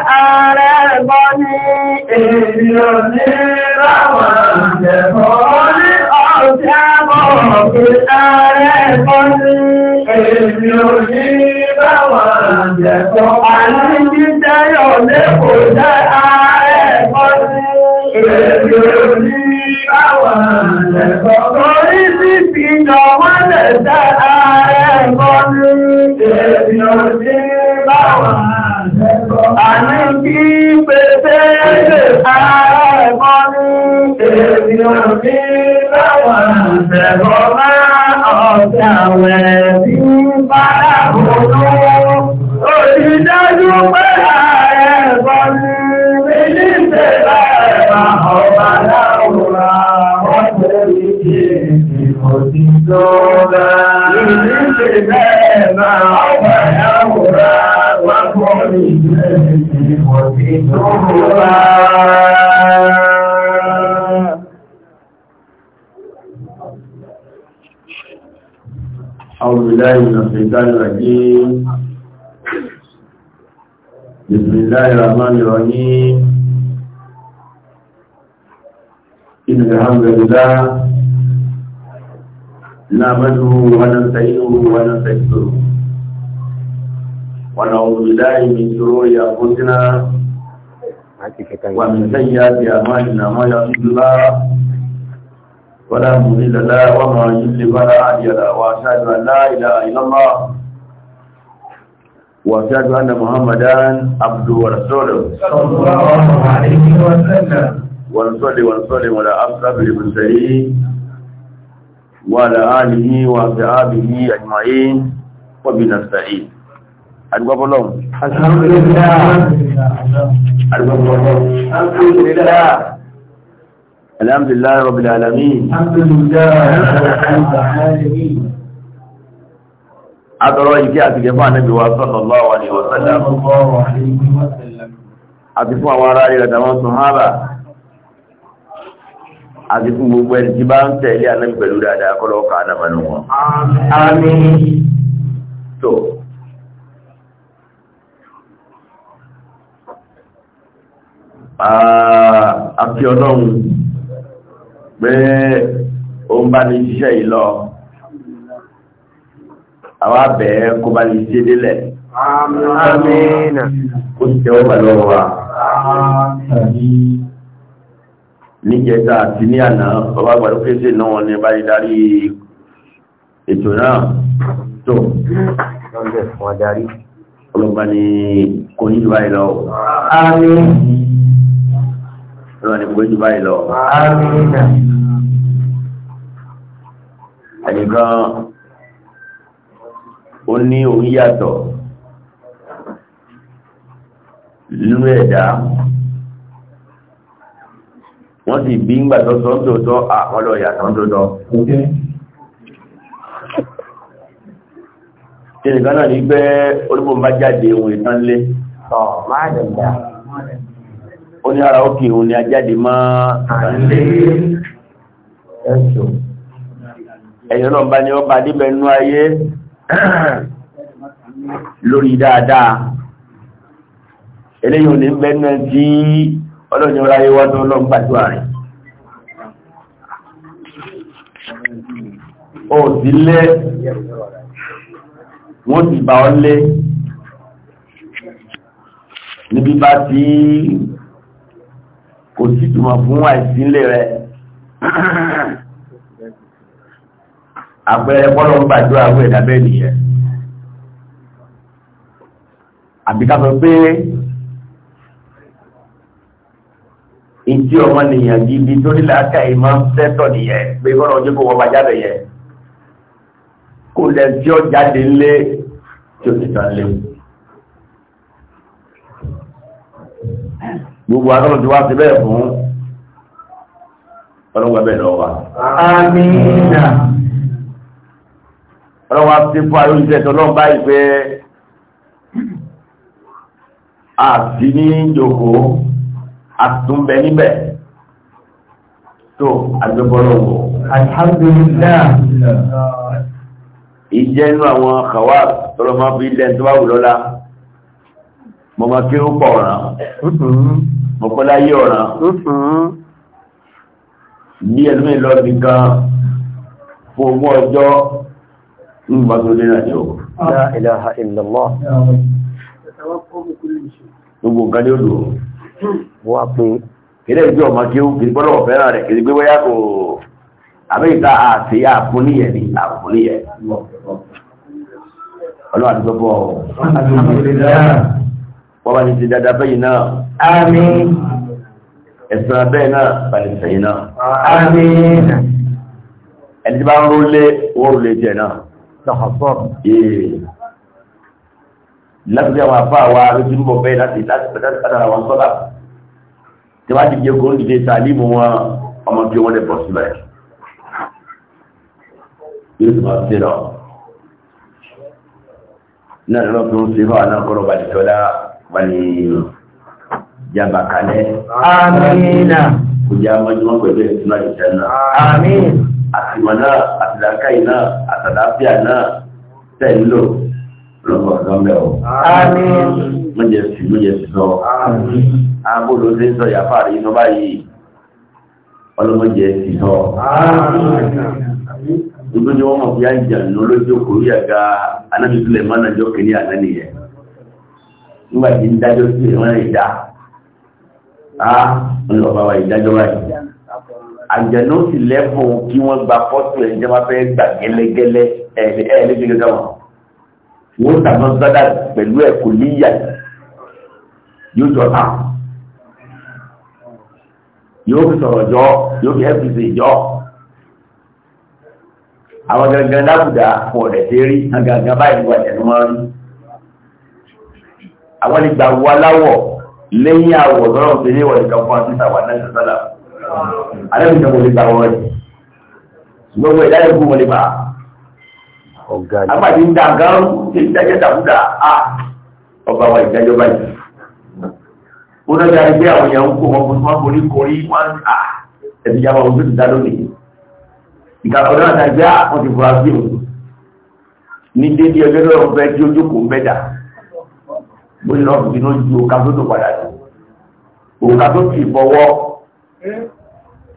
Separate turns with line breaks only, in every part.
ààrẹ ẹ̀gbọ́ ní èèyàn ní ráwọn
àjẹ̀bọ́ ní ọ̀sẹ̀ àbọ̀ pé ààrẹ ẹ̀gbọ́ ní
èèyàn ní ráwọn àjẹ̀bọ́ àti jíjẹ́ yọ̀ ní kò jẹ́ ààrẹ ẹ̀gbọ́ ní èèyàn ní ráwọn àjẹ̀bọ́ lórí fífi jọ wọ́n lẹ̀ Àní kí pété ara ẹ̀kọ́ ní ènìyàn
ní láwọn àṣẹ̀kọ́ máa ọ̀sẹ̀ àwẹ̀
tí bára kòrò. Òṣìdájú pé ààrẹ ẹ̀kọ́ ní mílíṣẹ̀ láẹ̀bà ọba láwùrá ọ̀sẹ̀ ìdíje ìfòsí tó bá. Mílíṣẹ̀ láẹ̀bà ọba أعوذ بالله
من الشيطان الرجيم بسم الله الرحمن الرحيم إن الحمد لله نعمده ونستعينه ونستغفره ونعوذ بالله من شرور أنفسنا
ومن سيئات أعمالنا
ما يهده الله ولا مضل له وما يضل فلا هادي له وأشهد أن لا إله إلا الله وأشهد أن محمدا عبده ورسوله صلى الله عليه وسلم ونصلي ونصلي على أشرف المرسلين وعلى آله وأصحابه أجمعين وبنستعين àdúgbọ́bọ́lọ́hùn. alhamdulillah rabbil alamin. Adọ́rọ̀ ìké àti gẹ̀fà níbi wa sallallahu alaihi wa sallam. Àti fún àwọn ará rí rẹ̀dàmọ́ sàhábà. Àti fún gbogbo ẹni tí bá ń tẹ̀lé ànábì pẹ̀lú dáadáa kọ́lọ́kà àdàmà nù wọn.
Àmín. So,
àfi ọlọ́run pé o ń bá ní ṣiṣẹ́ yìí lọ àwọn abẹ́ kó bá ní ṣe délẹ̀
àmín
kó sì tẹ́wọ́ pẹ̀lú wa níjẹta àti ní àná bàbá àgbàdo kéṣe náà wọn ni bá ní darí ètò náà tó ọlọ́gbà ni kò ní ìwà ìlọ́ àmín lọ́wọ́ ní gbójú báyìí lọ. ẹnìkan ó ní òun yàtọ̀ nínú ẹ̀dá wọ́n sì bí ń gbàtọ́ sọ tòótọ́ àpọ́lọ̀ ìyàtọ̀ tòótọ́. Tí nìkan náà ní pé olúmọ̀ bá jáde ohun ìtánlé. Ọ̀ máa dẹ̀ dáa ní ara òkè òun ni ajáde mọ́ ẹ̀ṣọ́ ẹ̀yọ́ náà bá ní ọba adébẹ̀nú ayé lórí dáadáa eléyìí ò ní bẹ́ẹ̀nà tí ọlọ́run ráyé wá tó lọ́n gbàdúrà rẹ̀ ó sì lé wọ́n sì bá ọ lé níbi bá ti kò sí ìtumọ̀ fún àìsílẹ̀ rẹ̀ àpẹẹrẹ bọ́lọ̀ ń gbàjọ́ àwọn ẹ̀dá bẹ́ẹ̀ nìyẹn àbíká sọ pé ìdí ọmọ nìyẹn gidi tó nílẹ̀ aka yìí máa ń sẹ́tọ̀ nìyẹn pé bọ́lọ̀ ọjọ́ kò wọ́n bá jáde yẹn kò lẹ́sí ọjà dé ńlé tí ó ti tàn léwu. gbogbo àtọ́lọ̀ ti wá sí bẹ́ẹ̀ fún ọlọ́wọ́ ẹbẹ̀ lọ wa. Àmín. ọlọ́wọ́ ti fún àlóyìnṣẹ́ tó lọ́n báyìí pé a ti ní jòkó a tún bẹ níbẹ̀ tó àjọpọ̀lọ́wọ́.
Alhamdulillah.
ìjẹ́ inú àwọn kàwá tọ́lọ́ máa fi lẹ́ńtọ́ mọ̀mọ́ kí ó pọ̀ ọ̀ràn. Mm-hmm mọ̀kọ́láyé ọ̀ràn mm-hmm. bí ẹlùmí lọ bí gan fún ogún ọjọ́ ń bá tó lé náà yóò la ilaha
illallah gbogbo
nǹkan ní odò wà pé kìí lẹ́yìn tí ọmọ kí ó kìí gbọ́dọ̀ fẹ́ràn rẹ̀ kìí gbé wáyà kò àbẹ́yìká àti àfúníyẹ̀ ní àfúníyẹ̀ ọlọ́run àti gbogbo ọ̀rọ̀ wọ́n bá ní ti dada bẹ́yìn náà. Àmín. Ẹ̀sán bẹ́ẹ̀ náà bá ní sẹ́yìn náà. Àmín. Ẹni tí bá ń rólé, wọ́n rólé jẹ náà. Lọ́kọ̀ọ́kọ́. Ee. Láti àwọn afá wa lójúmọ̀ bẹ́ẹ̀ láti láti pẹ̀lú pàtàkì àwọn sọ́lá. Tí wọ́n ti di oko ń dìde sàlímù wọn, ọmọ bí wọ́n lè bọ̀ sílẹ̀. Yóò tún máa ṣe lọ. Náà lọ́nà tó ń ṣe fáwọn náà kọ́ wálé jàmbá kalẹ̀. amina. kò jẹ́ amọ́júmọ́ pẹ̀lú ẹ̀sìn náà ìjà náà. amin. àtìmọ̀ náà àtìlákàyè náà àtàláfíà náà tẹ̀ ń lò lọ́wọ́ ọ̀dọ́mẹ́ o. amin. mọ̀jẹ̀ sí mọ̀jẹ̀ sí sọ. amin. abúlé ṣe ń sọ yàfa rí inú báyìí ọlọ́mọdé sí sọ. amin. ìgbóni wọn mọ̀ bí i àjàn lójú kòrí àga anábìsílẹ̀ mọ́nàjọ́ kìíní àná nìyẹn nígbà tí ń dájọ́ sí ìwọ́n rẹ̀ dá á ń lọ bá wa ìdájọ́ báyìí àjẹnú sì lẹ́bùn kí wọ́n gba fọ́tò ẹ̀ jẹ́ máa fẹ́ gbà gẹ́lẹ́gẹ́lẹ́ ẹ̀ẹ́dẹ́gbẹ̀rẹ́ wọn wọ́n tàbí gbádà pẹ̀lú ẹ̀ kò ní yà yóò jọ ta yóò fi sọ̀rọ̀ jọ yóò fi fcc jọ àwọn gangan lábùdá fún ọ̀rẹ́ tí rí gangan báyìí wà jẹ̀nu máa ń rí àwọn lè gbà wọ aláwọ̀ lẹ́yìn àwọ̀ lọ́rọ̀ tó lé wọ̀ nìkan fún àtúntà wà náà sọ́lá alẹ́bìnrin mo lè gbà wọ́n rẹ̀ gbogbo ẹ̀dá yẹn kú mo lè ń da gan ṣe ń dájẹ́ dàbúdà á ọba wa ìdájọ́ báyìí ó lọ́jà ẹgbẹ́ àwọn èèyàn ń kó wọn fún wọn borí korí wọn à ẹ̀sìn òun ní dédé ọjọ́ lọ́wọ́ fẹ́ tí ojú kò ń bó ṣe n'oge sínú ju tó tó padà jù tó fọwọ́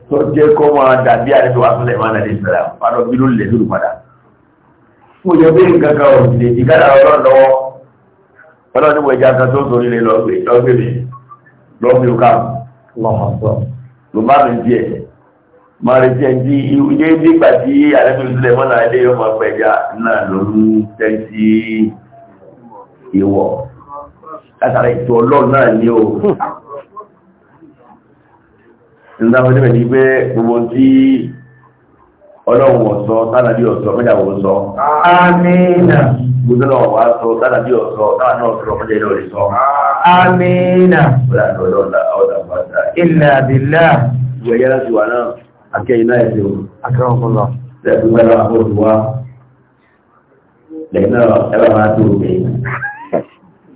tó jẹ́ máa dàbí àdébí wa sílẹ̀ máa nàdé ìsẹ̀lá padà bí ló lè lóru padà mo bí nǹkan kan ò sì lè di ọlọ́run lọ́wọ́ ọlọ́run ní mo tó ń sọ nílé mi máa retí ẹ nígbà tí látara ètò ọlọ́run náà ní o hmm. nígbàgbọ́ níbẹ̀ ní pé gbogbo tí ọlọ́run ọ̀sọ́ tánàbí ọ̀sọ́ mẹ́jàwó sọ
amínà
gbogbo náà wà sọ tánàbí ọ̀sọ́ tánàbí ọ̀sọ́ mẹ́jà ìlú rẹ̀ sọ amínà ilẹ̀ àbílà ìyẹ̀yẹ́ láti wà náà akẹ́yìn náà ẹ̀sẹ̀ o akẹ́rọ̀ ọ̀pọ̀lọ lẹ́gbẹ̀ẹ́ mẹ́lá àbọ̀dù wa lẹ́yìn náà ẹ̀rọ máa tó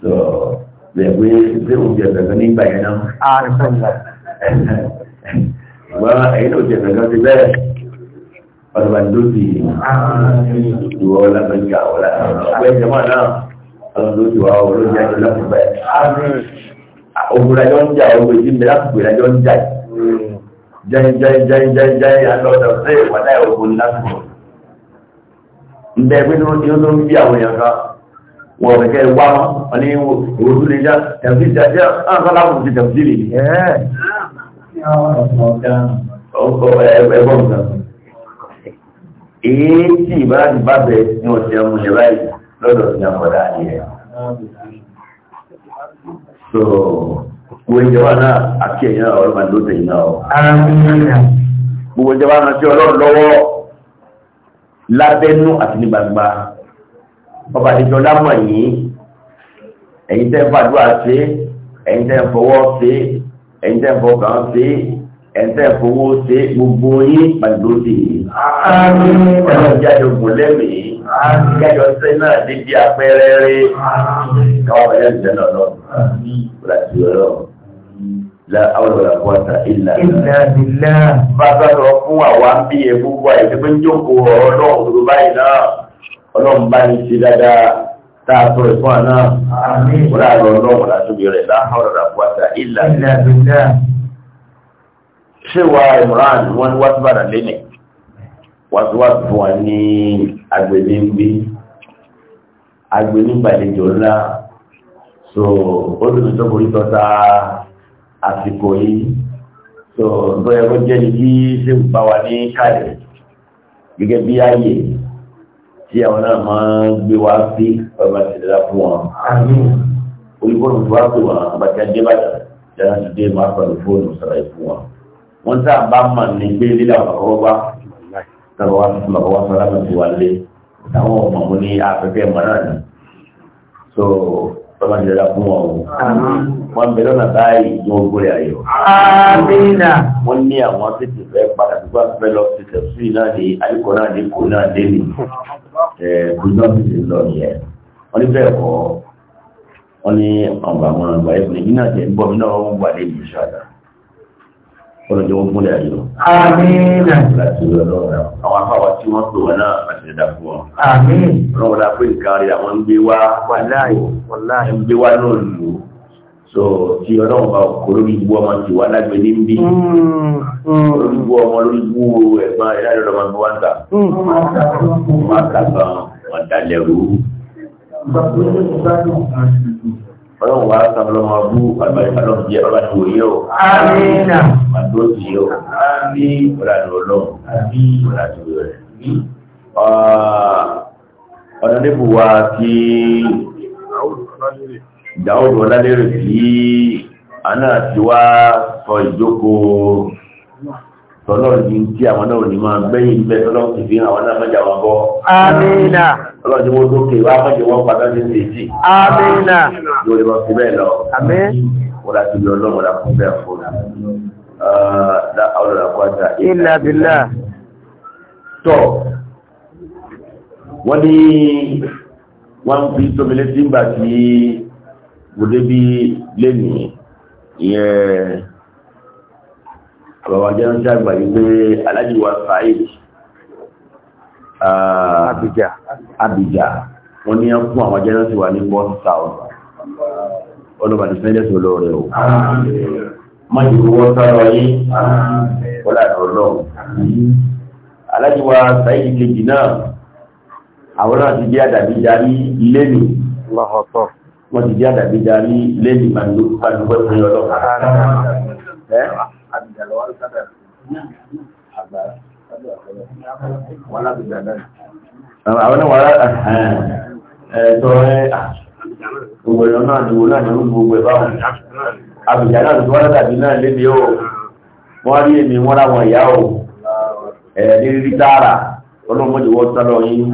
o lẹ́gbẹ́ pé oúnjẹ kankan nígbà yẹn náà. a rẹ̀ fẹ́ lọ. ṣùgbọ́n ẹ̀yin náà jẹ kankan ti bẹ́ẹ̀ ọ̀dọ̀bà ló ti ìwọ ọlágbẹ́jà ọ̀la ọ̀gbẹ́ ìjọba náà ọ̀dọ̀ ló ti wà ọ̀ ló jẹ́ ìlọ́pù bẹ́ẹ̀. ogun ìdájọ́ ń jà ogun ìdí mi láti gbé ìdájọ́ ń jà jẹ́yìn jẹ́yìn jẹ́yìn jẹ́yìn jẹ́yìn alọ́dọ̀ sí ìwádà ogun lásìkò. ń bẹ́ẹ̀ pé ní ó tó ń bí àwọn èèyàn kan wọ́n rẹ̀ kẹ́ wá wọn ní ìwò tó lè já tẹ̀sí jẹ́ àǹsọ́lá kò ti tẹ̀sí lè ẹ́ ẹgbọ́n nǹkan èyí tí ìbára ti bá bẹ ní ọ̀sẹ̀ ọmọ ilẹ̀ báyìí lọ́dọ̀ sí àpọ̀dá ayé so gbogbo ìjọba náà àti ẹ̀yìn náà ọlọ́mà ló tẹ̀yìn náà gbogbo ìjọba náà tí ọlọ́run lọ́wọ́ lábẹ́nú àti ní gbangba ọba àdìjọ lámọ̀ yìí ẹ̀yin tẹ́ ń fàdúrà ṣe ẹ̀yin tẹ́ ń fọwọ́ ṣe ẹ̀yin tẹ́ ń fọkàn ṣe ẹ̀yin tẹ́ ń fowó ṣe gbogbo yín pàdúró sí i. ẹ̀rọ jáde ògùn la awla wala quwwata illa billah bàbá sọ̀rọ̀ fún àwa ń bí egungun àìsí jókòó ọ̀rọ̀ náà báyìí náà ọlọ́run bá ní ṣe dáadáa tá a sọ ìfún àná wọ́n àlọ́ ọlọ́run látúbi rẹ̀ láhọ́rọ̀ ràbúwàtà ìlà ṣé wa Imran wọn ni wàá túbàdà lẹ́nì wàá tún wàá tún wọn ní agbègbè ń gbé agbègbè gbàlejò ńlá so olùdókòwò tó borí tọ́ta àsìkò yìí so bóyá kó jẹ́ ní kí ṣé ń bá wa ní kálẹ̀ gẹ́gẹ́ bí ààyè tí àwọn náà máa ń gbé wá sí ọba ìṣẹ̀dá fún wọn. olùkọ́ni tó wá pè wọ́n àbàtí adébàtà jẹ́nà ti dé máa pẹ̀lú fóònù sọ̀rọ̀ ìfún wọn. wọ́n tá a bá mọ̀ ní gbé lílà ọ̀rọ̀ wá wá fún ọkọ̀ sọ́lá mi ti wà lé táwọn ọmọ mo ní afẹ́fẹ́ mọ́ náà ni. so ọba ìṣẹ̀dá fún wọn o. wọ́n bẹ lọ́nà báyìí ní ogún rẹ̀ ayọ̀. wọ́n ní àwọn tètè fẹ́ padà tó bá fẹ́ lọ gbogbo ọ̀sẹ̀ ti lọ nìyẹn wọ́n ní bẹ́ẹ̀ kọ́ wọ́n ní ọ̀gbà àwọn ọ̀gbà ẹ̀kùn ní náà jẹ́ gbọ́ mi náà wọ́n wà ní ìlú ṣáàdà ọ̀nà jẹ́ wọ́n múlẹ̀ ayọ̀.
àmín.
láti ọlọ́run àwọn afáwà tí wọ́n pè wọ́n náà àti ẹ̀dá fún wọn. àmín. ọlọ́run wọn la pé nǹkan rẹ̀ àwọn ń gbé wá wà láàyè so tí ọlọ́run bá kó lórí ibú ọmọ tí wà lágbè ní bí hmm, hmm. lórí ibú ọmọ lórí ibú ẹ̀gbọ́n rẹ̀ láti ọ̀dọ̀ ọmọ wọn ta wọn kà gan wọn dalẹ̀ rú. ọlọ́run wà á kà lọ́mọ bú àgbàyíká lọ́mọ jẹ́ ọlọ́run ti wòye o. amiina. màdúró sí o. ami. ọlọ́run ọlọ́run. ami. ọlọ́run ti wòye rẹ̀. Ah, ọ̀nà níbu wa kí. Dáúdù Ọlálérè tí a náà ti wá sọ ìjókòó tọ́lọ́rùn ní tí àwọn náà ní máa gbẹ́yìn bẹ́ tọ́lọ́rùn ti fi hàn àwọn náà mọ́jà wọn bọ́. Amina. Ọlọ́run ni wọ́n dókè wá mọ́jà wọn padà ní ìdèjì. Amina. Yóò lè lọ sí bẹ́ẹ̀ lọ. Àmín. Wọ́n láti lọ lọ́wọ́ la fún bẹ́ẹ̀ fún un. Ọlọ́run la ní wọ́n ń fi tóbi létí ńgbà tí mo débí lénìí ìyẹn àbáwá jẹ́rán tí àgbà yìí pé aláàjì wa Saheed Abija Abija wọ́n ní fún àwọn jẹ́rán tí wà ní bọ́ọ̀sì south ọlọ́bàá ti fẹ́lẹ́ tó lọ rẹ̀ o
má ti wọ́n sọ́rọ̀ yìí wọ́n láti ọlọ́run
aláàjì wa Saheed kejì náà àwọn náà ti jẹ́ àdàbí darí lénìí lọ́họ̀tọ̀ wọ́n ti jẹ́ àdàbí darí lẹ́yìn ìbànúgbẹ́ fún yọ lọ. Àwọn náà wàrà ẹ̀ẹ́dọ́ ẹ̀ gbogbo ẹ̀rọ náà ni wo náà ni ó gbogbo ẹ̀ báwọn. Àbùjá náà tó wọ́n dàbí náà lébi ó. Wọ́n rí èmi wọ́n láwọn ìyá ò. Ẹ̀ẹ́dí rí tààrà ọlọ́mọdé wọ́n sálọ yín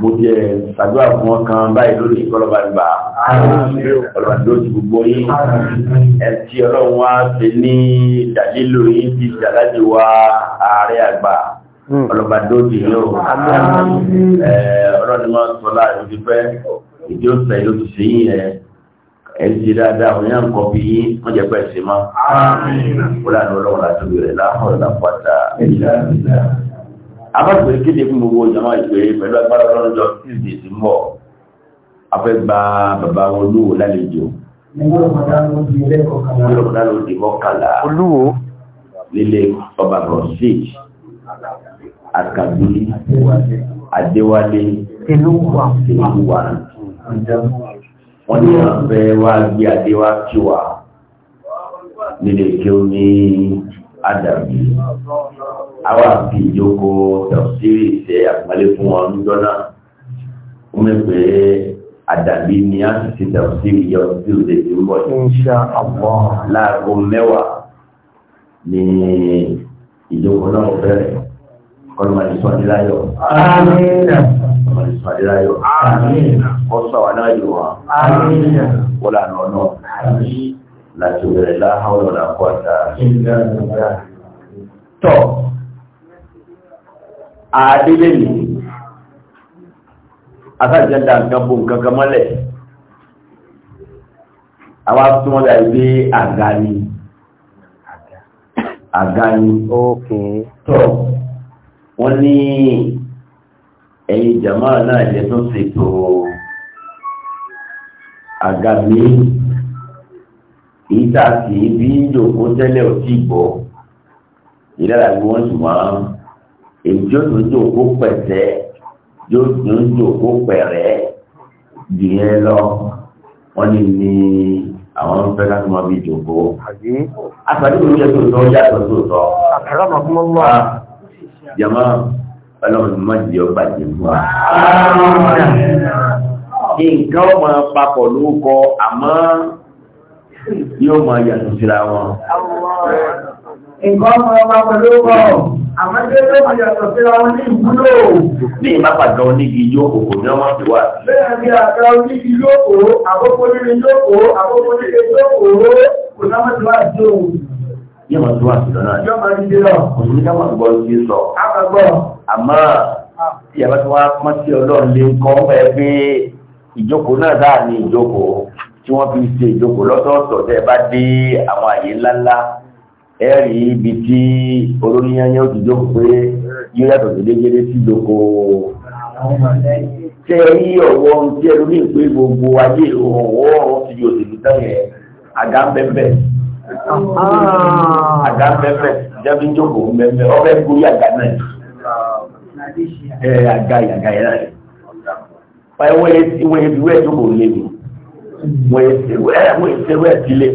mo jẹ ṣàdúrà fún ọkàn báyìí lórí ìkọlọ́bà ìgbà ọlọ́bà tó ti gbogbo yín ẹtí ọlọ́run wá ṣe ní ìdàlélò yín ti ṣàlàjì wa ààrẹ àgbà hmm. ọlọ́bà tó ti yín o ọlọ́run máa sọ láàrin ti pẹ́ ìdí òṣìṣẹ́ ìlú ti ṣe yín ẹ ẹ dáadáa òun yà kọ́ bí yín wọ́n jẹ́ pẹ́ ṣe mọ́ ó lànà ọlọ́run láti rẹ̀ láhùn ìlàpàtà abágbèrè kéde fún gbogbo ìjọba ìpè pẹ̀lú agbára ọlọ́jọ́ tuesday tí ń bọ̀ afẹ́ gba bàbá olúwo lálejò olùkọ́dá ló di mọ́kànlá olúwo lílé ọba rọ̀sík àkàbí adéwálé
tẹlúwà wọ́n ní
ọ̀fẹ́ wá gbé adéwá kí wà nílé kí ó ní àdàbí àwa fi ìjókòó tẹ̀síìrì ṣe àpọ́nlé fún wọn níjọ́ náà ó mẹ́ pé àdàbí ni a ti ṣe tẹ̀síìrì yọ sí òde tí ó bọ̀ yìí láago mẹ́wàá ní ìjókòó náà bẹ̀rẹ̀ kọlùmọ̀lì sọ́díláyọ̀ àmìnà kọlùmọ̀lì sọ́díláyọ̀ àmìnà ọ̀sọ̀wà náà yìí wọ́n àmìnà wọ́là nọ́nà láti bẹ̀rẹ̀ láhàwọ̀lọ́lá kọ́ta tọ́ àádélé ní asájẹ́dà nǹkan bó nǹkan kan mọ́lẹ̀ àwọn afúnmọ́lẹ̀ àìgbé àga ni àga ni tọ́ wọ́n ní ẹ̀yin jàmá náà lè tó ṣètò àga mi ìta sí bí ìjòkó tẹ́lẹ̀ ò tí bọ̀ ìdára gbọ́n ṣùgbọ́n èjò ló jò kó pẹ̀tẹ́ yóò dùn jò kó pẹ̀rẹ́ dìé lọ wọ́n ní ní àwọn ń fẹ́ láti máa bí jòkó. Àtàdé òun yẹ tòótọ́ yàtọ̀ tòótọ́. Àkàrà máa fún ọmọ wa. Ah, jàmá ọlọ́run má jẹ́ ọ bàjẹ́ fún wa. Nǹkan máa papọ̀ lórúkọ àmọ́ yóò máa yàtọ̀ síra wọn.
Nǹkan máa papọ̀ lórúkọ. Àmọ́dé ló máa yàtọ̀ sí àwọn ní ìwúlò.
Ní ìmápàdà onígi yókòó ní ọmọ ti wà.
Bẹ́ẹ̀ ni àgbà onígi yókòó, àkókò nílé yókòó, àkókò nílé yókòó, kò náà mọ́ ti wá sí òun
yóò máa tún àtúntò náà. yóò máa dídé lọ. òṣèlú ká máa gbọ́ sí sọ. a máa gbọ́. àmọ́ tí yàrá tí wọ́n á pọ́n sí ọlọ́run lè kọ́ bẹ́ẹ̀ pé ìjókòó náà dáa ní ìjókòó tí wọ́n fi ṣe ìjókòó lọ́sọ̀ọ̀sọ̀ tẹ́ bá dé àwọn àyè ńláńlá ẹ̀rí ibi tí olóníyányán ó ti jókòó pé yóò yàtọ̀ sí déédéé sí ìdókò tẹ yí ọ̀wọ́ tí ẹ̀rú ní ìpé gbogbo ayé ọ̀wọ́ ti yóò sì fi tán yẹn àga bẹ́ẹ̀
ah. àga
bẹ́ẹ̀ jẹ́bi jókòó bẹ́ẹ̀ ọbẹ̀ gbórí àga náà ẹ̀ àga àga yẹn náà wọ́n yẹ wọ́n yẹ fi wẹ́ẹ̀ jókòó lé mi wọ́n yẹ fi wẹ́ẹ̀ tilé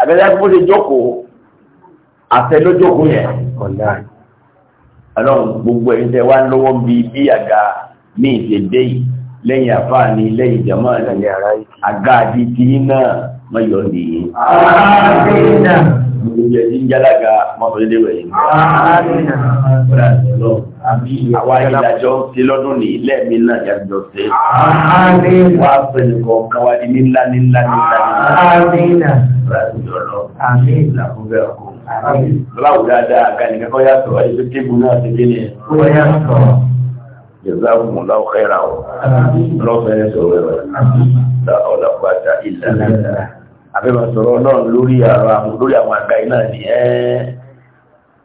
abẹ́rẹ́ fún mi jókòó àfẹ lójókòó yẹn. ọlọ́run gbogbo ẹ̀yin tẹ́ wá lọ́wọ́ bíi bí àga ní ìṣèdè yìí lẹ́yìn àfáàní lẹ́yìn ìjọmọ́ àga àti tìyín náà mọ̀yọ́ nìyí. gbogbo ẹ̀yin ń jálága mọ́tòlédè wẹ̀ yìí. àwa ìdájọ́ ti lọ́dún ní lẹ́ẹ̀mí náà yàtọ̀ sí. wà á pè ní kọ̀ọ̀kan wá ní nílá nílá nílá nílá. Báwo dáadáa ga nìkan kọ́ yàtọ̀ ayé tó náà ti gbé ni ẹ̀. Kọ́ yàtọ̀. Yorùbá kùn láwọ̀ kẹ́ra o. Lọ́fẹ̀ẹ́ sọ̀rọ̀ rẹ̀. Dá ọ̀dà pàtà ìlà. Àfẹ́fẹ́ sọ̀rọ̀ náà lórí àwọn lórí àwọn àga iná ni ẹ́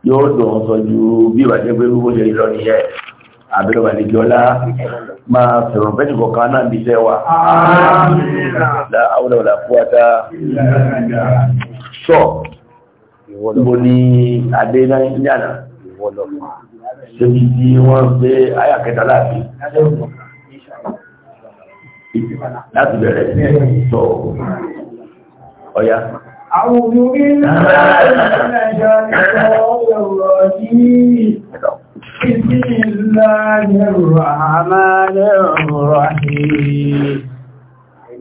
yóò dùn sọ ju bí ìbàjẹ́ pé gbogbo ṣe lọ nìyẹn. Àbẹ̀rẹ̀ wà níjọ́ lá máa sọ̀rọ̀ bẹ́ẹ̀ nìkan kan náà níṣẹ́ wa. Lá àwọn ọ̀dà fún wa mo ní adé nàìjíríà ṣébi tí wọ́n gbé ayàkẹta láti láti bẹ̀rẹ̀ sọ ọ̀yá. Àwọn obìnrin Nàìjíríà ọ̀rọ̀ yìí, ìsìn ìlànà ìrọ̀ àmà
lẹ́rọ̀ àhìí.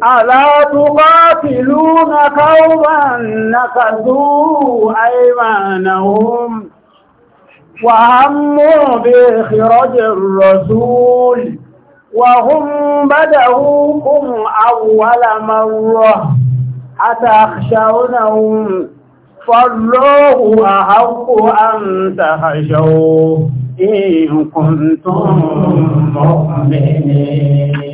ألا تقاتلون قوما نكثوا أيمانهم
وهموا بإخراج الرسول وهم بدأوكم أول مرة
أتخشونهم فالله أحق أن تخشوه إن كنتم مؤمنين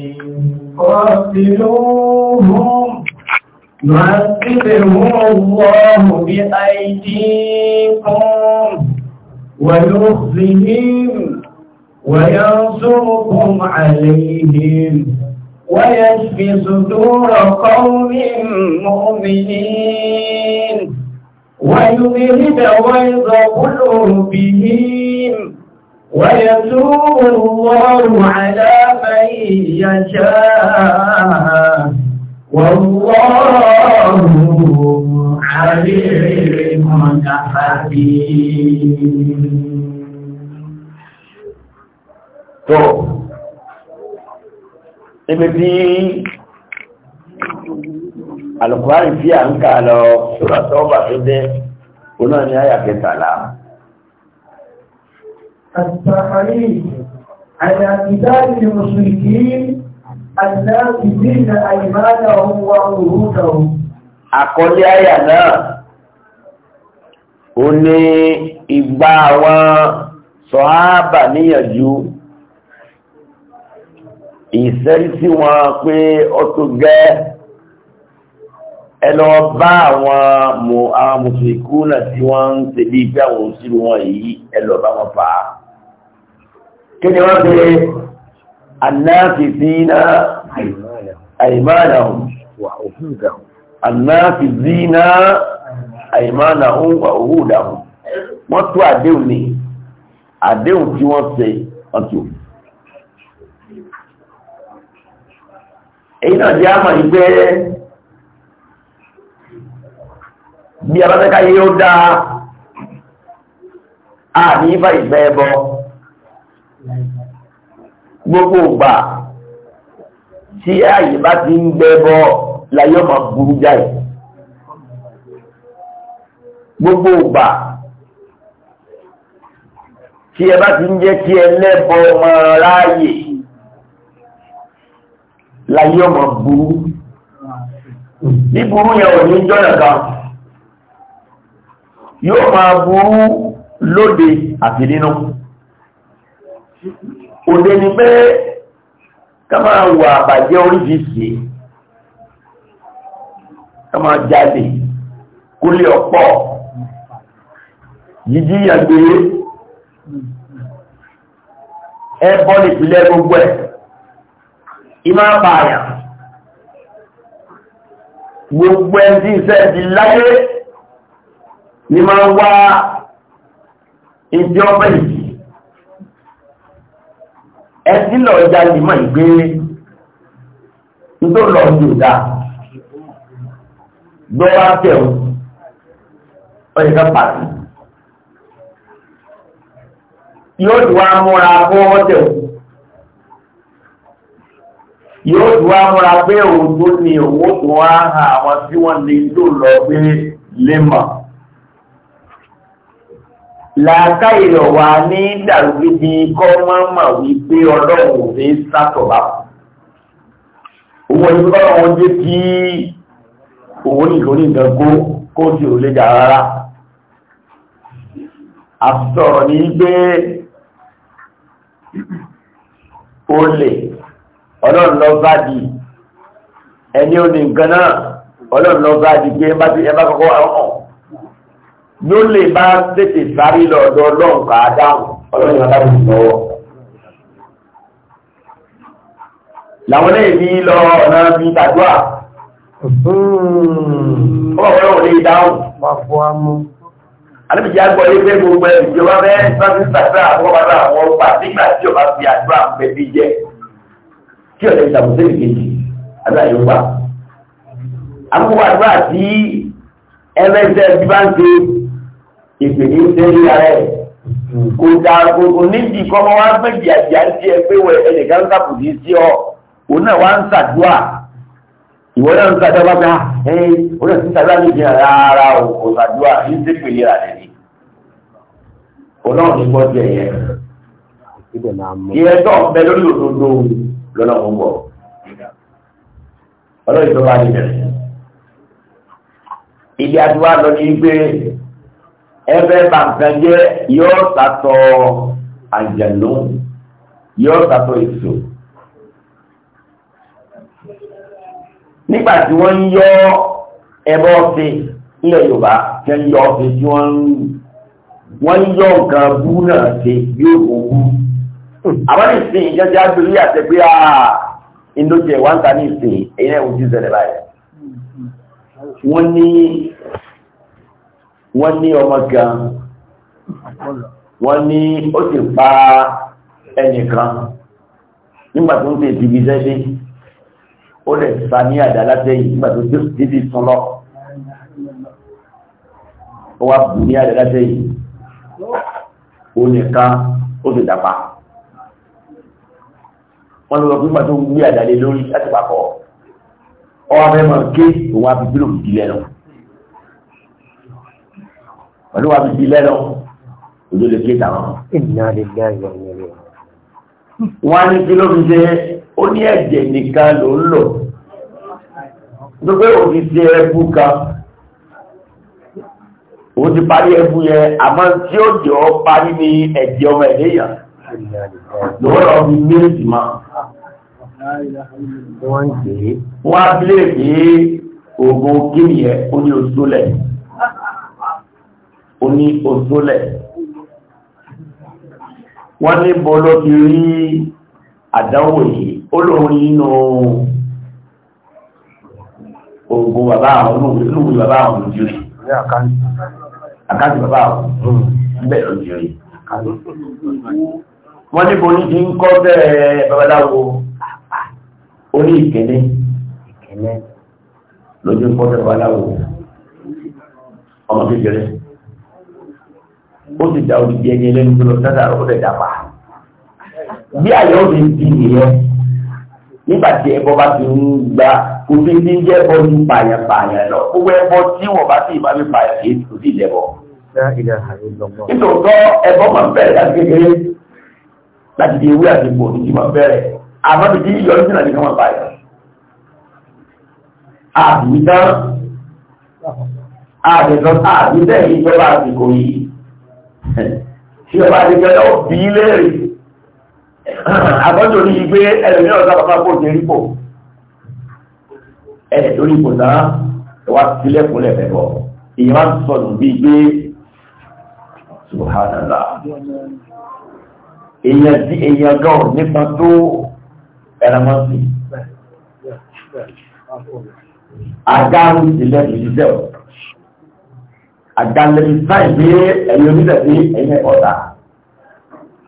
قاتلوهم
يعذبهم الله بأيديكم ويخزهم وينصركم
عليهم ويشفي صدور قوم مؤمنين ويذهب غيظ قلوبهم ويتوب الله على
من يشاء والله عليم حكيم tó níbi tí alùpùpù àrùn à ń kà lọ sọ́rọ̀ tọ́ọ̀bà tó dé onáà ní àyà kẹtàlá
التحريم على قتال المشركين النافذين أيمانهم وعهودهم
Àkọlé àyà náà, ó ní ìgbà àwọn sọ̀hábà níyànjú, ìsẹ́rí sí wọn pé ó tó gẹ́ ẹlọ bá àwọn mùsùlùmí kúrò tí wọ́n ń ṣe ìgbà òun sí wọn yìí ẹlọ bá wọn fàá kí ni wọ́n fi annáfizina àìmánàhùn wà òhúdàhùn annáfizina àìmánàhùn wà òhúdàhùn wọ́n tó àdéhùn ní àdéhùn tí wọ́n ṣe ọ̀tún èyí náà jẹ́ àmà ìgbé bí abáfẹ́ká yóò dáa àní ìfà ìgbẹ́ ẹbọ gbogbo ìgbà tí ààyè bá ti ń gbẹ bọ́ láyé ọmọ burú jáì gbogbo ìgbà tí ẹ bá ti ń jẹ́ kí ẹ lẹ́bọ̀ ọmọ ráàyè láyé ọmọ burú bí burú yẹn ò ní jọ́nà kan yóò máa burú lóde àti nínú òde ni pé ká máa wà àbàjẹ́ oríṣiríṣi ká máa jáde kúlé ọ̀pọ̀ yìí yàgbé ẹbọ nìpínlẹ̀ gbogbo ẹ̀ ìmá pààyàn gbogbo ẹ̀ tí ìṣẹ́ ti láyé ni máa wá ìdí ọ̀pẹ̀ yìí ẹtí lọ jáde mọ̀ ìgbé tó lọ sí ìdá gbọ́wá tẹ̀wọ́ ọyẹ ká pàtó yóò tún wá múra fọwọ́ tẹ̀wọ́ yóò tún wá múra pé òun tó ní owó tó wá hàn àwọn tí wọ́n ní tó lọ gbé lé làákàyọ̀ wa ní dàrúgbìdì kọ́ máa mà wípé ọlọ́run ò fẹ́ sátọ̀bá owó ìgbà wọn jẹ́ kí owó nìkan ní nǹkan kó kó tí ò lè jà rárá àtọ̀rọ̀ ní pé ó lè ọlọ́run lọ bá di ẹni ó ní nǹkan náà ọlọ́run lọ bá di pé ẹ bá kọ́kọ́ àwọn ló lè bá tètè sáré lọ́dọ̀ ọlọ́run kà á dáhùn ọlọ́run kà á dáhùn lọ́wọ́. làwọn lè fi lọ ọ̀nà bíi tàdúà
hmm. ọmọ ọ̀rọ̀ lè dáhùn.
Àdébìjì agbọ́ ilé pé gbogbo ẹ̀rù tí ó bá fẹ́ sáfí sàgbà àwọn bàbá àwọn ọgbà nígbà tí ó bá fi àdúrà pẹ̀lú jẹ́ kí ọ̀lẹ́ ìṣàkóso ìkejì àdúrà yóò gbà. Àkókò àdúrà tí ẹlẹ́sẹ̀ bí bá ń ṣe ìpèdè ń tẹ́lẹ̀ ara ẹ̀ kò dà kò níbi kọ́mọ wá pé jìyàjìyà ń tiẹ̀ pé wẹ̀ ẹnìkan ń sàkùdí sí ọ òun náà wá ń sàdúà ìwọ náà ń sàdúà bá bá ẹ òun náà ti sàdúà ní ìjìyà rárá o kò sàdúà ní sèpèlè rà lẹ́ni
òun náà ní gbọ́dọ̀ ẹ̀yẹ
ìyẹn tó ń bẹ lórí òdodo lọ́nà òun bọ̀ ọlọ́run tó bá ní bẹ̀rẹ̀ ìdí adúlá lọ ní ẹbẹ bàǹkànjẹ yóò sàtọ àjẹló yóò sàtọ èso nígbà tí wọ́n ń yọ ẹbọ ọ̀sẹ̀ ilẹ̀ Yorùbá tí wọ́n ń yọ ọ̀sẹ̀ tí wọ́n ń wọ́n ń yọ nǹkan bú náà ṣe yóò kó bú àwọn ìsìn ìjọba agbèrè àtẹgbé à ìdójẹ ah, wà ń ta ní ìsìn ẹ̀yìn ẹ̀wọ̀n ti ṣẹlẹ̀ wọ́n ní wọ́n ní ọmọ kan wọ́n ní ó sì pa ẹnìkan nígbà tó ń tẹ̀ ti gbíṣẹ́ dé ó lè sa ní àdá látẹ̀yìn nígbà tó ti ti sún lọ ó wá bù ní àdá látẹ̀yìn ó nìkan ó sì dàpá wọ́n lọ́wọ́ nígbà tó ń gbé àdá lórí láti pàkọ́ ọ wá ké òun á fi bílò ìdílé pẹ̀lú wa fi di lẹ́nu ojú lè ké tàwọn. wọ́n á ní kí ló fi ṣe ó ní ẹ̀jẹ̀ nìkan ló ń lò gbogbo òfin ṣe ẹbú kan òun ti parí ẹbú yẹn àmọ́ tí ó jọ parí ní ẹ̀jẹ̀ ọmọ ẹ̀dẹ́yà lọ́wọ́ lọ fi méjì máa wọ́n á bílẹ̀ pé oògùn kí ni ó ní oṣù lẹ́yìn ó ní ojúlẹ̀ wọ́n ní bọ́lọ́ ti rí àdánwò yìí ó lóun nínú ogun bàbá àwọn olùwé bàbá àwọn olùjúrí àkáǹtì bàbá àwọn bẹ́ẹ̀ olùjúrí wọ́n ní bọ́lọ́ ti ń kọ́ bẹ́ẹ̀ babaláwo orí ìkẹ́lẹ́ lójú pọ́tẹ́ babaláwo ọmọ kékeré ó ti da òdìdí ẹni ẹlẹ́nu tó lọ sádà ó lẹ̀ dàpà bí àyọ̀ mi di nìyẹn nígbà tí ẹbọ bá ti ń gba kò sí ní jẹ́ ẹbọ ní pààyàn pààyàn lọ owó ẹbọ tí wọ́n bá sì máa fi pààyàn kì í tù sí ìlẹ̀bọ.
nítòótọ́ ẹbọ máa bẹ̀rẹ̀ láti
kékeré láti di ewé àti ipò òdìdí máa bẹ̀rẹ̀ àmọ́ bìí yọrí sí nàìjíríà máa pààyàn. àbí tán àbí tán àbí bẹ́ẹ̀ ìjọba àsìkò yìí tí ọba àdìgbẹ́ náà bí léèrè àbọ́jọ́ ní ìgbé ẹ̀rẹ̀ ní ọ̀sá bàbá kò jẹ́ rípò ẹ̀rẹ̀ tó rípò náà wá sílẹ̀kùnlẹ̀ bẹ̀rọ̀ èèyàn máa ń sọnù bí gbé ṣùgbọ́nàlá èèyàn tí èèyàn gan nípa tó ẹ̀rọ̀mọ́sí àdáhùn sílẹ̀ ìṣẹ́ ọ̀ àgbàlẹ̀ ìsáì pé ẹ̀yìn onílẹ̀ pé ẹ̀yìn ọ̀dà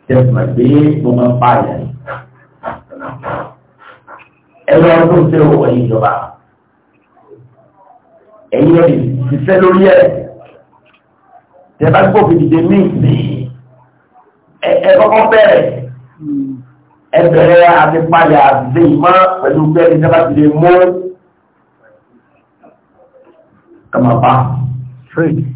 tẹ̀sùmọ̀ pé mo máa ń pa àyàn. ẹ̀rọ ọdún tí ó wọ̀ ìjọba ẹ̀yìn ẹ̀yìn ṣiṣẹ́ lórí ẹ̀ tẹ bá gbọ́ fìdíje ní ìsìn ẹ kọ́kọ́ bẹ̀rẹ̀ ẹ bẹ̀rẹ̀ àti palẹ̀ àti ìmọ̀ pẹ̀lú bẹ́ẹ̀ ní sábà ti lè mú kàmápa. Trade.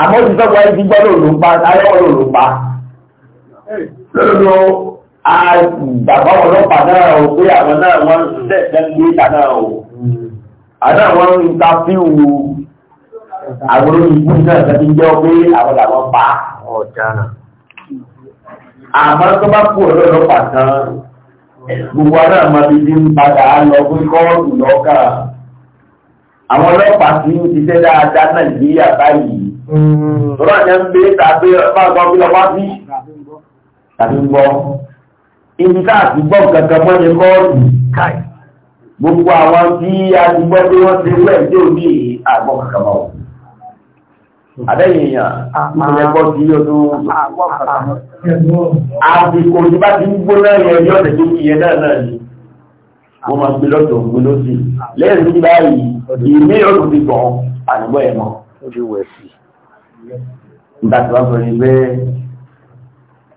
àmọ́ ti tọ́gbà ẹ́ ti gbọ́dọ̀ ló pa ayọ́wọ́ ló pa lọ́dọ̀ àgbàgbà ọlọ́pàá náà ò pé àwọn náà wọ́n tẹ̀sẹ̀ ń gbé ìta náà ò àná wọ́n ń ta fíwù àwọn olóyìnbó náà tẹ́tí jẹ́ pé àwọn làwọn pa ọ̀daràn àmọ́ tó bá kú ọ̀rọ̀ ọlọ́pàá kan gbogbo aná àmọ́bí ti ń padà lọ pé kọ́ọ̀tù lọ́kà àwọn ọlọ́pàá ti ń ṣiṣẹ́ dáadáa Nàìjíríà báyìí Rọ́ọ̀dẹ̀ ń gbé tàbí ọgbọ́n bí lọ bá bí tàbí ń gbọ́. Ibi tá àti gbọ́ kankan mọ́ ni kọ́ọ̀lù káì. Gbogbo àwọn tí a ti gbọ́ pé wọ́n ti wẹ̀ tí ò ní àgbọ̀ kankan mọ́. Àbẹ́yìn èèyàn, ìpínlẹ̀ gbọ́ sí ọdún. Àsìkò tí bá ti ń gbóná yẹn ní ọ̀sẹ̀ tó kì yẹn náà náà ni wọ́n máa gbé lọ́tọ̀ ògbé lọ́sí lẹ́yìn báyìí ìmí ọdún ti gbọ̀n àdúgbò ẹ̀mọ́ nígbà tí wọ́n sọ ní pé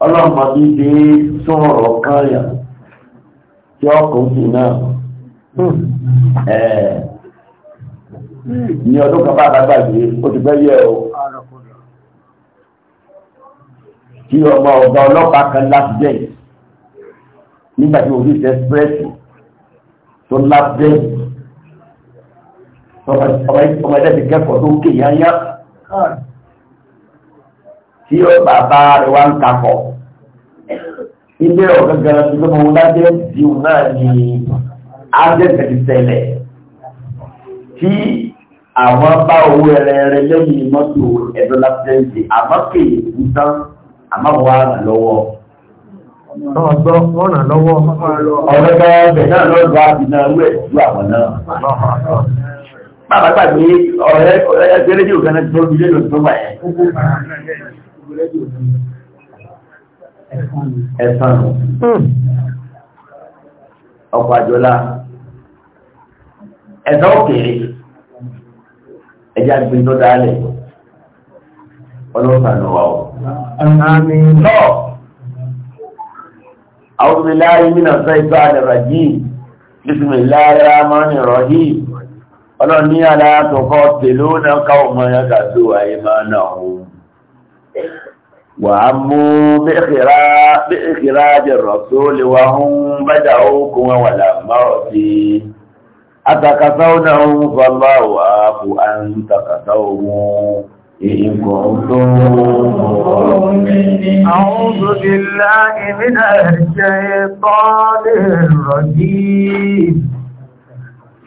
ọlọ́mọ bíbí sọ̀rọ̀ káyà tí ọkọ̀ òsì náà hmm. ní ọdún kan bá àgbàgbàgbé ó ti fẹ́ yẹ o kí ọmọ ọ̀gá ọlọ́pàá kan láti jẹ́ nígbà tí òfin ṣe ẹsipírẹ́sì tó láti jẹ́ ọmọ ẹ̀dẹ́ ti kẹ́kọ̀ọ́ tó kéèyàn tí ó bàbá rẹ̀ wá ń kakọ̀. Ilé ọ̀gẹ́gẹ́rẹ́ tó gbọ́n wọn lábẹ́ ìdíhùn náà ni Ángẹ́sẹ̀ ti ṣẹlẹ̀. Tí àwọn bá owó ẹrẹẹrẹ lẹ́yìn mọ́tò ẹ̀dọ́ lápẹ́ǹtì àmọ́ kè é kú tán àmọ́ wọn á ràn lọ́wọ́. Ọ̀gbọ́ wọ́n ràn lọ́wọ́. Ọ̀rẹ́gbẹ́ ẹgbẹ̀ náà lọ́dọ̀ àbí náà wẹ̀ ju àwọn Bàbá gbàgbé ọ̀rẹ́ ẹgbẹ́ rédíò kan tó ilé lòdì tó bàyẹn
ẹ̀sán hmm.
ọkọ̀ àjọlá ẹ̀sán òkèèrè ẹ̀já gbé tó dálẹ̀ ọlọ́sàn lọ́wọ́ ọ̀. أعوذ بالله من الشيطان الرجيم بسم الله الرحمن الرحيم ọlọ́ni aláàtọ̀kọ́ tèlónà káwọn mọ́ yàgà tó àìmá náà وعموا بإخراج الرسول وهم بدعوكم ولما أتي أتكسونهم فالله أعفو أن تكسوهم
إن كنتم أعوذ بالله من الشيطان الرجيم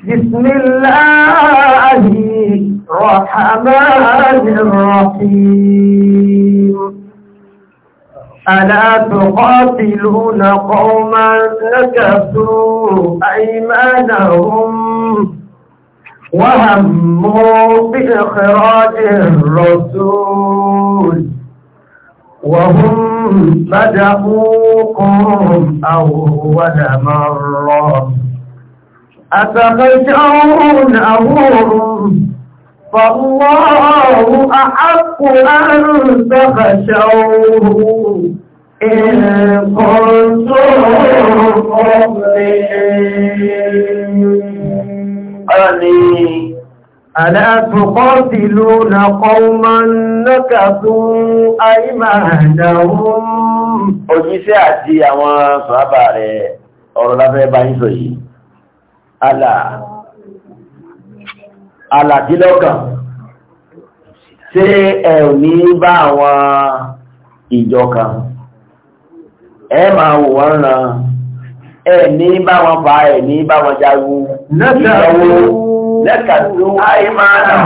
بسم الله الرحمن الرحيم ألا تقاتلون قوما نكثوا أيمانهم وهموا بإخراج الرسول وهم بدأوكم أول مرة أمورهم فالله أحق أن تخشوه إن كنتم مؤمنين ألا تقاتلون قوما نكثوا
أيمانهم Òjíṣẹ́ àti àwọn sọ́ábà rẹ̀ ọ̀rọ̀ láfẹ́ bá ń sọ yìí. Allah alàdílọ́kàn ṣé ẹ ò ní bá àwọn ìjọ kan ẹ máa wò wọ́n ràn ẹ ní bá wọn fa ẹ ní bá wọn jáwó ìjọwó lẹ́kàtú àìmáàlà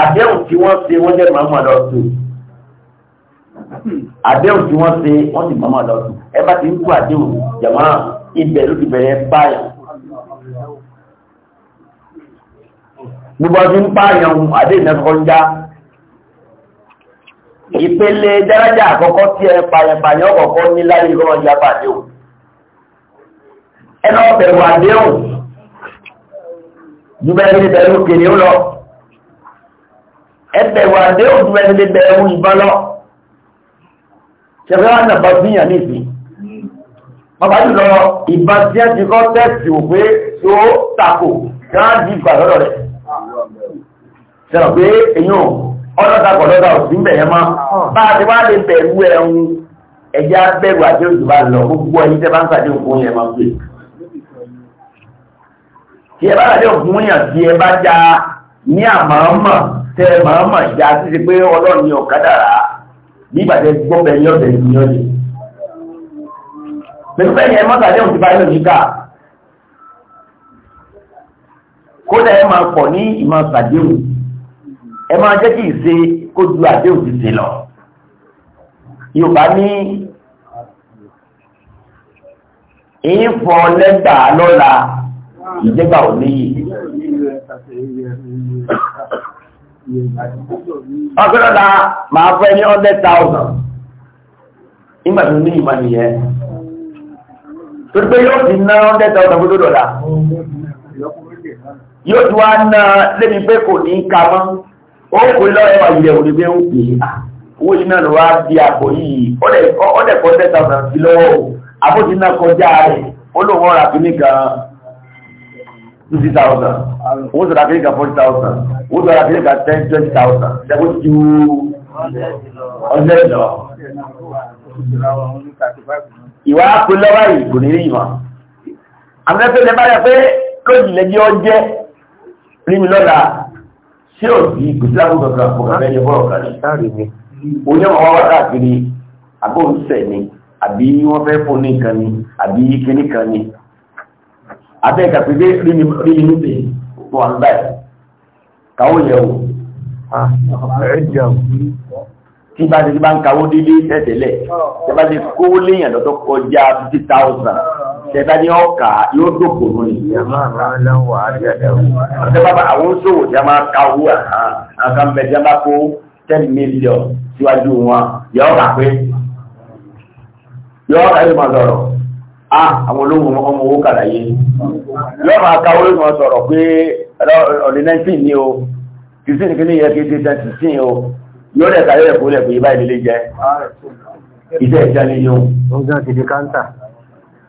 àdéhùn tí wọ́n ṣe wọ́n jẹ́ màmá lọ́tún àdéhùn tí wọ́n ṣe wọ́n sì màmá lọ́tún ẹ bá ti ń kú àdéhùn jàmáà ibẹ̀ ti bẹ̀rẹ̀ báyìí gbogbo ọdún ń pààyàn àdé ìnẹ́kọ́ ń já ìpele dárájà àkọ́kọ́ tí ẹ pààyàn ọkọ̀ọ̀kọ́ ní láyé ìgbọ́n ọjà pàdé o ẹnà ọ̀bẹ̀rù àdéhùn dúbẹ́ni lè bẹ̀rù kèrè ó lọ ẹbẹ̀rù àdéhùn dúbẹ́ni lè bẹ̀rù ìbọn lọ ṣẹfẹ́ wọn nàbà fíyàn ní ìsìn bàbá jùlọ ìbá tí ẹ ti kọ́ tẹ́sì òpé tó tako gáàdì ìgbà lọ́dọ̀ rẹ̀ tẹ̀rọ pé èyàn ọlọ́ta kọ̀lọ́ta òsì ń bẹ̀ yẹn mọ́ ah. bá a ti wá lè bẹ̀rù ẹ̀hún ẹ̀já bẹ̀rù àti òjò bá lọ gbogbo ẹ̀yìn tẹ́ bá ń pàdé òkun yẹn máa gbé tí ẹ bá pàdé òkun yẹn tí ẹ bá já ní àmọ́mọ́ tẹ màmá já títí pé ọlọ́ọ̀ni ọ̀kadà rà bí ìbàdẹ gbọ́bẹ̀ ní ọ̀dẹ̀ ní ọ̀dẹ̀ pẹ̀lú bẹ́ẹ̀ yẹn mọ́tàdé òkú bá yọ̀ níkà kódà ẹ máa kọ̀ ní ìmọ̀ ẹ máa jẹ́ kí ìṣe kó ju àdéhùn ti ṣe lọ yorùbá ní ìfọ̀ lẹ́gbà lọ́la ìjẹ́gbà ò níyì ọgbẹ́lọ́la máa fẹ́ ní hundred thousand nígbà tó ní ìmọ̀ nìyẹn torí pé yóò ti ná hundred thousand fún lọ́dọ̀ọ́la yóò ti wá ná lébi pé kò ní ka mọ́ ó pè lọ́rẹ́ wà ilẹ̀ òní pé ó pè á ah, owó yìí náà ló wá di àpò yìí ó dẹ̀ kọ́ ten thousand sí lọ́wọ́ o àbójì náà kọjá rẹ̀ ó lóun ọ̀rà kìíní kan fifty ten twenty thousand ṣẹ́kó ti ju
ọ̀sẹ̀ lọ. ìwà
pè lọ́wọ́ yìí kò ní rí ìmọ̀ àmì ẹgbẹ́ lẹ́bàá yẹ pé lójijì lẹ́jọ́ rí mi lọ́la ṣé ò sí gbèsè àbúrò kan kò kàn fẹ́ẹ́ bọ́ọ̀ kan ní. oní ọmọ wa káàkiri àbóǹsẹ̀ ni àbí wọ́n fẹ́ fún ní kan ni àbí kíní kan ni. abẹ́ kàpẹ́gbẹ́ rí ni níbi tó wà ń báyìí káwó yẹ wò. tí bá ti bá ń kawó délé tẹ̀tẹ̀lẹ̀ tí bá ti kówó léèyàn lọ́tọ́ kọjá fifty thousand tẹ̀bá ní ọkà yóò dòkò nù ní. Ìyàmá máa ń lọ́wọ́ àjẹ́dẹ̀ o. Ọ̀sẹ̀ bàbá àwọn oṣòwò tí a máa ka owó àkàn bẹ̀ tí a bá kó ten million síwájú wọn yọ ọkà pé yọ ọkà yóò máa sọ̀rọ̀ a àwọn olóhùn ọmọ owó kàlà yé yọ máa ka owó máa sọ̀rọ̀ pé ọ̀dẹ̀ nineteen ni o fifteen kìíní yẹ kí ti ten sixteen o yóò lẹ̀ ká yóò lẹ̀ kó lẹ̀ pé ibà ìdílé jẹ iṣẹ́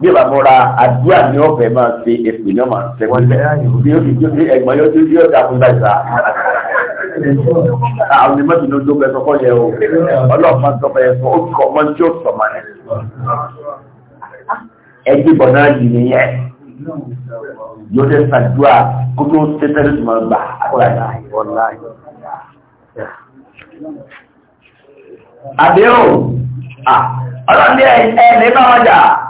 bí o bá múra àdúrà ní ọ̀fẹ́ máa ṣe èpè náà máa ṣe wọ́n lẹ́ bí o fi ẹ̀gbọ́n yóò tó yóò dà fún bàjá. àwọn ènìyàn ti ní ojú ọgbẹ́ sọ́kọ́ yẹ o ọlọ́ọ̀mọ sọ́kọ́ yẹ sọ́ ó kọ́ ọmọ tí ó sọ mà ní. ẹgbẹ́ bọ̀ náà yìí nìyẹn yóò tẹ́ sàdúrà kó tó tẹ́tẹ́ ló máa gbà àkọ́lá
yìí ọ̀la yìí. àdéhùn ọlọ́ọ̀dẹ́ ẹ̀ ẹ̀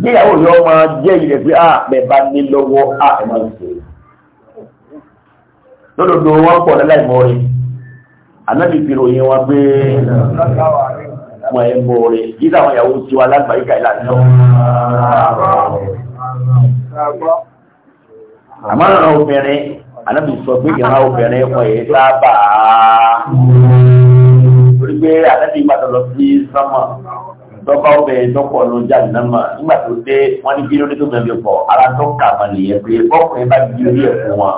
gbéyàwó yọ máa jẹ́ ilẹ̀ pé ah bẹ́ẹ̀ bá ní lọ́wọ́ ah ẹ̀ máa ń sè é lódodo wọn pọ̀ láláì mọ́ rí anábì fi ròyìn wọn pé wọn ẹ̀ mọ́ rí yìí táwọn ìyàwó tiwa lágbàáyé káyìlá ní ọ àmọ́ ọ̀nà obìnrin anábì sọ pé ìran obìnrin wọn èyí sábà torí pé anábì gbàdọ̀ lọ sí lọ́pàá ó bẹ̀rẹ̀ dọ́pọ̀ ló jáde náà mà nígbà tó dé wọ́n ní kí ló dé tó bẹ̀rẹ̀ pọ̀ ara tó kà mà nìyẹn pé bọ́kùnrin bá di orí ẹ̀ fún wọn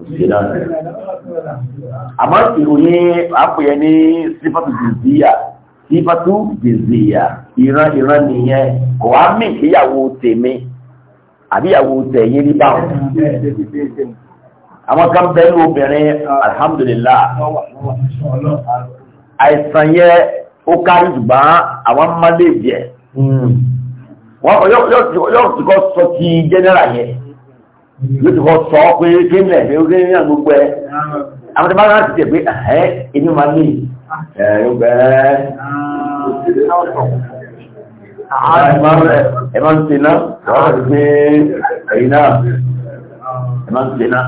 òṣèlú náà rẹ̀.
àmọ́ ìròyìn
àpòyẹ ní sífàtú jìzìyà sífàtú jìzìyà ìran ìran nìyẹn kò wá mí ìyàwó tèmi àbíyàwó tẹ̀yìn ní báwọn àwọn kan bẹ́ẹ̀ ní obìnrin alhamdulillah àìsàn yẹ ó kárí ṣùgbọ́n àwọn mọ́lé jẹ́ hmm. wọ́n yóò ti kọ́ sọ ti jẹ́nẹ́rà yẹn yóò ti kọ́ sọ pé kéńlẹ̀ pé kéńlẹ̀ gbogbo ẹ̀ àwọn tẹ́lẹ̀ bá ti tẹ̀ pé ẹ̀ inú máa ní ẹ̀rù bẹ́ẹ̀ ẹ̀ máa ń ṣe náà wọ́n ti gbé ẹ̀yìn náà ẹ̀ máa ń ṣe náà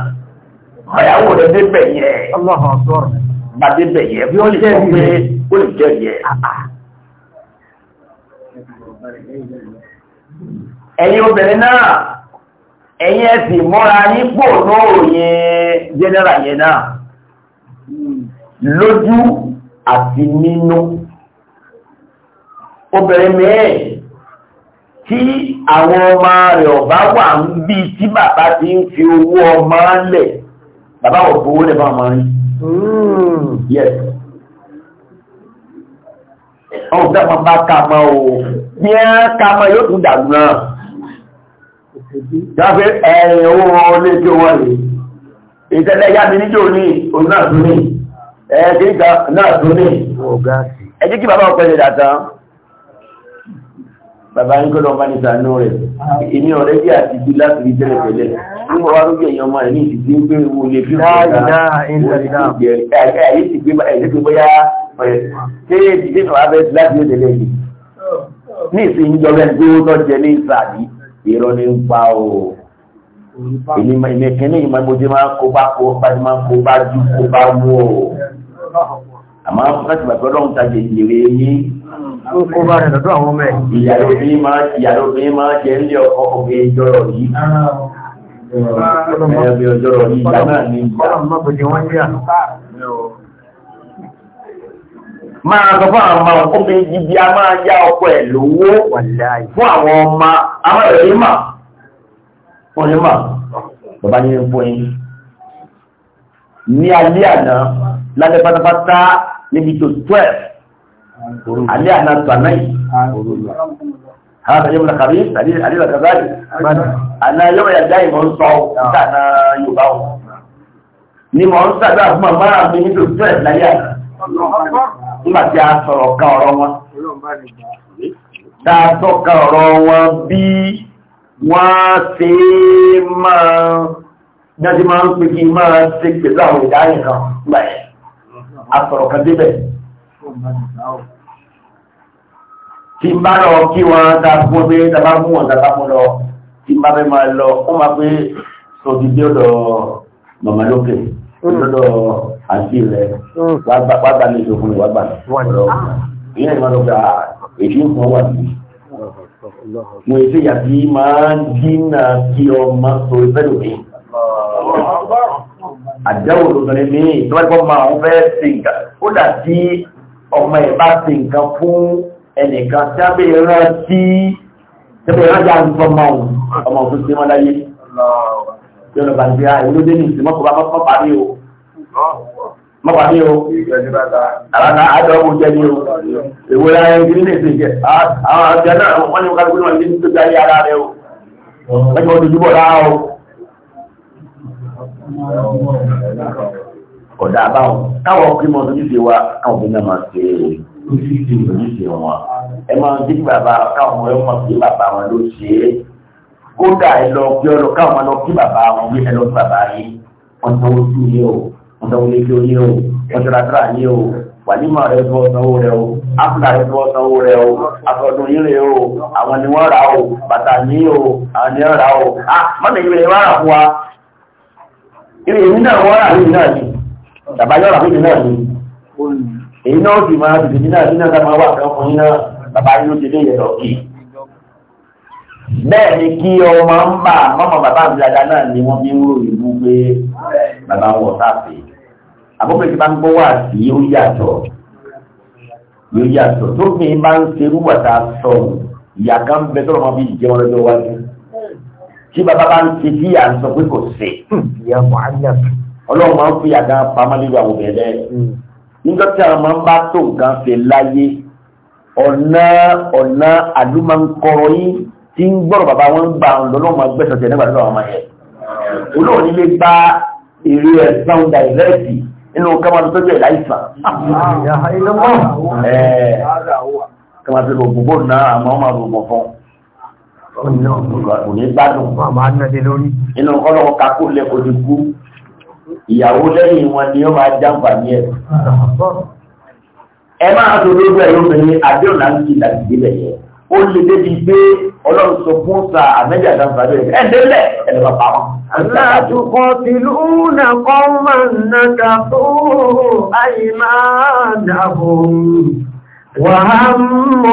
ọ̀yàwó rẹ̀ débẹ̀ yẹn bàdé bẹ̀ yẹ bí wọ́n lè sọ pé ó lè jẹ́ yẹ. ẹ̀yin obìnrin náà ẹ̀yin ẹ sì mọ́ra nípò náà yẹn jẹ́nẹ́rà yẹn náà lójú àti nínú obìnrin mìíràn tí àwọn ọmọ rẹ̀ ọ̀bá wà ń bí tí bàbá ti ń fi owó ọmọ lẹ̀ bàbá ọ̀bọ̀ owó lẹ̀ bá ọmọ rí.
Hmm.
Yes. Ọ̀hún tẹ́ wọn bá mọ́ o. Bí ẹ ka mọ́ yóò tún dàgbù náà. Dáfẹ́ ẹ̀yìn owó wọn lé tí wọ́n lè. Ìtẹ́lẹ̀ yá mi ní òun ní. kí bàbá ń gbọ́dọ̀ bá nígbà wá lójú ẹ̀yàn ọmọ rẹ̀ ní ìdíje pé wo lè fi rẹ̀ náà ẹ̀yẹ́ ti gbé ẹ̀yẹ́ ti bóyá ṣé ìdíje náà wá bẹ́ẹ̀ sí láti yóò tẹ̀lé yìí ní ìsìn ìjọba ẹni pé ó tọ́ jẹ ní ìsàdí ìrọ̀ ní ń pa o èmi ìmẹ̀kẹ́ ní ìmọ̀ ìmọ̀jẹ́ máa kó bá kó bá ti máa kó bá jù kó bá mú o àmọ́ láti bàtí ọlọ́run ta jẹ ìjèrè kó bá rẹ̀ lọ́dọ̀ àwọn ọmọ ẹ̀ ìyàlóbìnrin Ẹ̀yà bí ọjọ́ rọ̀ ní ìgbà náà ní ìgbà. Máa sọ fún àwọn ọmọ ọkùnrin gidi a máa yá ọkọ ẹ̀ lówó fún àwọn ọmọ amọ́rẹ̀lẹ́mà. Wọ́n ní mà, bàbá ní ń fún yín. Ní alẹ́ àná, lábẹ́ pátápátá níbi tó 12, alẹ́ àná tó هذا يوم الخميس دليل عليه كذلك انا يوم الجاي مو نصو انا يباو ni mo ń sàgbà fún ọmọ mi nílò stress láyé àná
nígbà tí a sọ̀rọ̀ kan ọ̀rọ̀
wọn dáa tọ́ka ọ̀rọ̀ wọn bí wọ́n ṣe máa dájú máa ń pè kí máa ṣe pẹ̀lú àwọn ìdáyìn kan gbà ẹ̀ a sọ̀rọ̀ kan débẹ̀ tí n bá lọ kí wọn ta fún pé tàbá mú wọn tàbá mú lọ tí bá fẹ́ máa lọ ó máa pé sọ ti dé ọ̀dọ̀ màmá lókè lọ́dọ̀ àti rẹ̀ wàá gbà ní ìṣòfin ìwà gbà lọ. ìyá ìmọ̀ lọ́gbà èyí ń fún wà sí. mo èsì yàtí máa ń dínà kí ọmọ sọ ìfẹ́ lòmìn àdáwò lóbìnrin míì tí wọ́n ti kọ́ máa ń fẹ́ sí nǹkan ó dà sí ọmọ ẹ̀ bá sí nǹkan fún ẹnìkan tábí rán tí tábí rán ọmọ òfin sí wọn láyé tí ó lọ ní ìsìn mọ́kànlá mọ́kànlá rí o mọ́kànlá rí o àrànà ní o láyé ní ilé ìsìn àwọn àjọ náà wọ́n ní wọ́n kálukú náà ní tó ayé ara rẹ o wọ́n àbáwọn táwọn kí mọ́ tó o di ìròyìn wọn. ẹ máa ń dín bàbá káwọn ẹ mọ̀ sí bàbá wọn ló ṣe é kódà ẹ lọ kí ọ lọ káwọn lọ kí bàbá wọn gbé ẹ lọ sí bàbá yìí wọn tán ó sùn yìí o wọn tán ó lé kí ó yìí o wọn tán adúrà yìí o wàlímọ̀ rẹ bọ́ sanwó rẹ o áfúnà rẹ bọ́ sanwó rẹ o àtọ̀dún yìí rẹ o àwọn ni wọ́n rà o bàtà yìí o àwọn ni wọ́n rà o à mọ́tò yìí rẹ wọ́n rà fún wa ìrìn náà wọ́n rà lóyún náà ni tàbá yọ̀rọ̀ lóyún náà ni èyí náà sì máa dìde nínú àdínà dáma wà fẹ́ ọkùnrin náà bàbá yóò ṣe lé ìyẹ̀dọ̀ kí bẹ́ẹ̀ ni kí ọmọ ń bà mọ́mọ́ bàbá mi dáadáa náà ni wọ́n fi ń rò ìlú pé bàbá wọn sáfì àbúkù ti bá ń gbọ́ wà sí yóò yàtọ̀ yóò yàtọ̀ tó fi bá ń serú wàtá sọ̀rọ̀ ìyá kan bẹ tọ́lọ́ máa fi jẹun lọ́jọ́ wájú tí bàbá bá ń ṣe bí à ń sọ pé kò sí. Hmm. ọlọ́run máa ń fi àga pamọ́ nígbà nígbà tí a, máa ń bá tó nǹkan ṣe láyé ọ̀nà ọ̀nà àlùmọ̀ǹkọ̀rọ̀ yìí tí ń gbọ́rọ̀ bàbá wọn ń gba àwọn ọ̀dọ́ máa gbẹ̀sọ̀ tẹ̀ nígbà tó àwọn máa yẹ. olóòrùn ilé gba èrè ẹ̀sán dàìrẹ́ẹ̀tì nínú kẹ́mọ́tò tó jẹ́ ìláìsàn. kẹ́mọ́tò tó gbogbo náà àmọ́ máa rògbò fún un. òní gbádùn. inú kọ́lọ́kọ́ kakó lẹ́kọ̀ọ́ ìyàwó lẹ́yìn wọn ni ó máa jáǹfà ní ẹ̀. ẹ máa tó lójú ẹ̀rọ obìnrin àdéhùn àti ìlàjìdí rẹ̀ yẹ ó lè débi pé ọlọ́run sọ fún sa àmẹ́jì àdáǹfà rẹ̀ ẹ̀ délẹ̀ ẹ̀ lọ́ba pa wọn. Àlàtúkọ̀ tìlú
nà kọ́ máa nà dàbò àyè máa dàbò wàhámù.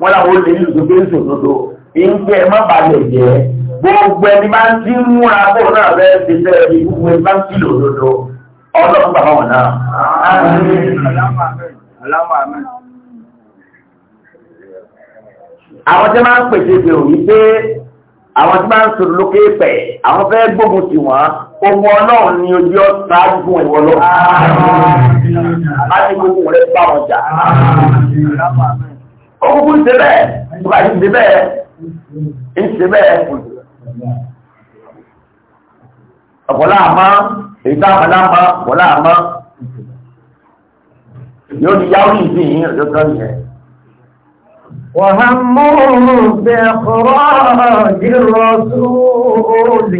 wọ́n láwọn olè yìí tó fẹ́ẹ́ sòdodo ìgbẹ́ ẹ má balẹ̀ jẹ́ gbogbo ẹni bá ń tí ń múra bó náà fẹ́ ti tẹ́ ẹni gbogbo ẹni bá ń tí lòdodo ọlọ́run bàbá wọn náà. àwọn tí máa ń pèsè ìbèrò yìí pé àwọn tí máa ń sọ̀rọ̀ lókè pẹ̀ àwọn fẹ́ gbógun tì wọ́n ohun ọlọ́run ni ojú ọ̀tá fún ìwọ lọ. a ní gbogbo rẹ̀ bá wọn jà ọkùnkùn ṣe bẹ́ẹ̀ ọba ṣe bẹ́ẹ̀ ń ṣe bẹ́ẹ̀ ọ̀pọ̀lá àmá èyí tá àmàlá àmá ọ̀pọ̀lá àmá yóò di yáwó ìsìn yìí ọjọ́ tó yẹ.
وهمهم بإخراج الرسول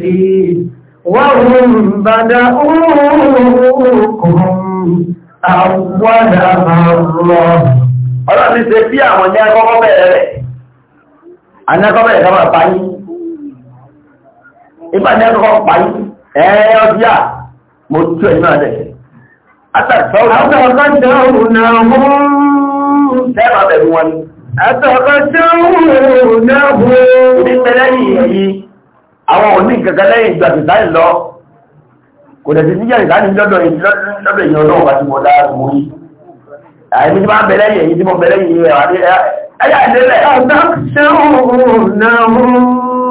وهم بدأوكم أول مرة ọlọ́run ṣe bí àwọn ní akọ́kọ́ bẹ̀rẹ̀
rẹ̀ àní akọ́kọ́ bẹ̀rẹ̀ kọ́ máa pa yín ìgbà ní akọ́kọ́ pa yín ẹ̀ẹ́ ọdí à mo tú ẹ̀ náà dẹ̀ Àwọn òní gẹ̀gẹ̀ lẹ́yìn ìgbà tìta ìlọ, kò dẹ̀ ti síjẹ̀ ìdánilọ́dọ̀ ìyọ́lọ́wọ́ àti mọ̀lá àmúrí àìní tí máa bẹ̀rẹ̀ yìí tí mo bẹ̀rẹ̀ yìí ẹ̀wà ní ẹ̀yà
ìdílẹ̀.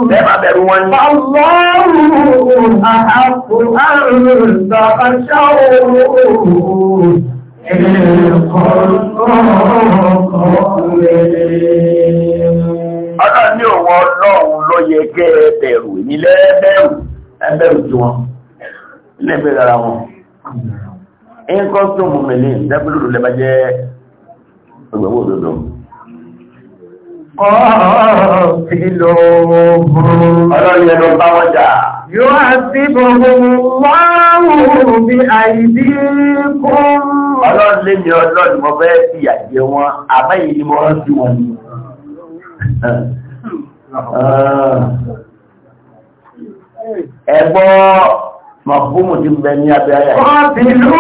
Bẹ́ẹ̀ma bẹ̀rù wọn ni. Ọlọ́run àhàkù àrùn ìgbàkàṣà òòrùn
Ọlọ́run ní òun ọlọ́run ló yẹ kẹ́ ẹbẹ̀rù ìnílẹ̀ ẹbẹ̀rù ẹbẹ̀rù tí wọn. ẹgbẹ̀rẹ̀ ara wọn nǹkan tó mú mi ní ìdẹ́gbẹ́lódò lẹ́bàá jẹ́ ọgbẹ̀wò òdòdó.
Ọ̀ọ́sìlò ọlọ́rin ẹ̀lọ bá wọ́n jà.
Yóò àti
gbogbo wáwù bí àìdí kún. Ọlọ́rin
lé mi mọ̀bùmù ti bẹ ní abẹ́ ayà. Ọ̀bìnú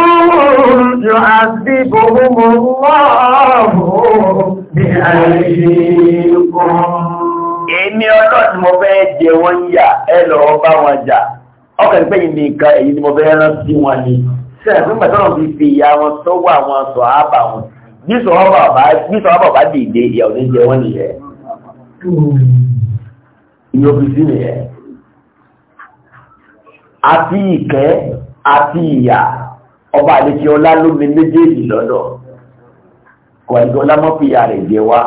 lọ àti gbogbo wọ́ọ̀bù bí àìrí
kan. Èmi ọlọ́dún mo fẹ́ jẹ wọ́n yà ẹ wọn jà. Ọkàn wọn ni. Sẹ́yìn wọn sọ́wọ́ àwọn sọ ábà wọn. bá dìde ìyàwó ní jẹ wọ́n nìyẹn. Hmm. Ìyókù sí nìyẹn àti ìkẹ́ àti ìyà ọba àlejò ọlá lómi méjèèjì lọ́dọ̀ kọ̀ọ̀dù ọlámọ́fìyà rẹ̀ jẹ wá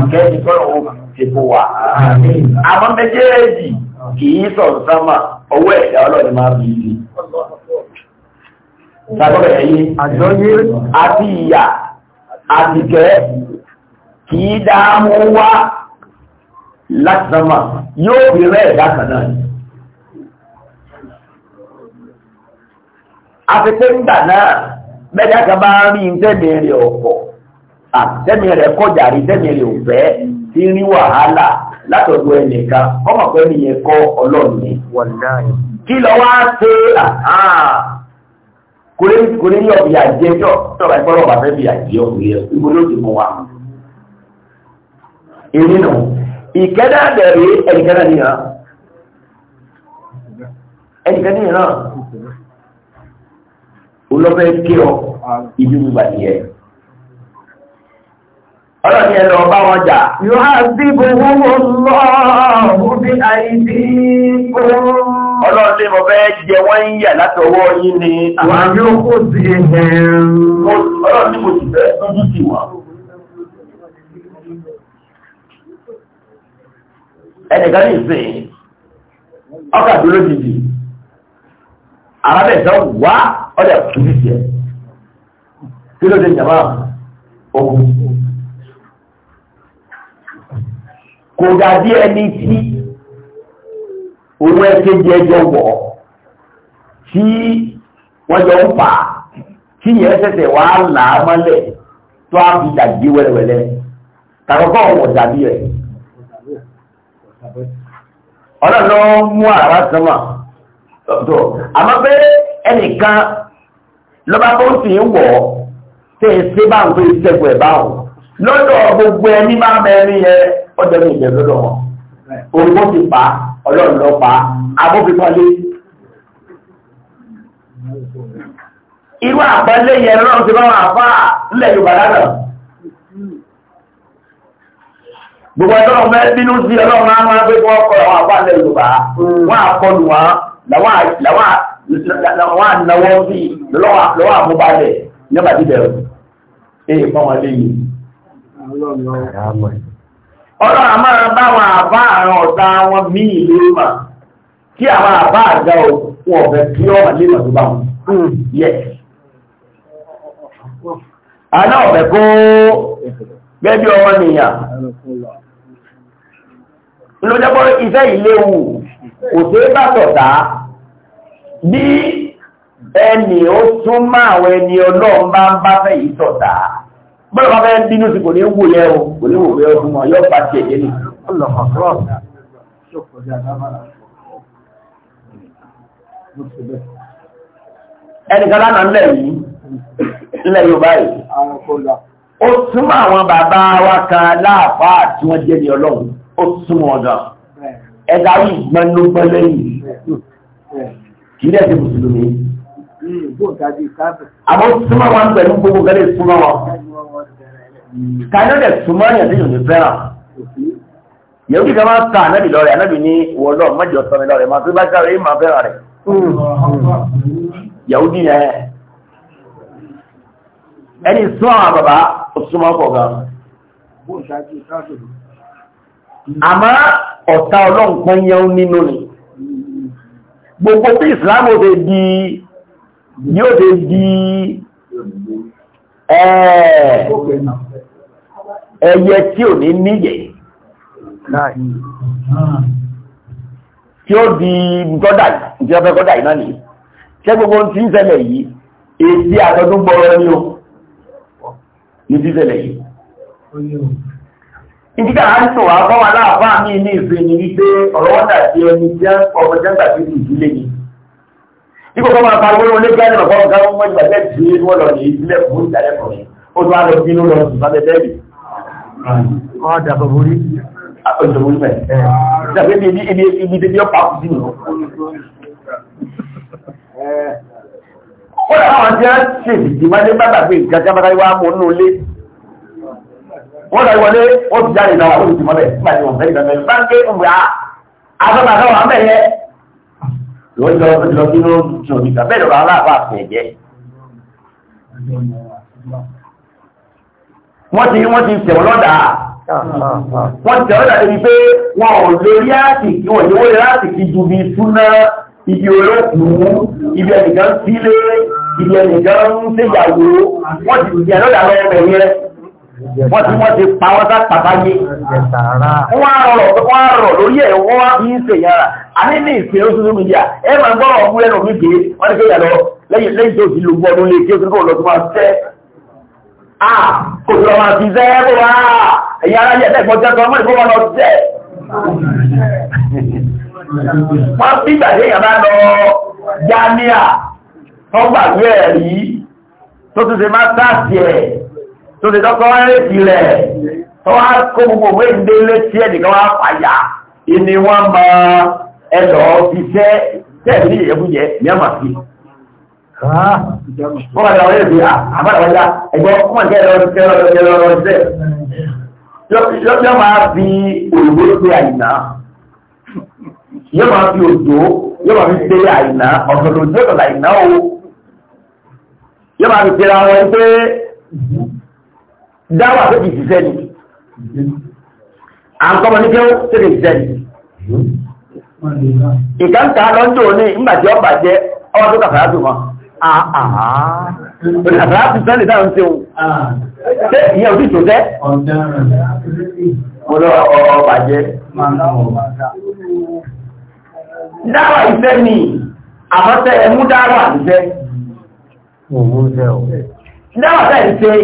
ìkẹ́ ìtọ́rọ̀ òun ti fún wa àmọ́ méjèèjì kì í sọ̀rọ̀ sámà ọwọ́ ẹ̀dá ọlọ́ni máa bí i sàtọ́rọ̀ ẹ̀yí àjọyé àti ìyà àti ìkẹ́ kì í dáa mú wá láti sámà yóò fi rẹ̀ ẹ̀dá kan náà àti pé ńgbà náà bẹ́ẹ̀ kan bá rí tẹ́mi rẹ̀ ọ̀pọ̀ tẹ́mi rẹ̀ kọjá rí tẹ́mi rẹ̀ òfẹ́ tí ń rí wàhálà látọ̀dọ̀ ẹnìkan ọmọ pé nìyẹn kọ́ ọlọ́run ni. kí lọ wá ṣe kò lè ní ọ̀bìyà jẹjọ́ tọ́ba ìpọ́nrọ̀ ọba fẹ́ bìyà jẹ ọkùnrin ìbò ló ti mú wa. èmi nù ìkẹ́dà bẹ̀rẹ̀ ẹnìkan náà nìyàn ẹnìkan nìyàn náà olọ́fẹ́ kí ọ ibi gbogbo àdìyẹ. ọlọ́ni ẹ lọ bá
wọn jà. yóò á sí gbogbo lọ́ọ̀hún bí àìsí
ọlọ́run lé mọ̀ fẹ́ jẹ wọ́n ń yà láti ọwọ́ yín ni àwọn yóò kó
sí ẹ̀hẹ̀rún ọlọ́run ní
mo sì fẹ́ tọ́jú sí wọn. ẹnìkan ní ìsìn ọkà dúró jìjì arábẹ̀sán wá Ọ òbí jẹ́ kí ló dé jàmá ogun kò ẹni tí owó ẹkẹjẹ ẹjọ wọ̀ tí wọ́n jọ ń fà tí yẹn là á tó á fi dàgbé dàbí ọlọ́run mú àrà lọ́ba tó sì ń wọ̀ ọ́ tẹ́ ẹ ṣe bá ń pè ṣẹ́gun ẹ̀ báwọn lọ́dọ̀ gbogbo ẹni máa mẹ́rin yẹ ọjọ́ ní ìjẹ́ lọ́dọ̀ wọn orúkọ ti pa ọlọ́run lọ pa abófipọ́lé irú àpẹẹlẹ yẹn lọ́run ti bá wọn àfá nílẹ̀ Yorùbá lánàá gbogbo ẹjọ́ mẹ́ bínú sí ọlọ́run á máa gbé fún ọkọ̀ àwọn àfá nílẹ̀ Yorùbá wọn àkọlù wọn làwọn wọ́n á náwó sí lọ́wọ́ àmúbalẹ̀ nígbà tí bẹ̀rù èyí fún wọn léyìn. ọlọ́run a máa bá àwọn àbá àrùn ọ̀tá wọn míì lórí mà kí àwọn àbá àgbà wọn ọ̀fẹ́ kí ọmọ lè mà tó bá wọn.
àná ọ̀fẹ́ kó
gẹ́gẹ́ ọmọ nìyàn ló jẹ́ pé iṣẹ́ ìléwu kò sí bá tọ̀tà bí ẹni ó tún máa àwọn ẹni ọlọ́run bá ń bá fẹ́ yìí sọ̀tà bọ́lá bá fẹ́ bínú sí kò ní wò yẹ o kò ní wò yẹ ọdún mọ́ yọ bá tiẹ̀ jẹ́ ni. ẹnìkan lánàá ńlẹ̀ yìí ńlẹ̀ Yorùbá yìí ó súnmọ́ àwọn bàbá wa kan láàfáà tí wọ́n jẹ́ ní ọlọ́run ó súnmọ́ ọ̀dọ̀ ẹ̀dá yìí gbọ́n ló kì í dẹ̀ ṣe mùsùlùmí. Hmm, àwọn súnmọ́ wọn pẹ̀lú gbogbo gẹ́lẹ́ súnmọ́ wọn. kàdọ́dẹ̀ súnmọ́ yẹn tí yóò ní fẹ́ràn. yẹ́wù kí kan máa ta ànábì lọ́rẹ̀ ànábì ní wọ́n lọ mọ́jọ sọ mi lọ́rẹ̀ máa tó bá sáré yìí máa fẹ́ràn rẹ̀. yẹ́wù ní yẹn ẹni sún àwọn bàbá súnmọ́ pọ̀ gan. àmọ́ ọ̀tá ọlọ́nkọ́ yẹn nínú ni gbogbo tí islam ó ṣe di yóò ṣe di eh, ẹyẹ tí ò ní níyẹ̀ tí ó di gọ́dà tí ó fẹ́ gọ́dà iná nìyí ṣé gbogbo tí ń ṣẹlẹ̀ yìí èsì àtọ́dún gbọ́rọ̀ ní o ní tí ń yìí ìdíkà àìsàn wà bọ́ wa láàbá mi ní ìfẹ́ ni wípé ọ̀rọ̀ wọn dàbí ẹni jẹ́ ọmọ jẹ́ǹgbà tó ti ìdílé ni ipò kọ́ máa pariwo olé jẹ́ ẹni bàbá ọ̀gá ọmọ ìgbà jẹ́ ti ní wọ́n lọ ní ìdílé fún ìdálẹ́ kan ni ó tún á lọ bínú lọ sí bá bẹ́ẹ̀ bì. ọ̀dà bàbúrí. ọ̀dọ̀bùrí mẹ́ ẹ̀ dàbí ibi ibi ibi ibi ọ̀pá kù sí nù. ó dàbí àwọn jẹ́ ṣèṣì
wọ́n lọ wọlé wọ́n
ti jáde náà wọ́n ti nígbà tí wọ́n fẹ́ ìgbà mẹ́rin báńkì ń wà àtọ́nà àtọ́wà ń lọ́jọ́ lọ́jọ́ kí ló ń jọ nígbà bẹ́ẹ̀ lọ́rọ̀ aláàbà fẹ̀ wọ́n ti wọ́n ti tẹ̀wọ́ lọ́dà wọ́n ti tẹ̀wọ́ lọ́dà pé wọn ò lórí àtìkí wọ́n yóò lórí àtìkí ju bí súná ibi olókùn ibi ẹnìkan sílé ibi ẹnìkan ń ṣèyàwó wọ́n ti tẹ̀wọ́ lọ́dà wọ́n ti wọ́n ti pa wọ́n sá pàtà yé wọ́n á rọ̀ wọ́n á rọ̀ lórí ẹ̀ wọ́n á fi ń sè yàrá àní ní ìpè oṣù tó nìyà ẹ máa ń gbọ́rọ̀ ọkùnrin ẹnu mi gbé wọ́n ti fẹ́ yà lọ lẹ́yìn lẹ́yìn tó fi lu gbọ́dún lé kí o ti kó lọ tó máa fẹ́ à kò tó máa fi fẹ́ kó wá ẹ̀yà ara yẹ̀ lẹ́gbọ́n jẹ́ sọ́mọ́ ìfowópamọ́ lọ tẹ́ wọ́n fi gbàdé yàn bá lọ jáníà tó gbàgbé ẹ̀rí tó tún ṣe máa sáàsì ẹ̀ tó ti tọ́kọ́ rẹ́ẹ̀dì rẹ̀ tó wá kó gbogbo òwe ń délé ẹnìkan wá fàyà ìní wọ́n mọ ẹlọ iṣẹ́ tẹ̀lé ìyẹ́bújẹ ní ní ẹ̀rọ ẹ̀rọ fi pé àyìnà yọ́ máa fi òjò fi pé àyìnà o yọ́ máa fi pé wọn pé dáwà tó ti ṣiṣẹ́ ni à ń kọ́mọ ní kéwọ́ tó ti ṣiṣẹ́ ni ìkàǹkà lọ́ńdọ̀ ní ìgbàjẹ́ ọ̀bàjẹ́ ọwọ́ tó kàfàyà tó mọ́ àhàhà àfàyà tó sẹ́lẹ̀ dáhùn sí òun ṣé ìyẹn òbí tó tẹ́ ọ̀dọ́ ọ̀bàjẹ́ dáwà ìfẹ́ ni àmọ́tẹ́ ẹmú dáwà ìfẹ́ dáwà tẹ́ ìfẹ́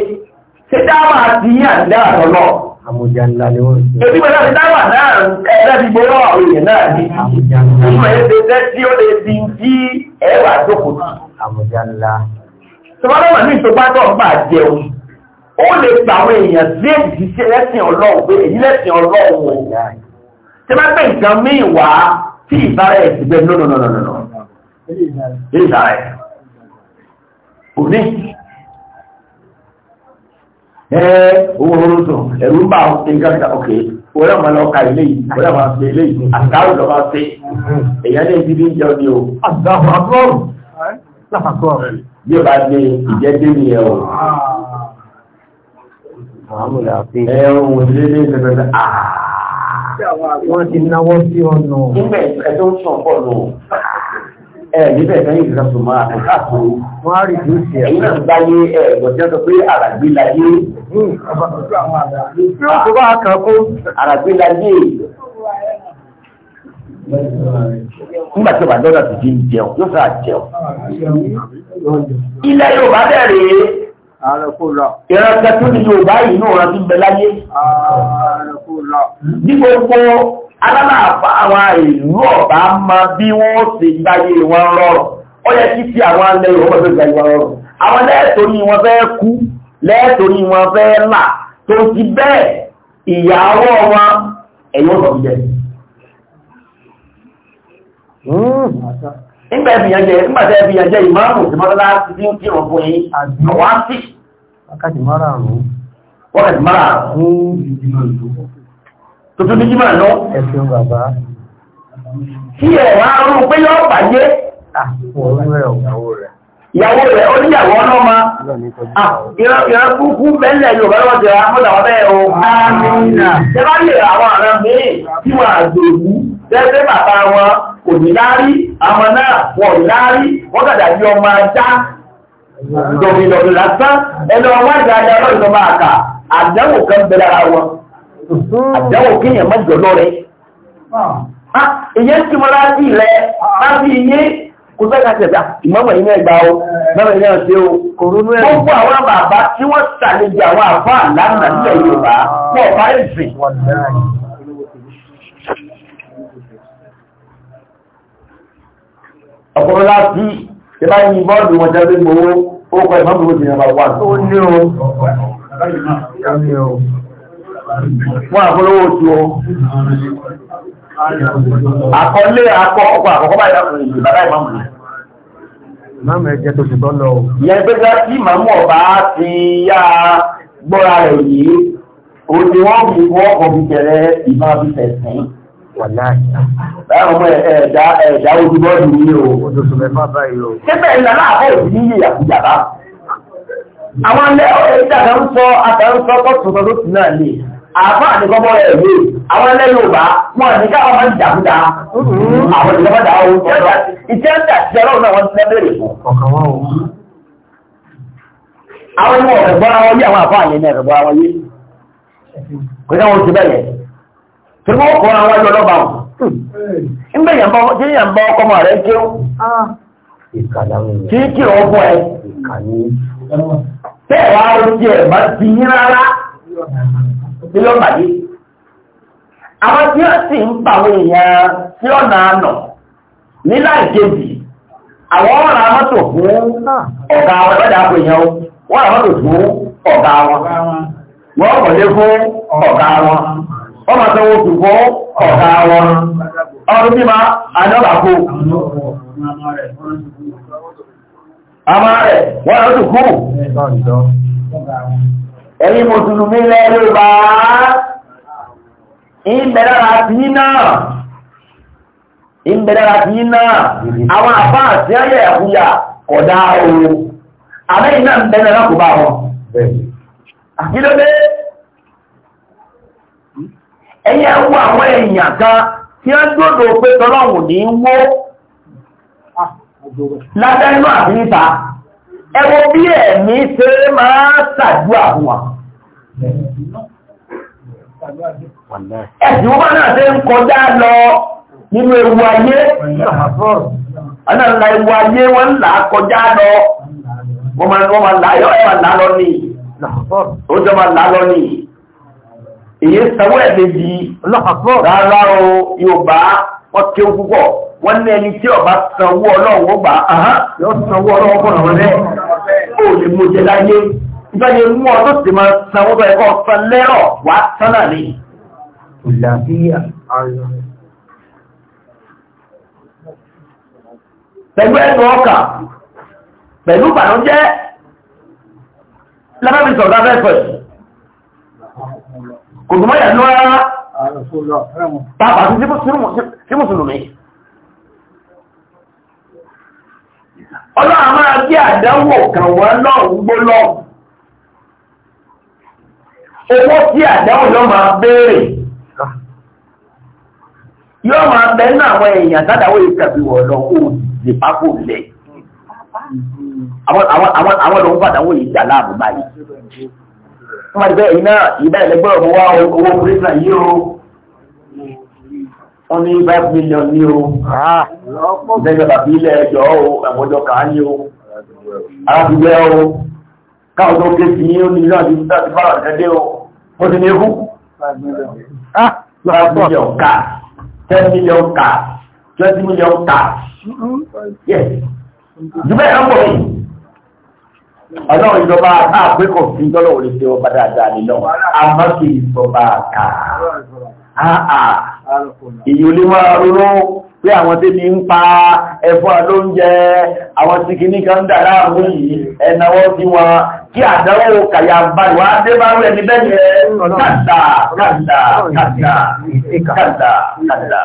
ṣé dáwà àti yín àti dáwà tọ́lọ̀.
àmùjà ńlá ni wọ́n ṣe.
ètò ìgbàlá ti dáwà náà ẹ̀ẹ́dá ti gbowó àwọn èèyàn náà ni. àmùjà ńlá. ìmọ̀ ẹ̀ẹ́dẹ́gbẹ́ tí ó lè di kí ẹ̀wà jókòó.
àmùjà ńlá.
tọ́lọ́wà ní ìtòbátọ̀ gbà jẹun ó lè gba àwọn èèyàn sí èyí sí lẹ́sìn ọlọ́run pé èyí lẹ́sìn ọlọ́run wò owó orótò ẹ̀rú bá ìgbàgbà òkè wọ́n máa lọ ka ilé yìí wọ́n máa ṣe ilé yìí àgbáwò lọ́wọ́ ṣe èyàn lè fi díjọ ni o. àgbàwò àbúrò lápapọ̀. bí o bá dé ìjẹ́dé mi ẹ̀ o. ẹ ohun ìdílé ní ìfẹ́fẹ́ wọ́n ti náwó sí ọ̀nà. níbẹ̀ ẹ̀tọ́ ń sàn pọ̀ lọ. ẹ níbẹ̀ sẹ́yìn ìgbà tó máa kó káàkiri. wọ́n á rí ìdúró sí ẹ̀. èyí náà gbáyé ẹ̀ gbọ̀dọ̀ sọ pé àràgbé láyé.
Tí ó bá kàn
kó àràgbélá yé èèyàn. Nígbà tí ó bá dọ́là tó jí ń jẹun, yóò sáà jẹun. Ilẹ̀ Yorùbá bẹ̀rẹ̀ ìrànkẹ́ tó ní Yorùbá yìí náà rántí bẹ láyé. Ní gbogbo alábàápá àwọn ìlú ọ̀bá máa bí wọ́n ṣe gbáyé wọn rọrùn. Ó yẹ kí ti àwọn alẹ́ lẹ́ẹ̀torí wọn fẹ́ là tó ti bẹ́ẹ̀ ìyàwó wọn ẹ̀yọ́ sọ jẹ́ hmm. nígbà ìfìyànjẹ́ nígbàtẹ́ lọ ẹ̀sùn bàbá
tí ẹ̀ wá rú pé yọ́ bàjẹ́ àpò ọ̀rẹ́ ọ̀gbàwó rẹ̀ ìyàwó rẹ̀ ó níyàwó ọlọ́mà ah,
ìran kúkú bẹ́lẹ̀ yóò bá lọ́wọ́ jẹ́ àmúdàwọ́ bẹ́ẹ̀ o àmìnà tẹ́bá lè àwọn àrán mìí tí wọ́n àjòkú tẹ́sẹ́ bàbá wọn kò ní lárí àmọ́ náà wọ́n ní lárí wọ́n kàdà bí ọmọ ajá dọ̀bìdọ̀bì lásán ẹni ọmọ ìgbà ajá lọ́rùn tó máa kà àdánwò kan bẹ lára wọn àdánwò kéèyàn mọ́jọ lọ́rẹ̀ ah. ah, ìyẹn tí mo láti ilẹ̀ láti iye kò sẹ́yìn láti ẹ̀dá ìmọ̀mọ̀ yìí náà gbà ó mọ̀mọ̀ yìí náà ṣe ó. gbogbo àwọn bàbá tí wọ́n ṣàlejò àwọn àbá àlànà nílẹ̀ Yorùbá pọ̀ bá ìsìn. ọ̀pọ̀lọpọ̀ láti ṣe bá yin bọ́ọ̀lù wọn jáde gbowó ó kọ ìmọ̀mọ̀ ló ti yàn wà. ó
ní o wọ́n àfọlọ́wọ́ tu o. Àkọlé
akọ ọkọ̀ àkọ́kọ́ báyìí láti rìn bàbá ìmáàmù rẹ̀.
Máàmù ẹ̀jẹ̀ tó ti tọ́ lọ. Yẹ
pé bí tí màmú ọ̀bá ti yá gbọ́ra rẹ̀ yìí, òde wọ́n fi wọ́n kọ̀ fi tẹ̀lé ìmọ̀ fi tẹ̀sìn. Wàláì. Báyọ̀ ọmọ ẹ̀dá ẹ̀dá ojú bọ́ọ̀lù
yìí o. Odòsùn mẹ́fà báyìí o. Síbẹ̀ ìlànà àkọ́
òbí yìí àkújà bá. Àwọn ilé ọ̀rẹ́ ìjà kan ń sọ àtàrúsọ àfá àtìkọ́bọ̀ rẹ̀ rí àwọn ẹlẹ́yọ̀bá wọn ní káwọn máa ń jàkúta àwọn ìjọba dà ó ìjẹ́ ń ọlọ́run náà wọ́n ti lẹ́bẹ̀rẹ̀ fún. àwọn ẹni ọ̀rẹ́ gbọ́ra wọn yé àwọn àfá àlẹ́ ní ẹ̀rẹ́ gbọ́ra wọn yé kò sí àwọn oṣù bẹ́ẹ̀
tí wọ́n kọ́ àwọn ẹni ọlọ́ba wọn. ńgbẹ́ yàn bá tí yàn bá ọkọ mọ̀ rẹ̀ kéw kí kí ọ̀ fún ẹ̀ bí ló pàdé
àwọn tí ó sì ń pa àwọn èèyàn tí ó nà nà nílá ìkejì àwọn ọ̀rọ̀ amọ́tò fún ọ̀gá wọn lọ́dà àpò èèyàn o
wọ́n rà mọ́tò fún ọ̀gá wọn wọ́n kọ̀lé fún ọ̀gá wọn wọ́n máa sanwó oṣù fún ọ̀gá wọn ọdún bí ma àdọ́bàkó àmọ́ rẹ̀ wọ́n rà mọ́tò fún ẹ̀yin mùsùlùmí lẹ́ Yorùbá
ìbẹ̀rẹ̀ àti iná ìbẹ̀rẹ̀ àti iná àwọn àbá àti ayẹ̀ ẹ̀kúyà kọ̀dá ooru àmẹ́ iná ń bẹ̀rẹ̀ náà kò bá wọn àkílódé
ẹ̀yẹ wọ àwọn èèyàn
kan tí ó dòdò pé tọ́lọ́wùn ní wó lábẹ́ inú àti ẹ bí ẹ̀mí ṣe máa
wọn náà ṣe ń kọjá
lọ nínú ewu ayé ọ̀nà ewu ayé wọn là kọjá lọ wọ́n máa láyọ̀ ẹ̀ máa lálọ́ ní ó jọ máa lálọ́ ní èyí sanwó ẹ̀ rárá o Yorùbá wọ́n kéwú púpọ̀ wọ́n ní ẹni tí ọba sanwó ọlọ́run gbà yóò sanwó ó lè mú jẹ láyé ìgbàlè mú ọ tó sì máa sanwó bẹ́ẹ̀ kọ́ san lẹ́rọ̀ wá sánà ní
ìlàbíyà pẹ̀lú ẹnu ọkà pẹ̀lú bànújẹ́
lábẹ́bí sọ̀rọ̀ afẹ́fẹ́ kò tó mọ́ yà lọ́rọ́ tábà sí mùsùlùmí
ọlọ́run máa gbé àdánwò kan wá náà
ń gbó lọ owó tí àdánwò yóò máa béèrè yóò máa bẹ ní àwọn èèyàn sádàwó ìkàbí wọ̀ lọ kó lè pápò lẹ̀ àwọn lòun fàdánwò ìjà láàbù báyìí wọ́n máa ti bẹ́ẹ̀ iná ìbẹ̀rẹ̀ lẹ́gbẹ̀rún wá owó kúrẹ́sà yìí o wọ́n ní five million ní o lẹ́gbẹ̀ẹ́ ah. bàbí ilẹ̀ ẹjọ́ o ẹ̀mọ́jọ kàá ní o arábìgbẹ́ o káwọn tó ké sí ó ní ilé àti ìgbà tí bára tẹ́lẹ̀ o ó ti ní ikú five million ah. ká yes jùbẹ́ ẹ̀ ń bọ̀ yìí ọlọ́run ìjọba àpékọ̀ sí ìjọlọ́wọ́ lè ṣe ọba dáadáa nílọ a kì í sọba ká
áà ìyí olè máa ronú
pé àwọn tí mi ń pa ẹ̀fọ́ lóúnjẹ àwọn tí kì ní kan dára mú yìí ẹ̀nàwó sí wọn kí àdánwò kàyà báyìí wá dé bá rẹ̀ ní bẹ́ẹ̀ kàdà kàdà kàdà kàdà kàdà.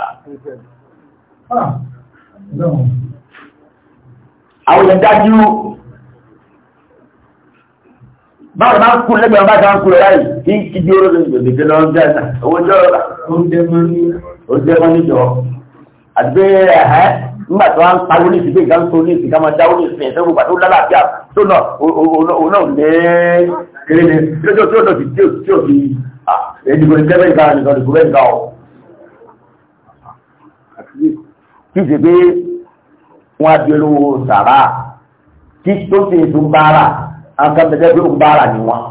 àwọn èèyàn dájú báwo bá ń kú lẹ́gbẹ̀ẹ́ bá ta ń kú lọ́la yìí kí kí di oró lóṣù tòbí lọ ń dáná owó jọ lọ́la. ó jẹ́ wọn níjọ. àgbẹ̀ ẹ̀hẹ́ nígbà tó wá ń pariwo ní ìsìnkú ìgbà ń so ní ìsìnkú àmọ́ dáwọ́ ní ìsìnkú ẹ̀sẹ̀ gbogbo àti ó lálàáfíà tó nà òun náà lé kéré ní lójó tí ó lọ sí tí ó tí ó fi ẹ̀dìgbò ní kẹ́fẹ́ ìgbà nìkan ní kúrẹ́ ìgbà ọ̀. kí ṣe pé wọ́n á di olówó sàrà kí tó ṣe ètò ń bára akẹ́bẹ̀jẹ́ pé òǹbára ni wọ́n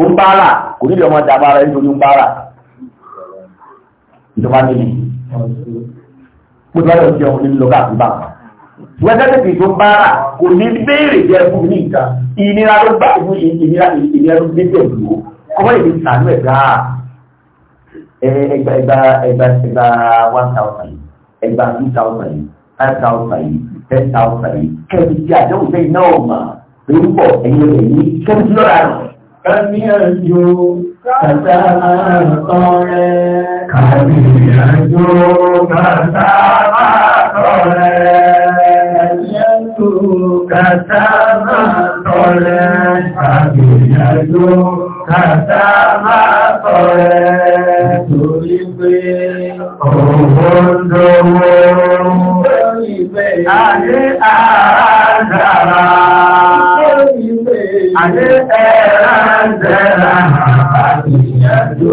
òǹbára kò nílò ọmọ dàbára nítorí òǹbára ìjọba níbi mo ti wá lọ sí ọmọ nílò káàkiri bá wọ́n tẹ́lẹ̀ tí tó bára kò ní béèrè jẹ́ fún ní ìta ìnira ló bá fún ìnira ìnira ló gbé bẹ̀ lò kọ́mọ́ ìdí sànú ẹ̀dá ẹgbà ẹgbà ẹgbà ẹgbà one thousand ẹgbà two thousand five thousand ten thousand kẹ́ẹ̀dì àdéhùn sẹ́yìn náà mà lórúkọ ẹ̀yìn rẹ̀ yìí
kẹ́bí lọ́ra rẹ̀. Kàmí kàtà máa tọ́ kàtà máa tọ́ kàtà máa tọ́ kàtà máa tọ́ pé òwò ń dọwọ́. pé àdé àdára. Àdé ẹ̀rọ ń tẹ̀lá àbíyànjú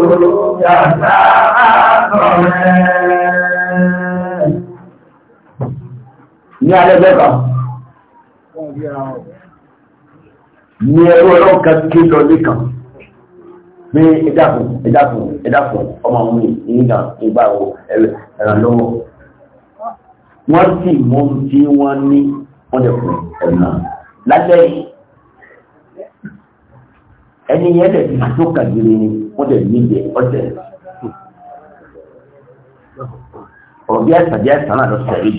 yàtá àtọ̀rẹ́.
Ní alẹ́ bẹ́ẹ̀kọ́, ní ẹrú ọlọ́run kan ké lọ lékan pé ẹ̀dàkùn ẹ̀dàkùn ẹ̀dàkùn ọmọ àwọn ìgbà ìgbà ẹ̀rànlọ́wọ́ wọ́n sì mú tí wọ́n ní wọ́n lè fún ẹ̀rọ náà lálẹ́ yìí. ẹni yẹn lè ti tó kàdúrà ni wọ́n lè ní ìdè ọ̀sẹ̀. ọ̀bí bí ẹ̀sán náà lọ sẹ̀rí.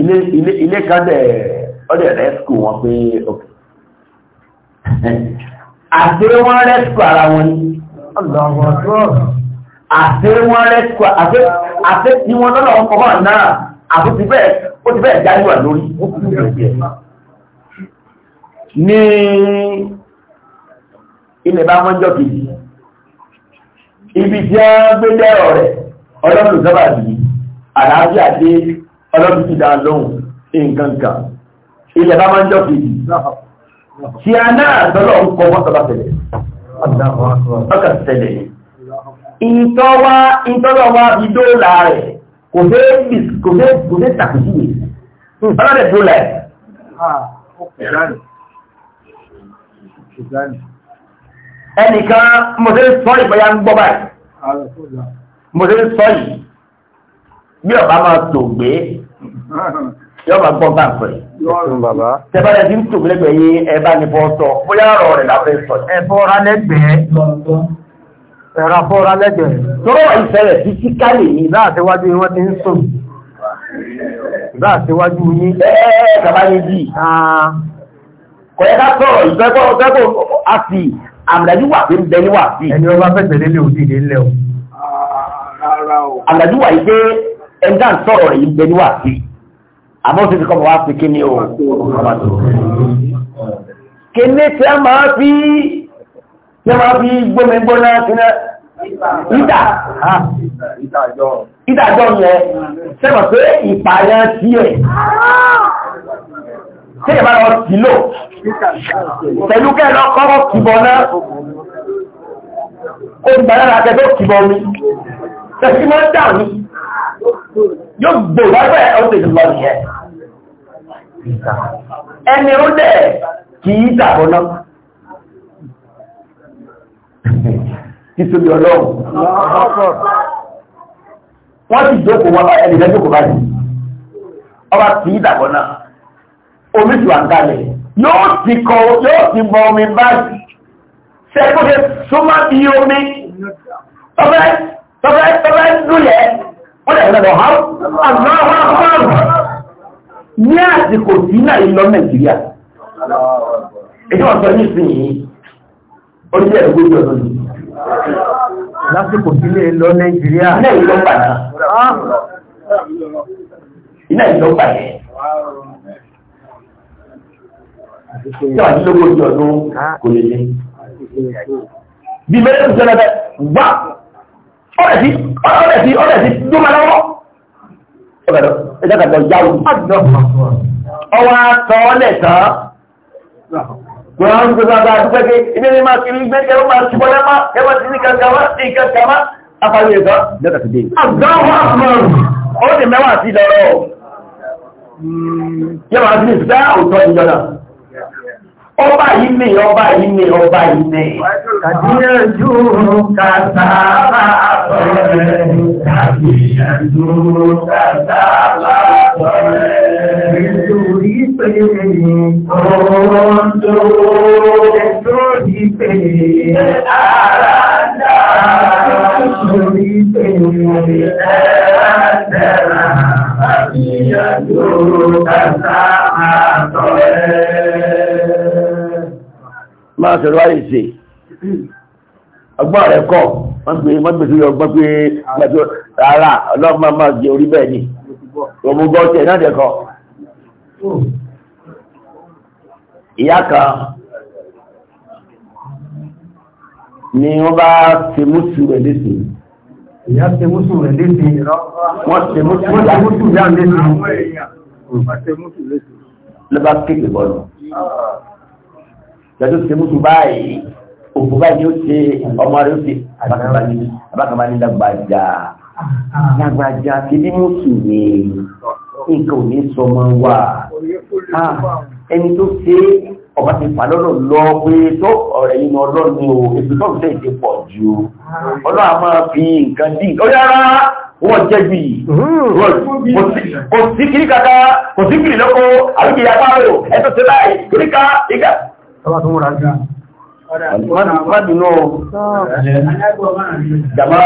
ilé ilé ilé kan dẹ̀ wọn pé
ọ̀kẹ́.
àti wọn rẹ́síkù ara wọn ni. àti wọn rẹ́síkù àti àti tí wọn náà àti ti ó ti jáde wà lórí. ní. ilẹ̀ bá mọ́jọ́ kejì ibi tí a gbé lẹ́rọ̀ rẹ̀ ọlọ́dún sábà bí àlàáfíà dé ọlọ́dún ti dá lóhùn nǹkan kan ilẹ̀ bá mọ́jọ́ kejì tí a náà tọ́lọ̀ ń kọ́ mọ́tọ́lá tẹ̀lẹ̀ ọkà tẹ̀lẹ̀ ìtọ́lọ̀ wa dóòlà rẹ̀ kò fẹ́ tàkìsí ọlọ́dẹ̀ dóòlà rẹ̀ ah, ẹnìkan mọ̀sẹ̀ sọ ìbáyá ń gbọ́ báyìí mọ̀sẹ̀ sọ yìí bí ọba máa tò gbé yóò bá gbọ́ bá pẹ̀. tẹ́bàrẹ̀ tí ń tò lẹ́gbẹ̀ẹ́ yé ẹbá ní bọ́ sọ bóyá ọ̀rọ̀ rẹ̀ lábẹ́ sọ. ẹ̀fọ́ra lẹ́gbẹ̀ẹ́ ẹ̀rọ afọ́ra lẹ́gbẹ̀ẹ́. tọ́rọ ìṣẹ̀lẹ̀ sí síkálì ní láàṣíwájú wọn ti ń sùn láàṣíwájú yín. ẹ̀ẹ́ kàbá yín jì. Ah. kọ̀yẹ́ká sọ̀rọ̀ ìfẹ́kọ̀ọ́ àmìdájú wà pé ń bẹ níwà bí. ẹni ọba fẹsẹ̀ lélẹ̀ òdì ní ilẹ̀ o. àmìdájú wà yìí pé ẹ̀ńdà ń sọ̀rọ̀ rẹ̀ yìí ń bẹ níwà bí. àmọ́ ó ti fi kọ́ mọ̀ wá pé kí ni o. kéne tí a máa fi tí a máa fi gbómi gbóná síná
ìdá ìdájọ́
yẹn sẹ́wọ̀n pé ìpààyàn tiẹ̀ tí ìbá lọ kìlò pẹ̀lú kẹ́ lọ kọ́kọ́ kìbọ̀ náà
ó gbàdá láti ẹgbẹ́
kìbọ̀ mi tẹ̀sí máa ń dà mí yóò gbòòrò ẹgbẹ́ ọ̀sẹ̀ ìlú lọ nìyẹn
ẹni ó dẹ̀
kìí dàbọ̀ náà nítorí ọlọ́run wọ́n ti jókòó wọn ẹni lẹ́jọ́ kò báyìí ọba kìí dàbọ̀ náà omi ti wà kalẹ̀ yóò ti kọ yóò
ti mọ omi báyìí ṣe kó ṣe
súnmọ́ bí omi tọ́fẹ́ tọ́fẹ́ tọ́fẹ́ dúlẹ̀ wọ́n lè lọ ha àmọ́ àwọn akọ́rọ̀ ní àsìkò tí náà lọ nàìjíríà èyí wọ́n sọ ní ìsinyìí orílẹ̀ èdè ọdún ni lásìkò tí lè lọ nàìjíríà ilẹ̀ ìlọ́pàá
ah. ilẹ̀ ìlọ́pàá tí wàá dídógún ojú ọdún ah. kò lè
ní. bí mẹ́rin tó lọ́dẹ gbá ọ̀rẹ́ sí ọ̀rẹ́ sí ọ̀rẹ́ sí dúmọ̀ lọ́wọ́. ọ̀gá ẹ̀dá kàtọ́ yáwó ọwọ́ àtọ́ lẹ́tọ́ Kùránù tó sábà àdúgbò pé ilé ní máa kiri gbé kẹrù máa ṣubọ́ lẹ́mọ́ ẹwà ti ní kankama ní kankama afárí ẹ̀dọ́ lẹ́tà tó dé. Àgbáwọ̀ àmọ́rù ó ní mẹ́wàá sí lọ́rọ̀. Yẹ́wàá ọba yìí mi ọba yìí mi ọba yìí mi. kàdíyànjú kàtàlá àtọ̀rẹ́
kàdíyànjú kàtàlá àtọ̀rẹ́. nítorí pé ọ̀rọ̀ ń tó nítorí pé ara ń dá nítorí pé ẹ̀rọ kàdíyànjú kàtàlá àtọ̀rẹ́
máa sọ̀rọ̀ wáyé ṣe ọgbọ́n rẹ̀ kọ́ mọ́gbèsí ọgbọ́n pé gbàtọ́ rárá ọlọ́gbọ́n máa jẹ orí bẹ́ẹ̀ ni òmùgọ́ tẹ̀ náà dẹ̀kọ́ ìyá kan ni wọ́n bá ṣe mùsù rẹ̀ lẹ́sì
ìyá ṣe mùsù rẹ̀ lẹ́sì wọ́n ṣe mùsù rẹ̀
lẹ́sì bọ́ọ̀lù jọjọ́ ti mú báyìí òkú báyìí ó ṣe ọmọ rẹ̀ ó ṣe àbákanbá ní lágbàjá
lágbàjá kí ní mùsùlùmí
nǹkan ò ní sọmọ wà ẹni tó ṣe ọba ti fà lọ́nà lọ pé tó ọ̀rẹ́ yìí ọlọ́run o èsì tó ń tẹ̀ ìdí pọ̀ ju ọlọ́run a máa fi nǹkan dín ó yára wọ́n jẹ́bi kò sí kìríkàtà kò sí kìrìlọ́kọ́ àbíkìyà báyò ẹ̀tọ́ sí láì kìríkà
tọ́bá tó múra gan mọ́dínú jàmá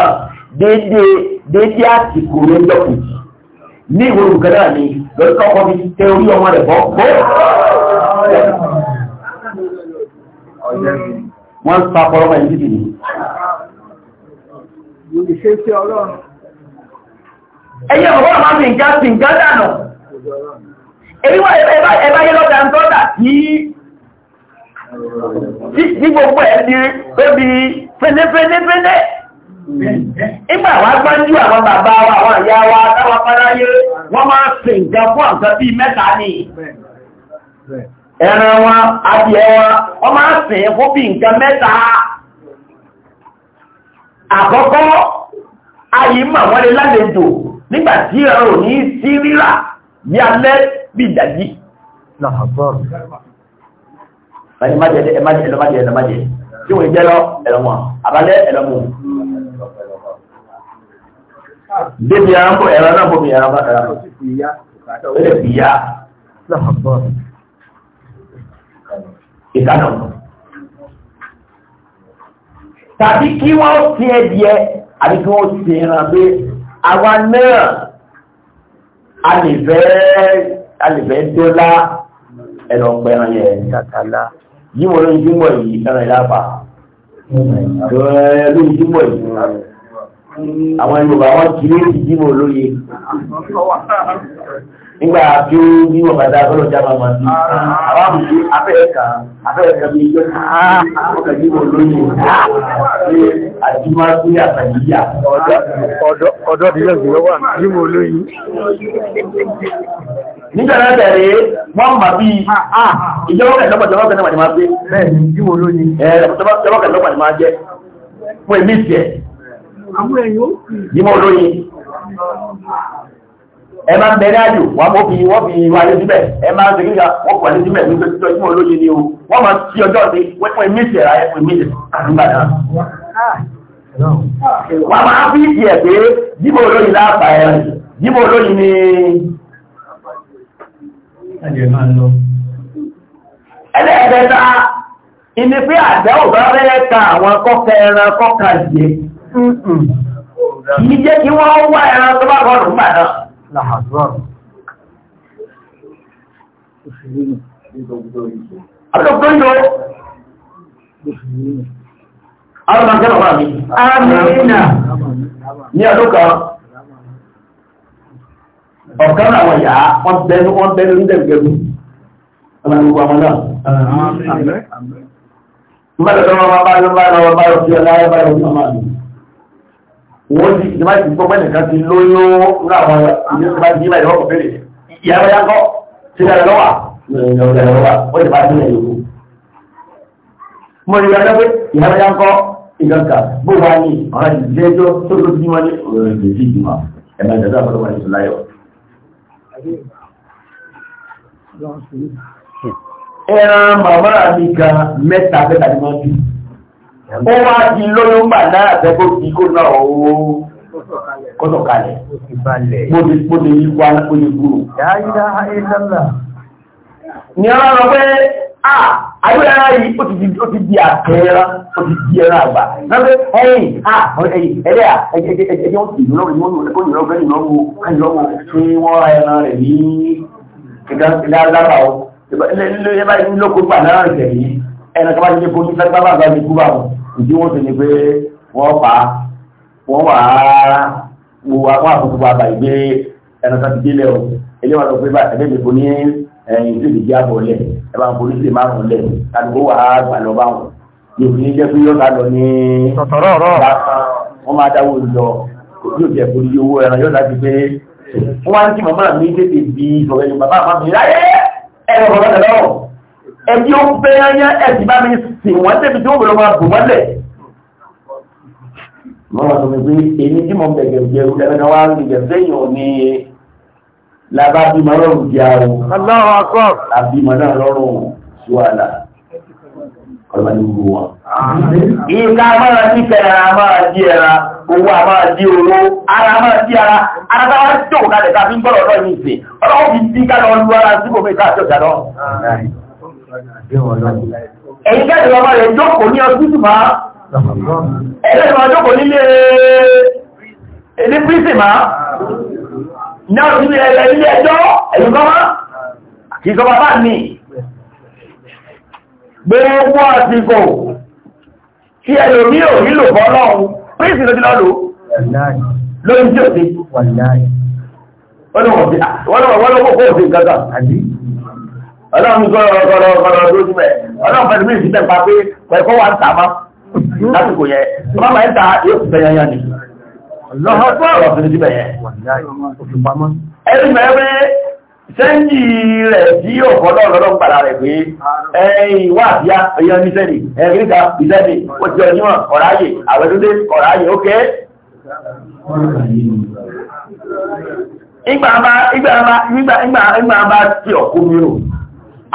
déédé àtìkò ló jọ́kù ní ìwòrò gẹ́dà ni lọ́tọ́ ọkọ̀ fi tẹ orí ọmọ rẹ̀ bọ́ wọ́n pa pọ̀lọ́pọ̀ ẹ̀ nídìí ni ẹ̀yẹ́ ọ̀pọ̀ máa fi nǹkan sí nǹkan dànù
ẹ̀bá yẹ́ lọ́dà ń tọ́dà
yìí tí gbogbo ẹ̀ di tóbi fẹ́lẹ́fẹ́lẹ́fẹ́lẹ́ ìgbà wá àwọn bàbá wa àwọn ìyá wa táwọn fáráyé wọ́n máa pè nǹkan fún àǹkan bíi mẹ́ta ni
ẹran wọn adìẹ wọn
wọ́n máa pè fún bíi nǹkan mẹ́ta àkọ́kọ́ ayé mà wọ́n lè lálejò nígbà ẹran ò ní ẹni má jẹ ẹ má jẹ ẹ lọ má jẹ ẹ lọ má jẹ tí wọn jẹ lọ ẹ lọ mọ àbálẹ ẹ lọ mọ.
débi ara ń bọ ẹran náà bọ
mi ẹran bá ẹran bọ.
ó lè fi ya. ìdáná.
tàbí kí wọ́n ti ẹ díẹ̀ àbí kí wọ́n ti ẹran pé àwa náà a lè fẹ́ a lè fẹ́ dọ́là ẹ lọ pẹ̀ràn yẹn jímọ̀ lórí jímọ̀ yìí ẹ̀rọ ìlàpá lórí jímọ̀ yìí àwọn yorùbá wọn kì í ti jímọ̀ lóye nígbà tí ó ní wọn bàtà ọlọ́ jábà máa ní àwọn àmùsí abẹ́ẹ̀ka abẹ́ẹ̀ka bí ìjọ ọkà jímọ̀ lóye pé àjímọ̀ pé àtàjíyà ọ̀dọ́ ọ̀dọ́ ìyẹ̀gbẹ̀ wà jímọ̀ lóye
níjọba ah, ah, ẹ̀rẹ́ àjò
wọ́n mọ́ fi wọ́n fi wà ní síbẹ̀ ẹ máa wọ́n pọ̀ ní síbẹ̀ nígbà títọ́ jíwò lónìí ni o wọ́n máa ọjọ́
ẹlẹ́ẹ̀kẹta
ìní pé àjẹ́ òbá rẹ̀ ka àwọn kọ́kẹ́ ẹran kọ́kà jẹ́ yìí jẹ́ kí wọ́n wá ẹran tó bá gọ́rùn bà
náà àbúrò yóò
ọlọ́mọ akẹ́lọ̀wà mi ní ọdún kan ọ̀kan àwọn ìyá wọ́n bẹnu wọ́n bẹnu ní dẹ̀gbẹ̀rún ọlọ́gbogbo àwọn náà mọ́lẹ̀dọ́ wọn bá yọ bá yọ bá yọ sí ọlá yọ bá yọ sí ọmọ àmì wọ́n ti ìjọba ti gbọ́ pẹ́lẹ̀ kan ti lóyún ní àwọn ìjọba ti báyìí wọ́n kò fẹ́lẹ̀ ìyá wọn yá kọ́ sí ẹ̀rọ lọ́wà ẹ̀rọ lọ́wà wọ́n ti bá sí ẹ̀yọ́ mo rí ọjọ́ pé ìyá wọn yá kọ́ ìgbàgbà bó wà ní ọ̀rọ̀ ìjẹ́jọ́ tó lójú wọn ní ọ̀rọ̀ ìjẹ́jọ́ ìgbìmọ̀ ẹ̀mẹ́jọ́ ẹran màmá mi kan mẹ́ta mẹ́ta ni wọ́n bí ó wá di lóyún gbà náà àtẹ́kó tí kò náà owó kọ́sọ̀kalẹ̀ gbóde wá lápò ní gbúrò ní ọlọ́rọ̀ pé ah àdúrà yìí ó ti di ó ti di àtẹ̀ẹ́rá ó ti di ẹ̀rá àgbà lọ́pẹ́ ẹ̀yìn ẹ̀yìn ẹ̀dẹ́ à ẹ̀jẹ̀ wọ́n ti ìlú lọ́wọ́ ìlú lọ́wọ́ ìlú lọ́wọ́ ìlú lọ́wọ́ tí wọ́n ra ẹran rẹ̀ ní ìdálára o lóye bá ní lóko gbà náà rẹ̀ yìí ẹran kan bá ti dé bójú sábà bá ti kú bá wọn ìdí wọn sì ni pé wọ́n pa wọ́n wà á wọ́n àkókò bàbà ìgbé ẹran kan ti délẹ̀ o ẹlẹ́wọ̀n lọ pé bá ẹgbẹ́ ẹ̀yìn tó lè jábọ̀ lẹ̀ ẹ ń forí sí márùn lẹ̀ kálukó wà á gbà lọ báwọn yóò fi ní jẹ́ pé yóò ká lọ ní tọ̀tọ̀rọ̀ ọ̀rọ̀ wọ́n máa dáwọ́ lọ yóò jẹ́ forí owó ẹran yóò láti pé wọ́n wá ń kí màmá mi tètè bí ìfọ̀rọ̀ ẹ̀yìn bàbá àmà mi láyé ẹ̀rọ bàbá tẹ̀lọ́ ẹbí ó fẹ́ yányá ẹ̀sìn bá mi sìn wọ́n débi tí ó wọ̀lọ́ máa bù mọ́lẹ̀ wọ́n wá sọ pé èmi tí mo ń gbẹ̀gẹ̀ lábá bímọ lọ́rùn jẹ́ àwọn aláwọ̀ akọ́ àbímọ náà lọ́rùn sí wàhálà ọ̀rọ̀ ní gbogbo wọn. ìka máa ní kẹrẹ̀rẹ̀ a máa di ẹ̀ra owó a máa di owó ara máa di ara ara tá wá tó kalẹ̀ ká fi ń gbọ́dọ̀ lọ́yìn ìsìn ọlọ́wọ́ fi ti ká lọ ara sí gbogbo ìka àti ọ̀gá
kẹ́sì ọmọ rẹ̀ jókòó ní ọdún tùmá ẹ̀yin kẹ́sì ọmọ jókòó
nílé ẹ̀ẹ́dẹ́gbẹ́sì máa náà sí ẹ̀rẹ̀ ilé ẹjọ́ ẹ̀yìn kọ́ kí kọ́ bàbá mi gbogbo àsìkò tí ẹlòmí ò nílò fọ́lọ́run píìsì lójú lọ́lọ́ lórí tí ò sí ọlọ́run gọ́rọ̀gọ́rọ̀ tó túnbẹ̀ ọlọ́run pẹ̀lú mìíràn sí tẹ́pa pé pẹ̀kọ́ sẹ́ńjì rẹ̀ tí yóò fọ́lọ́ lọ́dọ́ gbàdá rẹ̀ pé ẹ̀yìn wà bí ẹyọ níṣẹ́lì ẹ̀ríkà ìṣẹ́lì ó ti ọ̀níwọ̀n ọ̀ráyè àwẹ́dúdé ọ̀ráyè ókè ìgbà bá tí ọ̀kú mírò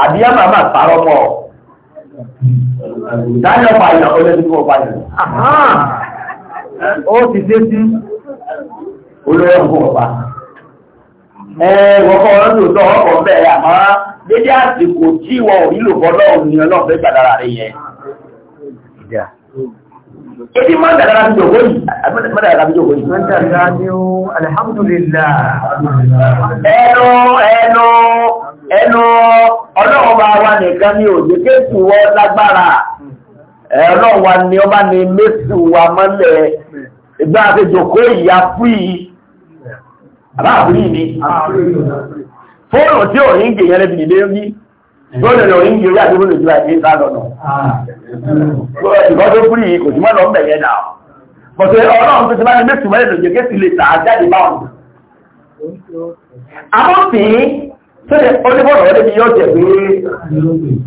àbíyá màmá pàrọ̀ mọ́ ó ti dé sí olóyè ọ̀gbọ̀n ọ̀pá ẹ̀wọ̀n kan tó ọkọ̀ bẹ́ẹ̀ àmọ́ dédé àsìkò tí ìwọ̀ òní lò bọ́lọ́ òní ọlọ́fẹ́ gbàdára rẹ̀
yẹn Ebi máa dàdára bí jòkó yìí, àbúrẹ́
dàdára bí jòkó dàdára ní o, alhamdulillah.
Ẹnu,
ẹ̀rọ wa ni ọba ni mẹ́sì wa mọ́lẹ̀ ìgbà àti jòkó ìyá fúì àbáàbúrí ni fóònù tí ò ní gbèyàn lẹ́bi nílé ní fóònù lọ ní gbèyàn àti fóònù ìjọba ìgbé sá ìgbà tó kò náà bọ̀tẹ̀ ọlọ́run tó ti máa ní mẹ́sì lè sí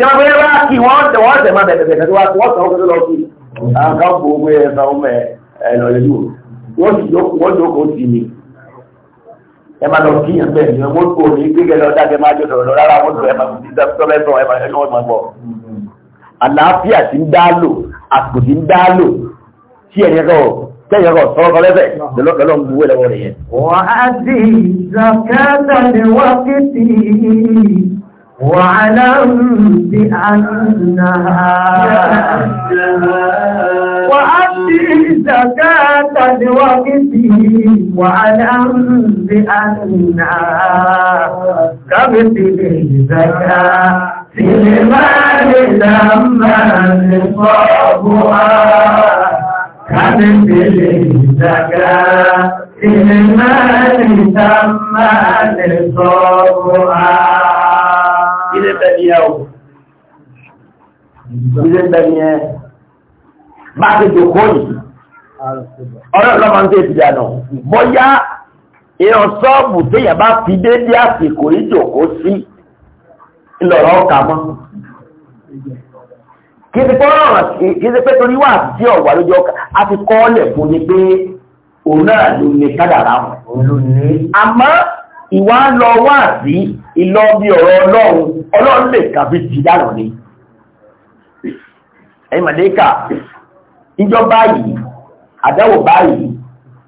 tí a fẹ́ rá tí ẹ̀yẹ kọ̀ tẹ́yẹ kọ̀ sọ́rọ́ lẹ́fẹ̀ẹ́ lọ́kọ̀ọ́lọ́ ń gbowó lọ́wọ́ rẹ̀ yẹn.
wàá di zakata ni wákìtì واعلم بأنها وأدي زكاة لوقته واعلم بأنها كبتل زكاة في المال لما نصابها كبتل زكاة في المال لما نصابها tẹ̀lé
o ilé tẹ̀lé ẹ má ti jòkó yìí ọ̀rọ̀ ọ̀rọ̀ máa ń tẹ̀ ìdíjà náà bóyá èèyàn sọ́ọ̀bù téèyàn bá fi déédéé àsìkò ìjòkó sí ńlọrọ̀ ọ̀kà mọ́ kí ti fọ́nrán kí ti pé torí wà sí ọ̀wà lójú ọkà a ti kọ́ ọ́lẹ̀ fún ni pé òun náà ló ní kádàrá àmọ́ ìwà lọ wà sí ìlọ bí ọ̀rọ̀ ọlọ́run ọlọ́run lè kàbí ti dànù ni ẹ̀yìn màdéka ìjọ báyìí àdáwò báyìí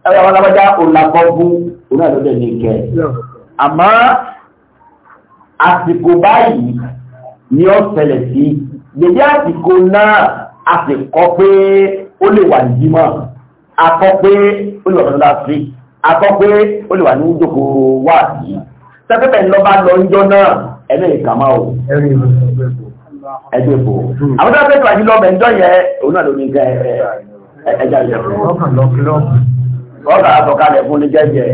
ẹ̀rọ àwọn alábájá olàkọ́gún oní àdọ́dẹ̀ ní kẹ àmọ́ àsìkò báyìí ni ó ṣẹlẹ̀ sí gbèdé àsìkò náà àsìkò pé ó lè wà níjímọ̀ àkọ́ pé ó lè wà lọ́dọ̀ akọ́ pé ó lè wà ní ìjókòó wà yìí sẹ́pẹ́pẹ́ lọ bá lọ ìjọ náà ẹ̀mí ìkàmá o
ẹgbẹ́ ìbò àwọn tó
fẹ́ẹ́ wáyé lọ́mọ ẹjọ́ yẹ òun náà ló ní kẹ ẹja yẹ fún ọkà àtọ̀kalẹ̀ fún ní jẹ́jẹ́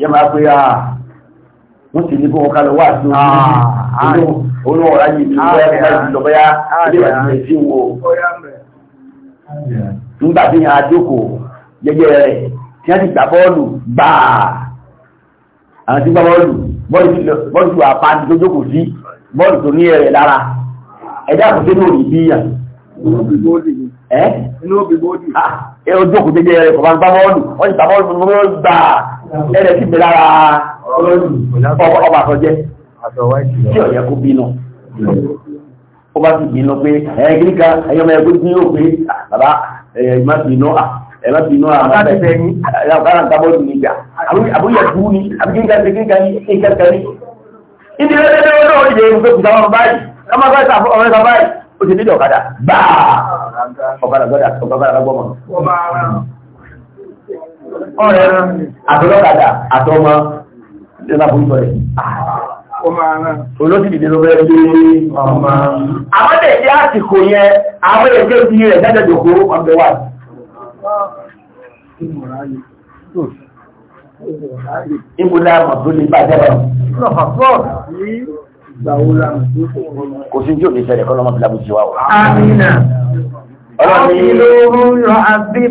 yẹ máa pé a ah, wọ́n ti ní kó wọn kalẹ̀ wá sí ah, ah. olú ọ̀rá yìí ní ọ̀rá yìí lọ́bọ̀ yá ilé ìwà ìdílé sí wo nígbà tí yẹn adókòó jẹjẹ rẹ̀ tí wọ́n ti gbà bọ́ọ̀lù gbàá àwọn tí gbà bọ́ọ̀lù bọ́ọ̀lù àpáàdì tó jókòó sí bọ́ọ̀lù tó ní ẹ̀rẹ̀ lára ẹ̀dá kò sínú òní bí yàn. inú òbí bóòdì. ẹ o ah, jókòó jẹjẹ rẹ̀ kò máa gbà bọ́ọ̀lù wọ́n ti gbà bọ́ọ̀lù tó ló gbà ẹ̀rẹ̀ sì mi lára ọba àtọ́jẹ́ tí ọ̀yẹ́ kó bínú ó bá ti bínú pé ẹ̀ẹ́gíríkà ẹ̀yọ́mọ̀ ẹ̀gbẹ́ ẹ̀rọ ti inú àwọn ọ̀dà ẹ̀yìn àbára ń kábọ́ọ̀dù ní ìjà àbúyẹ̀ dúró ní àbíkínká ní kíkà ní kíkà ní. ìdí ẹgbẹ́ tó náà ìdè ìrùfẹ́ kùtà wọn báyìí kámá fẹ́ sà ọ̀rẹ́ sà báyìí ó ti dídì ọ̀kadà gbáà ọ̀kadà gbọ́dà ọ̀kadà lọ́gbọ́mọ.
ọ̀rẹ́ àtọ́lọ́kadà
àtọ́mọ ìdílá fún ìtọ́lẹ̀. Olóṣì dìde ló bẹ́ẹ̀ lé ọmọ. Àwọn tẹ̀sí àsìkò yẹn, àwọn èké ti rẹ̀ jáde jòkó ọ̀bẹ̀ wà.
Ibu láàmà tó ní bá
Kò sí jò ní sẹ́rẹ̀ kọ́ lọ́mọ bílábù jíwá wà. Amina.
Ọlọ́ni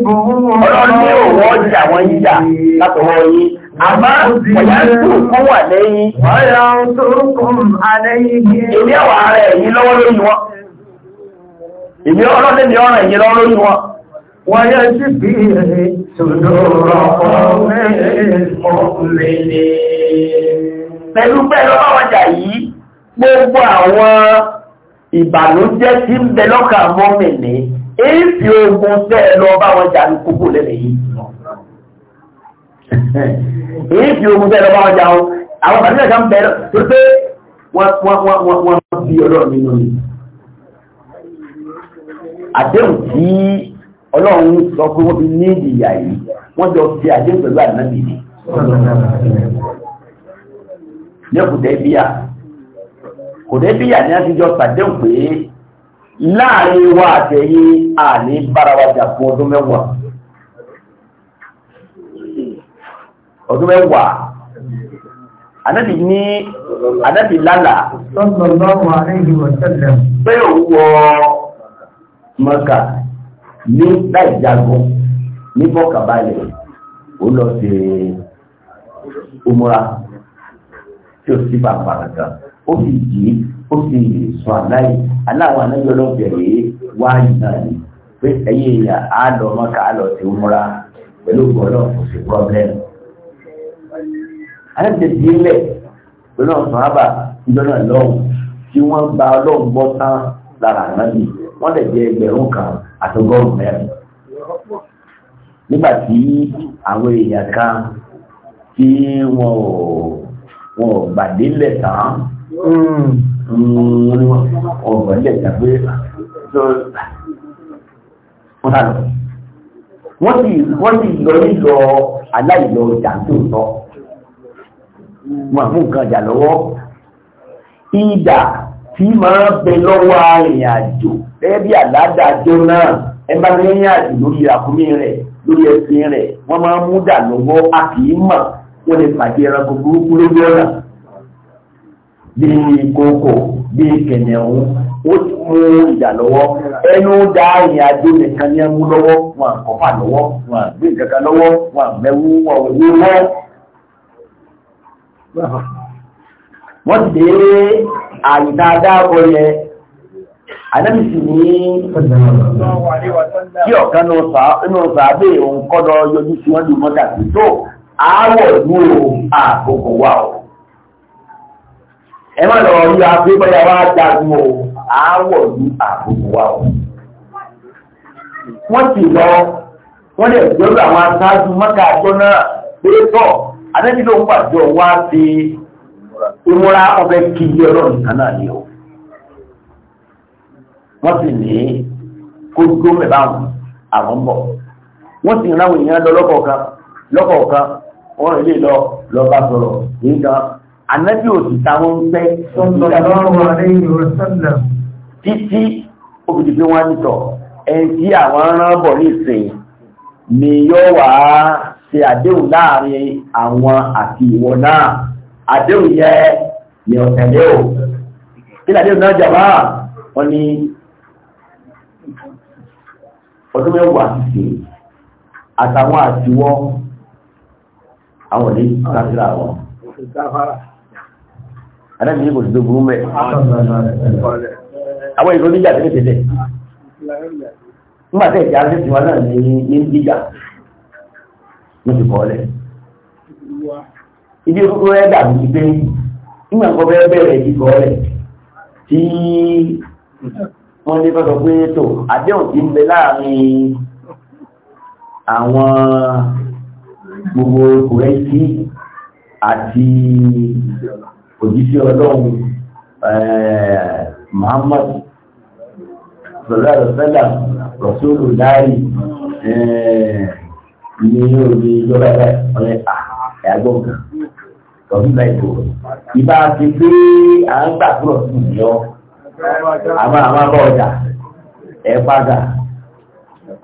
òwò ọjà wọn yíjà
látọwọ́ yìí. Àmá ọ̀yá tó kún wà lẹ́yìn. Ọ̀yá tó kún àlẹ́yìn. Èmi ọ̀wà rẹ̀ yìí lọ́wọ́ lórí wọn. Èmi ọlọ́dẹ̀ mi ọ̀rẹ̀ yìí lọ́wọ́ lórí wọn. ويشفي صدور قوم المؤمنين pẹ̀lú pẹ̀lú ọjà yìí gbogbo àwọn ìbànújẹ́ tí ń bẹ lọ́kà mọ́mì ní èéfì ogun tẹ́ lọ bá wọn jà ní kúkú lẹ́lẹ̀ yìí èéfì ogun tẹ́ lọ bá wọn jà wọn àwọn ìbànújẹ́ kan bẹ̀rẹ̀ tó pé wọ́n bí ọlọ́run nínú ni àdéhùn tí ọlọ́run sọ pé wọ́n ti ní ìyà yìí wọ́n jọ ti àjẹ́ pẹ̀lú ànábì ni. ní kòtẹ́ bíyà ni a ti jọ pàdéhùn pé láàrin wa àtẹ̀yí àní bára wa jà fún ọdún mẹ́wàá. ọdún mẹ́wàá ànábì ní ànábì lálà.
sallallahu alaihi wa sallam.
pé òun wọ ní láì jagun ní bọ́kàbalẹ̀ ó lọ sí umura tí ó sì bàbá kan ó sì
jí ó sì
sọ aláì aláwọ̀ anájọ́ lọ́bẹ̀rẹ̀ wáyé náà ni pé ẹ̀yìn èèyàn á lọ mọ́ka á lọ sí umura pẹ̀lú gbọ́dọ̀ kò sí pọ́blẹ́mù. alẹ́tẹ̀tẹ̀ ilẹ̀ pẹ̀lú ọ̀sán ábà ìjọ́nà lọ́hùn tí wọ́n gba ọlọ́run gbọ́ tán lára ànábì wọ́n lè jẹ ẹgbẹ̀rún kan àtọgọ́rùn mẹ́rin nígbà tí àwọn èèyàn kan tí wọn ò wọn ò gbàdé lẹ̀ tán hmm. ọ̀gbọ̀n lẹ̀ tán pé wọ́n sá lọ wọ́n sì wọ́n sì lọ nílọ aláìlọ ọjà tó wọn àmú nǹkan ọjà lọ́wọ́ ìdá tí máa bẹ lọ́wọ́ arìnrìn àjò bẹ́ẹ̀ bí àládájọ́ náà ẹ bá ní rìn àjò lórí ìràkúnmí rẹ̀ lórí ẹsìn rẹ̀ wọ́n máa mú dà lọ́wọ́ a kì í mọ̀ wọ́n lè pàdé ẹranko burúkú lójú ọ̀nà bíi kòkò bíi kẹ̀nẹ̀hún ó ti mú ìdà lọ́wọ́ ẹnu da arìnrìn àjò nìkan ní ẹmú lọ́wọ́ wọn àkọ́fà lọ́wọ́ wọn àgbé kankan lọ́wọ́ wọn àmẹ́wú wọn òwe wọ́n ti dé àìdáadáàbọ̀ yẹ àdámìsì ní kí ọ̀kan inú òun kọ́dọ̀ yọjú sí wọ́n mọ́ta sí tó wà ó ẹ má lọ rí apé bọ́yá wá wà ó wọ́n lọ wọ́n lè gbẹ́rù àwọn aṣáájú mọ́ta àjọ náà pé tọ́ ló ń pàjọ wá sí ìmúra ọbẹ̀ kìí ọlọ́run kan náà ni o wọ́n sì ní kó dúró mẹ́bà wọn àwọn bọ̀ wọ́n sì ráwọn èèyàn lọ lọ́kọ̀ọ̀kan lọ́kọ̀ọ̀kan wọ́n lè lọ lọ́ba sọ̀rọ̀ èyí ànábì òsì táwọn ń pẹ́ títí òbí pé wọ́n ń tọ̀ ẹni tí àwọn rán bọ̀ ní ìsìn ni yóò wá ṣe àdéhùn láàrin àwọn àti ìwọ náà. àdéhùn yẹ ni ọ̀tẹ̀lé o kí ni àdéhùn náà jàmá wọn ni ọdún mẹ́wàá àti àtàwọn àtiwọ́ àwọn ní wọn anábìyí kò sí tó burú mẹ́ àwọn ìlú níjà tẹ́lẹ̀ tẹ́lẹ̀ nígbà tẹ́ ìjà ń tẹ̀síwá náà ní níjà wọ́n ti kọ́ ọ ibi kúkú rẹ̀ dàbí pé nígbà kan fẹ́ bẹ̀rẹ̀ kíkọ rẹ̀ tí wọ́n ní kọ́sọ pé tó àdéhùn ti ń bẹ láàrin àwọn gbogbo kùrẹ́sì àti òjíṣẹ́ ọlọ́run eh, Muhammad sallallahu rọ̀sọ́lù eh, ní orí ọ̀rẹ́ tọ́jú láìpò ìbá ti pé à ń gbà kúrò sí ìyọ́ àmọ́ àmọ́ bọ́ ọjà ẹ padà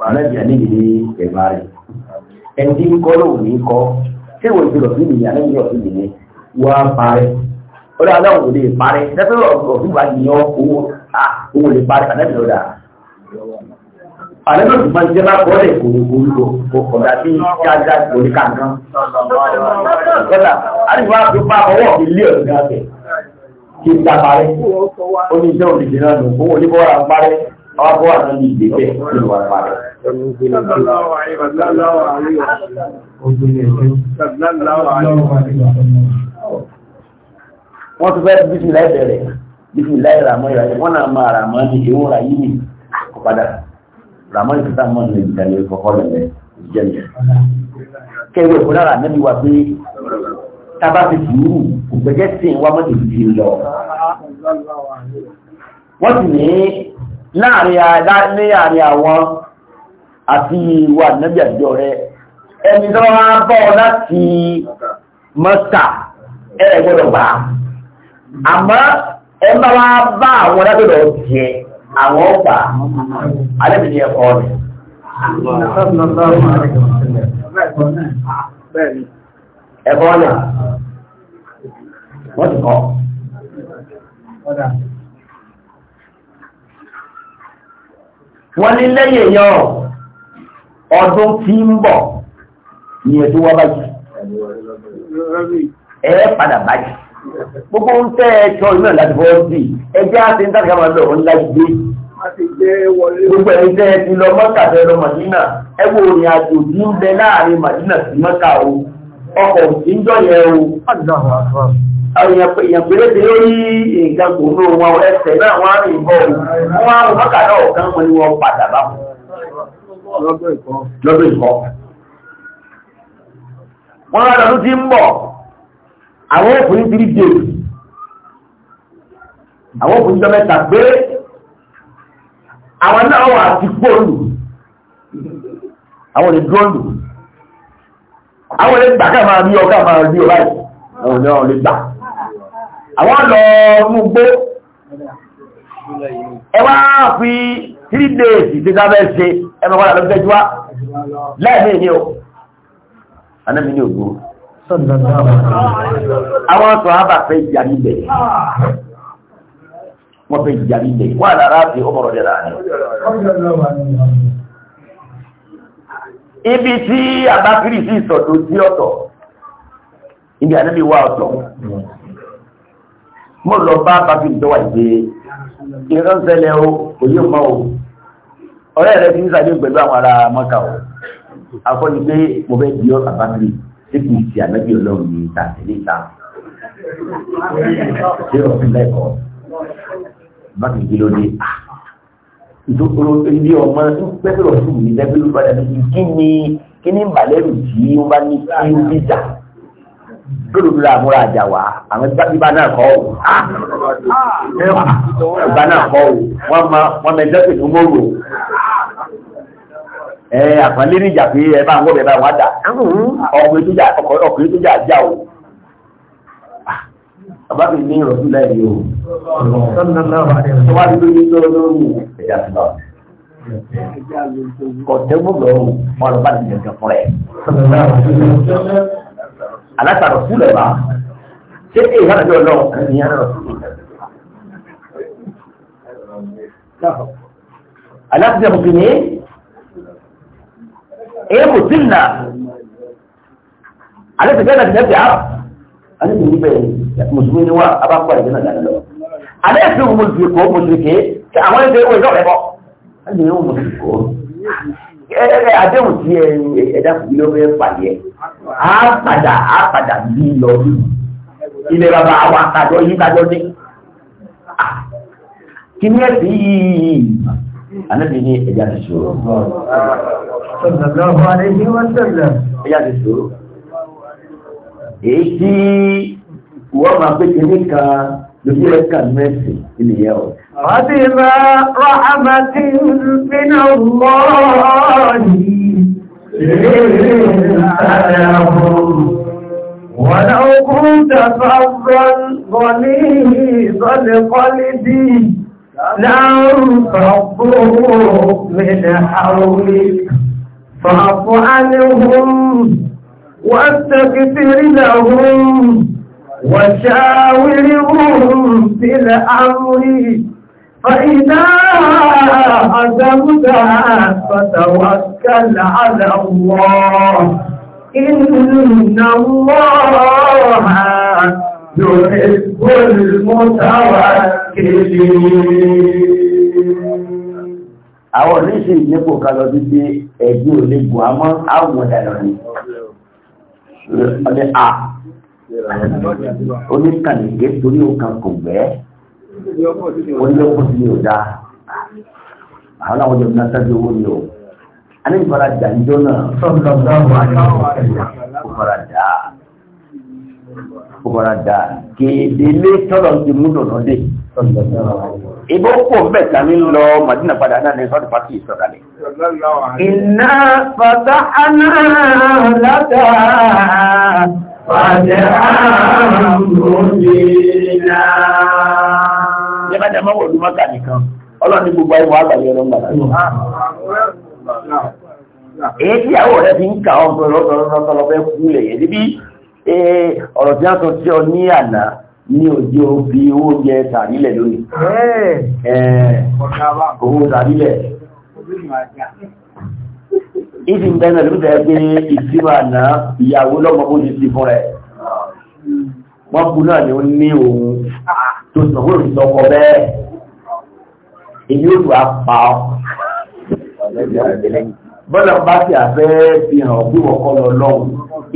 ọlẹ́bìá níbi ní ẹ̀gbá rẹ̀ ẹni tí ń kọ́ lóun ní kọ́ ṣé ìwọ̀n ìṣòro sí ìyá lẹ́yìn ọ̀sìn nìyẹn wọ́n á parẹ́ ó dáa náà kò lè parẹ́ lẹ́fẹ́ ọ̀sìn wà ní owó owó lè parẹ́ àlẹ́bìá lọ́dà
àlẹ́bìá tó máa ń jẹ́ bá kọ́ lẹ̀
kò kò kò kọ̀dà sí jájá orí kankan àríwá tó bá ọwọ́ ilé ọ̀gá tẹ̀ kí n ta parẹ́ ó ní iṣẹ́ òdìdí náà nù owó ní bọ́ra ń parẹ́ ọwọ́ bọ́ra náà ní ìdè bẹ́ẹ̀ ní ìwà parẹ́. wọ́n tún fẹ́ bísíláì bẹ̀rẹ̀ bísíláì ràmọ́ ìràyè wọ́n náà máa ràmọ́ ní ìwọ̀n rà yìí nì kó padà ràmọ́ ìfúta mọ́ ní ìdàlẹ́ ìfọ̀kọ́ lẹ̀ jẹ́ kẹ́wé fúnra rà nẹ́bí wa pé tábà fi sùúrù ògbẹ́jẹ́ sìn wá mọ́tò fi lọ. wọ́n sì ní láàrin àwọn àti ìwà nàbí àjọ rẹ̀
ẹni tó wá bọ́ láti
mọ́ta ẹ gbọ́dọ̀ gbà àmọ́ ẹ bá wá bá àwọn lábẹ́lọ jẹ àwọn ọgbà alẹ́bìnrin ẹ̀kọ́ rẹ̀. Bẹ́ẹ̀ni ẹ̀kọ́ ọ̀nà wọ́n ti kọ́. wọ́n ní lẹ́yìn èèyàn ọdún tí ń bọ̀ ní ẹ̀tọ́ wá báyìí
ẹ padà báyìí
gbogbo ń tẹ́ ẹ sọ iná láti fọwọ́ sí ẹjẹ́ àti ń tàbí àmàlẹ́ ọ̀hún láti
gbé gbogbo ẹni tẹ́ ẹ
ti lọ mọ́kà tẹ́ lọ màdínà ẹ wo ìrìn àjò tí ń bẹ láàrin màdínà sí mọ́kà o ọkọ̀ ìjọ yẹn o. Èèyàn péré ti lórí nǹkan kò ní wọn ẹsẹ̀ náà wọ́n á rìn bọ̀ ni wọ́n padà bá wọn. Lọ́dún ìkọ́. Wọ́n rán lọ́dún tí ń bọ̀. Àwọn òfin ti rí dé. Àwọn òfin jọ mẹ́ta péré. Àwọn náà wà ti pòlù. Àwọn ò
àwọn ilé gbà káà máa rí ọ káà máa rí ọ láì
àwọn ilé ọ̀rọ̀ lè gbà àwọn lọ mú gbó ẹ wá fi 3 days ti sábẹ́ ṣe ẹmọ padà lọ tẹ́jú wá lẹ́ẹ̀mí ni o anẹ́mí ni ògbó àwọn ọ̀sọ̀ àbà fẹ́ ìjà níbẹ̀ wọ́n fẹ́ ìjà níbẹ̀ wọ́n àdára fi ọmọ rẹ̀ rà ní ibi tí àbákiri sí ìsọ̀tò sí ọ̀tọ̀ ibi ànábì wà ọ̀tọ̀ mo lọ bá àbákiri tó wà ìgbé ìran ṣẹlẹ̀ o òye mọ́ o ọ̀rẹ́ rẹ̀ ti ń sàdé pẹ̀lú àwọn ará mọ́ta o akọ́ni pé mo fẹ́ di àbákiri tí kì í ṣe ànábì ọlọ́run ní ìta tẹ̀lé ìta
ṣé ọ̀fin lẹ́kọ̀ọ́
bákiri kí ló dé ìdókòrò ilé ọmọ pẹ́pẹ́rọ̀ sí mi lẹ́gbẹ̀rún padà ní kí ni kí ni màlẹ́rù tí wọ́n bá ní kí ń bíjà lódodo la múra àjà wá àwọn ìgbà náà kọ́ ò
ìgbà ah! náà kọ́ ò wọ́n ma wọ́n mẹ jẹ́sìn ní mọ́rò ẹ̀ àpọ̀lẹ́rìn
ìjà pé ẹ bá ń wọ́ bẹ̀ bá wọn dà ọkùnrin tó jà ọkùnrin tó jà já o bàbá mi ní ìrọ̀jú láì yóò wá nínú ní lọ́wọ́ lórí ẹ̀yà tó lọ. Kọ̀tẹ́ gbogbo ọ̀hún wọn lọ bá ti jẹ̀jẹ̀ fún ẹ̀. Alátàrọ̀ fún lẹ̀ bá. Ṣé èyí hàn lọ́wọ́ lọ́wọ́ kan ní yàrá ọ̀sùn? Alátàrọ̀ fún mi ní èyí kò sí nà. Alẹ́ tẹ̀lé náà ti dẹ́ ale tun bɛ musulmi ni wa a b'a fɔ a jɛnɛ dan dɔ ale ye fi musulmi ko musulmi ke a ma se o ye dɔw yɛrɛ bɔ ale de ye musulmi ko ɛɛ a denw ti yɛ ɛda kilo bɛ fa yɛ a fada a fada bi lɔ ilé baba awa kadɔ yi kadɔ ni kini yɛ ti yi ale de ye ɛda ti so. sɔgbɔn wa ale ni wa sɛbɛn. ɛda ti so èyí tí wọ́n máa pé kí níkan lórí ẹ̀ka mẹ́sì ìnìyàn ọ̀.
Ọdí ma rọ́hámà tí nínú mọ́ọ̀lì lèrè àyàwó. Wọ́n náà kún tàbá واستغفر لهم وشاورهم في الأمر فإذا عزمت فتوكل على الله إن الله يحب المتوكلين
àwọn oníṣẹ́ ìyẹ́pò kan lọ sí pé ẹ̀gbẹ́ ò àwọn ọ̀dà lọ ni ọdẹ a oníkàlẹ̀gẹ́ torí òkan kò gbẹ́ oníyọ́pọ̀ sí ni ò dáa àwọn làwọn jẹ́ ọ̀nà sábẹ́ owó ni o alẹ́ ìfara dà níjọ́ náà ọ̀fara dà ọ̀fara dà kéde lé tọ́lọ̀ ti mú dọ̀nà dé ìbò kò bẹ̀ tàbí lọ Màdínà padà náà ní sọ́dún pàtí ìsọ̀dálẹ̀.
Inna fatahna laka fathan mubina. Yẹ́ bá jẹ́
mọ́wọ́ olúmọ́kà nìkan, ọlọ́ni gbogbo ní òjò fi owó jẹ tàrílẹ̀ lónìí
owó tàrílẹ̀
ìdí ìbẹ̀rẹ̀ ló tẹ́ pé ìsíwà náà ìyàwó lọ́mọ bó ti sí fún rẹ̀ wọ́n kú náà ni ó ní òun tó sọ̀rọ̀ ìsọkọ̀ bẹ́ẹ̀ èyí ó tún á pa ọ́ bọ́lá bá ti àfẹ́ fi hàn bí wọ́n kọ́ lọ lọ́hùn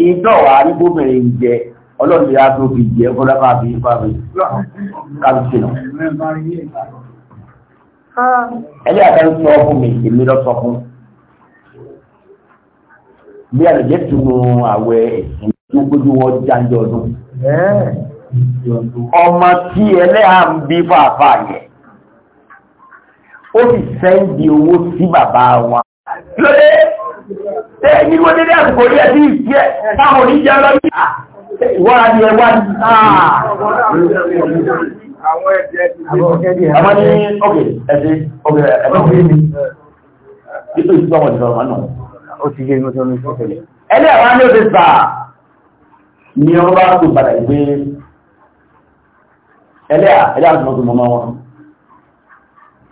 ìdọ́wà arígbóbìnrin jẹ ọlọ́run yà tó fi jẹ́ fọ́lápá bí i fáwẹ̀ káàkiri ẹlẹ́ àtàrí sọ fún mi èmi lọ sọ fún bí àlejò tunu àwẹ̀ ẹ̀sìn tó gbójú wọn jáde ọdún ọmọ tí ẹlẹ́à ń bí fàáfà yẹ ó sì sẹ́ndì owó sí bàbá wọn
lóde tẹ́ ẹni dédé àsìkò rí ẹ̀ sí ìfẹ́ táwọn oníjẹ́ lọ́yà ìwádìí ẹwádìí àà àwọn ẹ̀jẹ̀
ti àwọn ní ọkẹ̀ ẹ̀jẹ̀ ọkẹ̀ ẹ̀mọ́kẹ́ mi títò ìtọ́wọ̀ ìjọba náà ó ti gé ìmọ́sọ́ ní ṣọ́kẹ̀lẹ̀ ẹni àwọn ní òfin sà ní ọba tó padà ìgbé ẹlẹ́à ẹlẹ́à tó mọ́tò mọ́mọ́ wọn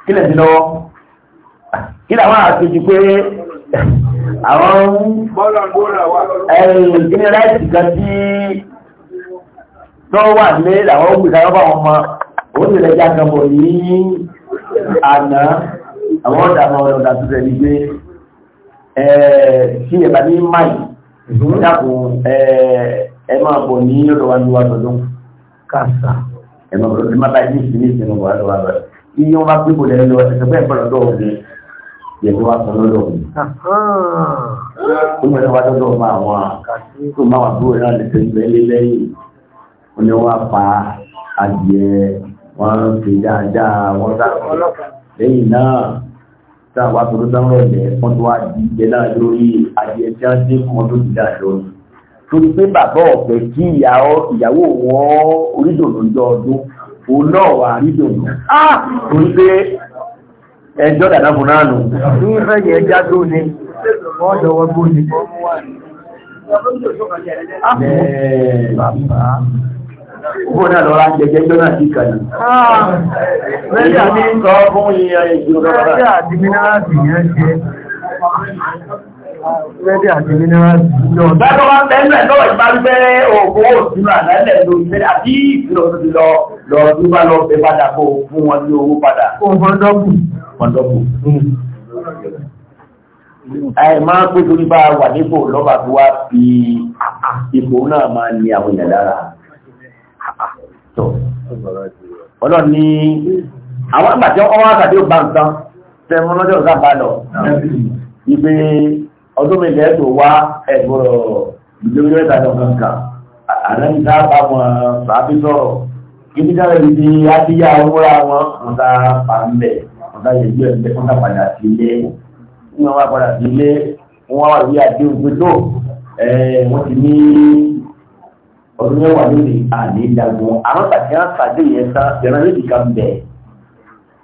kílẹ̀ sí lọ́wọ́ kílẹ̀ àwọn àti ti pé àwọn ń ẹ̀yìn kíní láìsì kan tí tó wà ní àwọn ògbìsàwọ́ bá wọn mọ òun ìrẹ́ já kan mọ̀ ní àná àwọn ọ̀dàmọ̀ ọ̀dà tó tẹ̀lé gbé sí ẹ̀bà ní máì mhm. dákun ẹ máa bọ̀ ní ọ̀dọ̀ wa ní wa lọ́dún káàsà ẹ máa bọ̀ ní máa bá ní ìsinmi ìsinmi wa lọ́wọ́ lọ́wọ́ iye wọn bá pípò lẹ́yìn lọ́wọ́ ẹ̀sẹ̀ bẹ́ẹ̀ bọ̀ lọ́dọ̀ òun yẹ̀ tó wá sọ lọ́dọ̀ òun ó mọ̀ nípa tọ́jọ́ máa wọn tó máa wà dúró náà lè tẹ́lẹ̀ lé lẹ́yìn ó ní wọ́n pa adìẹ wọ́n fi dáadáa wọ́n sáré lẹ́yìn náà tá a wá tó tó sáré ọ̀lẹ́ wọ́n tó wá di ìjẹ náà lórí adìẹ tí wọ́n dé kún tó ti dà lórí. torí pé bàbá ọ̀fẹ́ kí ìyàwó wọn orídòdò jọ ọdún òun náà wà orídòdò ah! torí pé ẹjọ́ dàdá fún náà nù. ní ìfẹ́ yẹn já tó ni ọjọ́ wọgbó ní
Bọ́nà lọ́ra jẹjẹ
jọ́nà sí kàlù. Mẹ́ta ní sọ fún ìyà ìjọba. Mẹ́ta àti mínáràtì yẹn jẹ. Mẹ́ta àti mínáràtì yọ. Bẹ́ta wá bẹ́ẹ̀lẹ̀ lọ́wọ́ ìbárúgbẹ́ ògùn òsìnà lẹ́lẹ̀ lórí mẹ́ta àti ìfìlọ́sí lọ lọ́ọ̀dún bá lọ bẹ padà kó fún wọn ní owó padà. Ó
fọ́ndọ́kù. Fọ́ndọ́kù
àìmá pé torí bá wà nípò lọ́bà tó wá fi ipò náà máa ní àwọn èèyàn lára tó ọlọ́ ni àwọn àgbàtí ọwọ́ àkàtí ò bá ń tán tẹ́mọ́ lọ́jọ́ ìsáàbà lọ ìgbé ọdún mẹ́lẹ̀ tó wá ẹ̀gbọ́rọ̀ ìgbéwé ìtàjọ kankan àdáyí sáàbà wọn sàábí sọ̀rọ̀ kíbi jáde bí i adíyà owó àwọn ọ̀dà pàmbẹ̀ ọ̀dà yẹ̀gbẹ̀ ọ̀dà padà sílé ní wọn wá padà sí ilé wọn wá wàlúwí àti ògbé tó wọn ti ní ọdún mẹ́wàá lóde àlè ìdàgbọn àwọn tàbí wọn pàdé yẹn sá yẹn lóde kan bẹ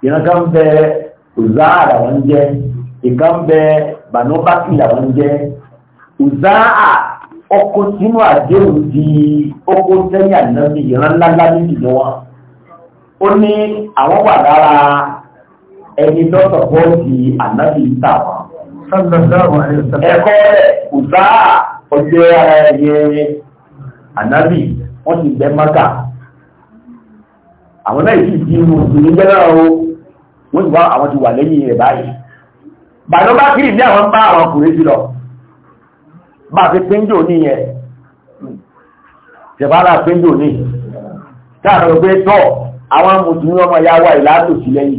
yẹn kan bẹ òzá làwọn jẹ ìkan bẹ bànúbàkì làwọn jẹ òzá ọkọ sínú àdéhùn di ọkọ sẹ́yìn ànábi ìran ńláńlá níbi ni wọn ó ní àwọn wà lára ẹni lọ́sọ̀pọ̀ di ànábi ìta wọn ẹ̀kọ́ rẹ̀ kò bá ọjọ́ ara ẹ̀yẹ ànábì wọ́n ti gbẹ mọ́ta àwọn náà yìí di mùsùlùmí jẹ́ náà o wọ́n ti wá àwọn ti wà lẹ́yìn rẹ̀ báyìí bàtọ́ bá kiri ní àwọn bá àwọn ọkùnrin jùlọ bá fi péńjò ní yẹn ṣẹ̀fàlà péńjò ní káàkiri pé tọ́ àwọn mùsùlùmí ọmọ ìyá wa ìlànà òsì lẹ́yìn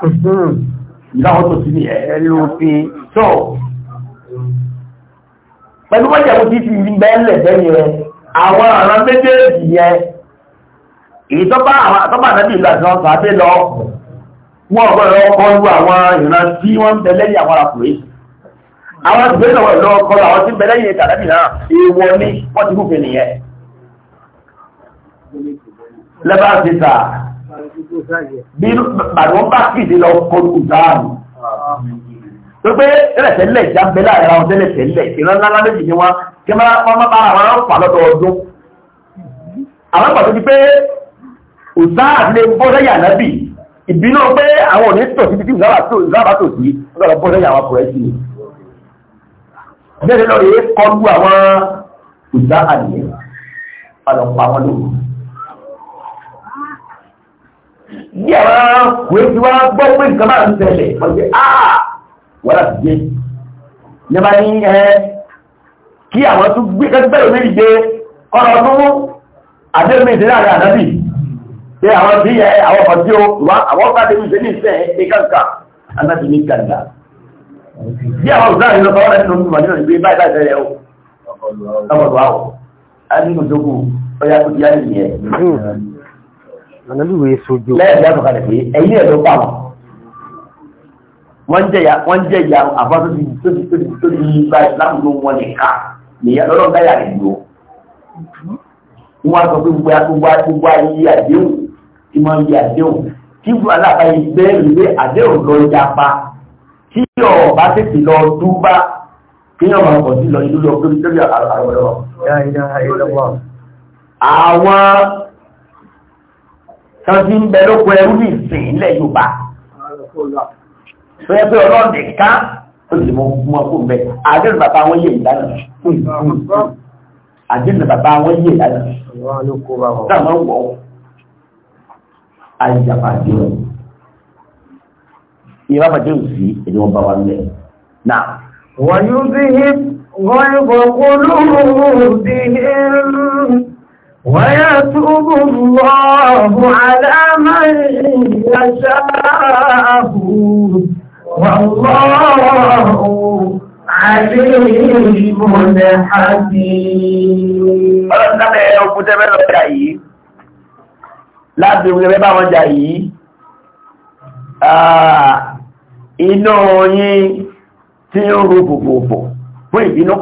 ìdáwọ́ tó sí ní ẹ̀lú òfin tó pẹ̀lú wọ́jẹ̀mú ti fi bẹ́ẹ̀lẹ̀ bẹ́ẹ̀ yẹn àwọn ọ̀ràn méjèèjì yẹn èyí tó bá àwọn àtọ́bà nábì ìlú àti wọn sàábé lọ wọn ọ̀gbọ́n lọ kọ́ lu àwọn ìran tí wọ́n ń bẹ lẹ́yìn àwọn arákùnrin àwọn ìgbé náà lọ kọ́ lu àwọn tí
bí bàdó
bá fìdí lọ kọlu záàmù tó pé tẹ́lẹ̀tẹ́lẹ̀ já bẹ́ láàrin àwọn tẹ́lẹ̀tẹ́lẹ̀ ìran ńlá méjì ni wọ́n kí wọ́n má bára wọn fà lọ́dọọdún àwọn ìgbà tó di pé òzáà lè bọ́ lẹ́yà nábì ìbínú pé àwọn òní tò sí títí ìzáàbá tò sí lọ́dọ̀ bọ́ lẹ́yà àwọn kùrẹ́sì ni bẹ́ẹ̀ lọ́rẹ̀ kọlu àwọn òzáà nìyẹn alọ̀pọ̀ àwọn lóòrùn bí àwọn ọkùnrin tí wọ́n gbọ́ pé nǹkan máa ń tẹ̀lé wọ́n ti áà wọ́n láti gbé yẹba ní ẹ kí àwọn tó gbé kẹ́tí bẹ́ẹ̀ méjì gbé ọ̀rọ̀ tó mú àdéhùn méjì náà rẹ̀ àdábì pé àwọn tí ẹ àwọn ọkọ̀ tí ó wá àwọn ọkọ̀ tí ó ṣe ní ìfẹ́ ẹ kàǹkà anábì ní kàǹkà bí àwọn òṣìṣẹ́ àrẹ lọ́kọ̀ wọn nínú mímọ̀ nínú ìgbé báyìí báyìí
ànábìwé sojú. lẹ́yìn lẹ́yìn kan lẹ́yìn ẹ̀yìn ẹ̀
ló pa wọn. wọ́n jẹ́ ya wọ́n jẹ́ ya àbá tó ti tó ti tó ti tó ti gba ìsìlámù ló wọn nìkan nìyá lọ́dọ̀ gáyà rẹ̀ lò. wọ́n á sọ pé gbogbo gbogbo gbogbo ayé àdéhùn tí wọ́n yé àdéhùn tí wọ́n alábàáyé bẹ́ẹ̀ lé àdéhùn lọ yapa tí ọ̀bá tètè lọ dúbá kí wọ́n máa kọ̀ sí lọ ìlú lọ lórí lórí àwọn kan ti ń bẹ lóko ẹrú ní ìsìn ilẹ̀ Yorùbá tó pé ọlọ́ọ̀dì ká ó sì mọ mọ kó bẹ àdéhùn bàbá wọn yé ìdáná àdéhùn bàbá wọn yé ìdáná táwọn wọ àyàfà àdéhùn òsì ẹni wọn bá wa lẹ̀
wọ́n yóò bí hip wọ́n kó lóòrùn bí ويتوب الله على من يشاءه والله عليم
حكيم láti ìwé bá wọn jà yìí inú yín tí ń rú pòpòpò fún ìbínú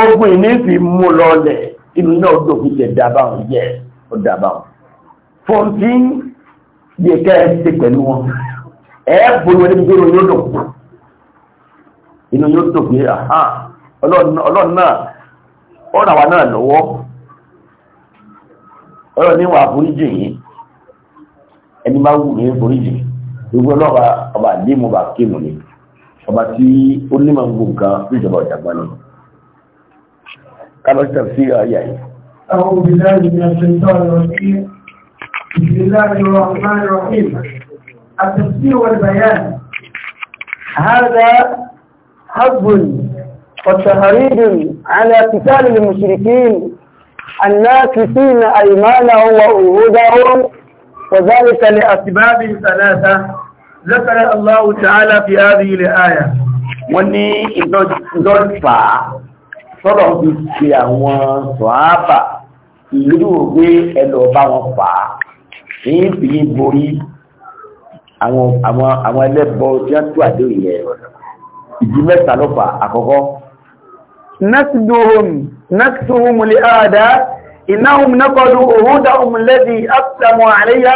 ogun ìní fi mú lọ lẹ̀ inú náà dò fi tẹ̀ dábà wọn yẹ ó dábà wọn. fourteen yẹ ká ẹ ṣe pẹ̀lú wọn ẹ bolo ẹni gbé wọn yóò dò inú yóò dò pé ọlọ́run náà ọ̀rọ̀ àwa náà lọ́wọ́ ọ̀rọ̀ ní wàá foríjì yìí ẹni máa wù ní foríjì gbogbo ọlọ́ba ọba àdéhùn ọba kéèmù ni ọba tí ó ní màá gbogbo nǹkan fún ìjọba ọ̀jàgbọ́n náà. kamar التفسير a آية.
أعوذ بالله من الشيطان الرجيم بسم الله الرحمن الرحيم التفسير والبيان هذا حظ
وتهريب على قتال المشركين الناكثين أيمانهم وأهودهم وذلك لأسباب ثلاثة ذكر الله تعالى في هذه الآية وني ní sọ́dọ̀ ń fi ṣe àwọn sọ̀hábà ìlú ògbé ẹlọ bá wọn fà á ní ìpìlẹ̀ borí àwọn àwọn àwọn ẹlẹ́bọ tí wọ́n tó àdéhùn yẹn ìdí mẹ́ta ló fà àkọ́kọ́. nasiduhum nasiduhum lè àdá ìnáhùn nákọ́dù òhúdà òmùlẹ́dì àtàmù àríyá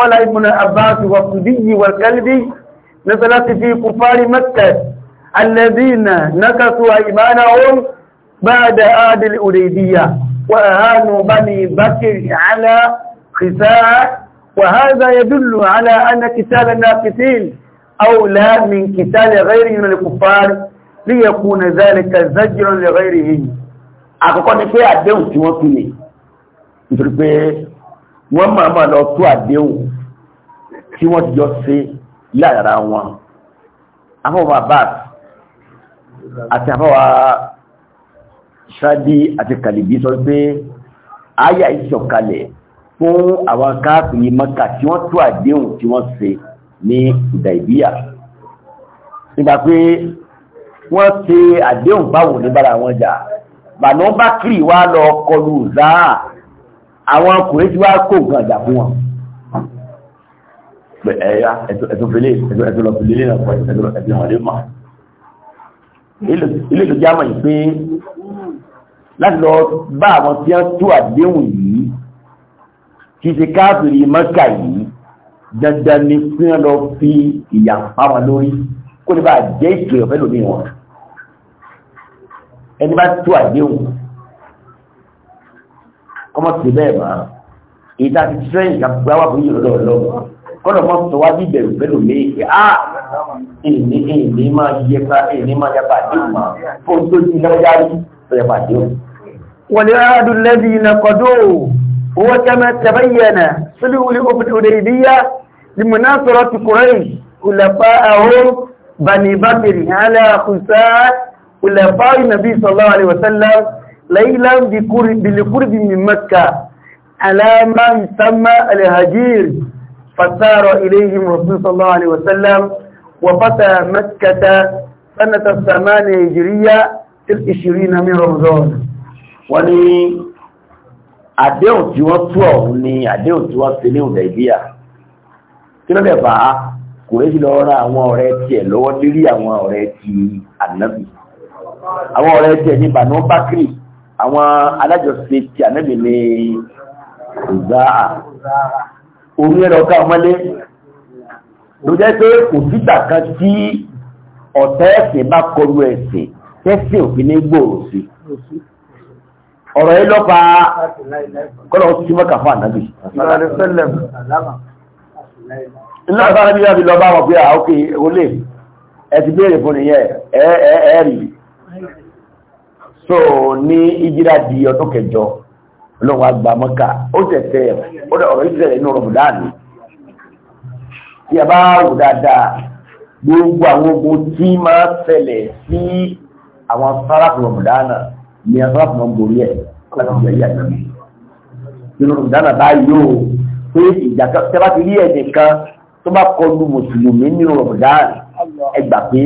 ọ̀là ibùnà àbáṣù wàkùdíyì wàkálíbí nasiláti fi kùfárí mẹ́kẹ̀ alẹ́bí náà àìmánà òun بعد آد الأريدية وأهانوا بني بكر على خساء وهذا يدل على أن قتال الناقصين أولى من قتال غيرهم من الكفار ليكون ذلك زجرا لغيرهم àkọ́kọ́ ni pé àdéhùn tí wọ́n fi lè nítorí pé wọ́n máa máa lọ tó àdéhùn tí wọ́n ti jọ ṣe láàárín wọn afọ́wọ́ bàbá àti afọ́wọ́ ṣáàdì àti kàlìbí sọ pé àyà ìṣọ̀kalẹ̀ fún àwọn káàkiri mọ́kà tí wọ́n tó àdéhùn tí wọ́n ṣe ní ìdàìbíyà nígbà pé wọ́n ṣe àdéhùn báwọn oníbàárà wọn jà bànú bákìrì wá lọ kọlù záà àwọn ọkùnrin tí wá kó nǹkan àjà fún wọn ẹ̀yà ẹ̀tọ́ fẹ́lẹ́ ẹ̀tọ́ lọ fẹ́lẹ́ náà ẹ̀tọ́ ilé ìlú jámọ̀ yìí pé láti lọ bá àwọn tí wọ́n tú àdéhùn yìí kì í ṣe káàkiri mọ́kà yìí dandan ni kí wọ́n lọ fi ìyà pàwọn lórí kó lè bá jẹ́ ìtò ìyọ̀fẹ́ lómi wọn ẹni bá tú àdéhùn kọ́mọ́ sí bẹ́ẹ̀ máa ìta ti tẹ́yìn ìjàpá wà fún yìí lọ́dọ̀ lọ́wọ́ kọ́dọ̀ mọ́ sọ wá bí bẹ̀rù pẹ̀lú mi pé á èmi èmi máa yẹpa èmi máa yẹpa àdéhùn máa fóun tó ti lọ́jà rí lọ́jà àdéhùn. ولعاد الذي قدوه هو كما تبين صلوا لأم الأوليبية لمناصرة قريش خلفاءهم بني بكر على خساء خلفاء النبي صلى الله عليه وسلم ليلا بالقرب من مكة على ما يسمى الهجير فسار إليهم رسول صلى الله عليه وسلم وفتى مكة سنة الثمانية هجرية في العشرين من رمضان wọ́n ní àdéhùn tí wọ́n tú ọ̀hún ni àdéhùn tí wọ́n ṣe ní ìdàgbéyà kí ló dẹ̀ bá kùrẹ́sì lọ ra àwọn ọ̀rẹ́ tiẹ̀ lọ́wọ́ lérí àwọn ọ̀rẹ́ ti ànábì àwọn ọ̀rẹ́ tiẹ̀ ní bànú bákìrì àwọn alájọṣe ti ànábì ní ìzáà orí ẹ̀rọ ká ọmọlé ló jẹ́ pé kò sígbà kan tí ọ̀tá ẹ̀sìn bá kọlu ẹ̀sìn tẹ́sí òfin ní gbòòrò sí ọ̀rọ̀ yìí lọ́pa kọ́lọ̀ ọ̀tún sí mọ́kà fún ànábì iná sára bí yàbí lọ bá wọ̀ pé àókè ah, olè ẹ ti fún ìyẹn ẹ̀ẹ́rì so ní ìjírà di ọdún kẹjọ lọ́wọ́ àgbà mọ́kà ó tẹ̀tẹ̀ ọ̀rọ̀ ìṣẹ̀lẹ̀ inú rọ̀bùdáàní tí a bá wò ní ẹgbẹ́ fún ọmọ orí ẹ̀ láti jẹ́ ìyá ìyá nínú ìdáná báyìí yóò pé ìjà tẹ́ bá ti rí ẹ̀ nìkan tó bá kọlu mùsùlùmí nínú Ramadan ẹ gbà pé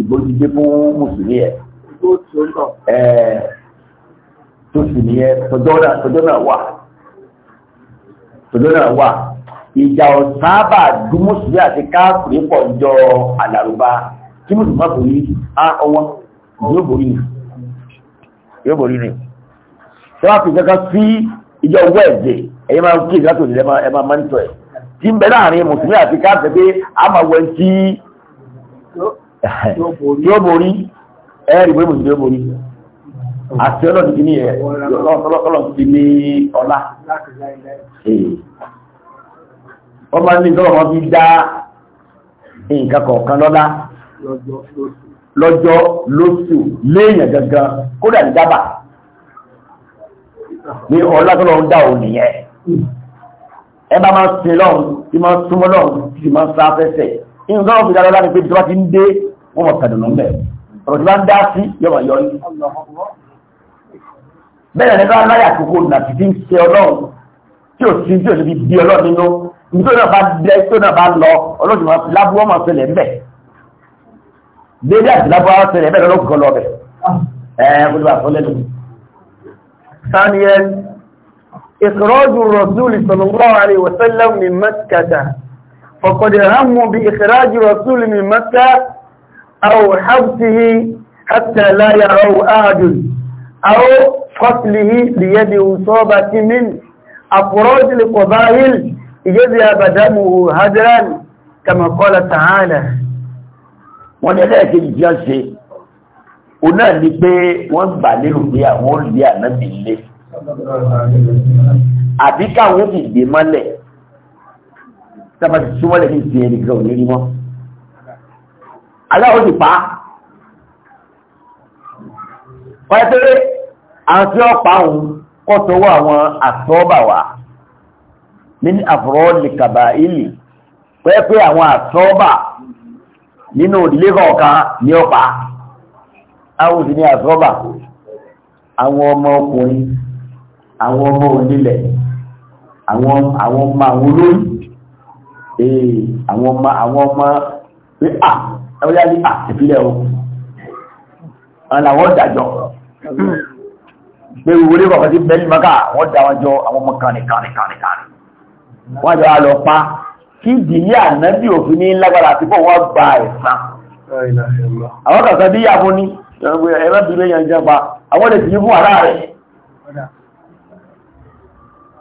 ìbójúdé fún mùsùlùmí ẹ̀ tó sì ní ẹ tọjọ́ náà wà tọjọ́ náà wà ìjà ọ̀sáàbà dúmùsùlùmí àti káàkiri pọ̀ jọ àlàrúbá kí mùsùlùmí má borí ọwọ́ yóò borí nìkan yóò borí ni ṣé wàá fi kankan sí ìjọ wẹ́ẹ̀dẹ̀ ẹ̀yin máa ń kí ìgbà tó nílẹ̀ ẹ máa mọ́nítọ̀ ẹ̀ tí ń bẹ láàrin mùsùlùmí àti káàtẹ́ pé a máa wẹ̀ sí yóò borí ẹ rí pé mùsùlùmí yóò borí àti ọlọ́dún ti ní ẹ ọlọ́dún ti ní ọlá wọ́n máa ń ní ìtọ́wọ́ wọn fi dá nǹkan kọ̀ọ̀kan lọ́lá lọ́jọ́ lóṣù léèyàn gangan kódà ní dábà ní ọlọ́tọ́lọ́ ń dá òun nìyẹn ẹ bá máa sin lọ́hùn tí máa súnmọ́ lọ́hùn tí máa sá fẹ́sẹ̀ nǹkan ọ̀gbìn dáadáa ni pé tí wọ́n ti ń dé wọ́n mọ̀ kàdùnnú mẹ́ ọ̀rọ̀ tí wọ́n ń dá sí yọ̀mọ̀ yọ ní. bẹ́ẹ̀ ni báwọn láyà kókó nà tí ti ń ṣe ọlọ́run tí ò sí tí ò sì fi bí ọlọ́run nínú nítorí náà bá déjà إخراج الرسول صلى الله عليه وسلم من مكة فقد هموا بإخراج الرسول من مكة أو حبسه حتى لا يروا أحد أو قتله بيد أصابة من أفراد القبائل يذهب دمه هدرا كما قال تعالى wọ́n ní ẹlẹ́ẹ̀kejì tí wọ́n ṣe o náà ni pé wọ́n gbà lérò pé àwọn ò lé ànábì lé àbí káwọn ó sì gbé mọ́lẹ̀ sábà ti súnmọ́lẹ̀ ní ìsìn ẹnì kan ò ní rí mọ́ aláwọ̀ sì pa á wọ́n pé àwọn tí wọ́n pa òun kọ́ sọ́wọ́ àwọn àtọ́bà wa ní àfọ̀rọ́ ní kàbá ìlì wọ́n àwọn àtọ́bà nínú ìdílé kọ̀ọ̀kan ní ọ̀pá áwùsí ní àsọ́bà àwọn ọmọ ọkùnrin àwọn ọmọ onílẹ̀ àwọn àwọn ọmọ àwọn olóyìn ee àwọn ọmọ àwọn ọmọ pé à ẹwọ́n yá ní à ìpínlẹ̀ o àwọn ọ̀dàjọ́ pé ìwòlé kọ̀ọ̀kan ti bẹ́ẹ̀ ní maka wọ́n dá wọn jọ àwọn ọmọ kànìkànìkànìkànì wọ́n jọ á lọ pa kí ìdílé ànábì òfin ní lágbára àti fún wọn gba ẹ̀sán. àwọn kàkà bí yàfún ní ẹ̀rọ ìbílẹ̀ yẹn jẹba àwọn lè fi fún ara rẹ̀.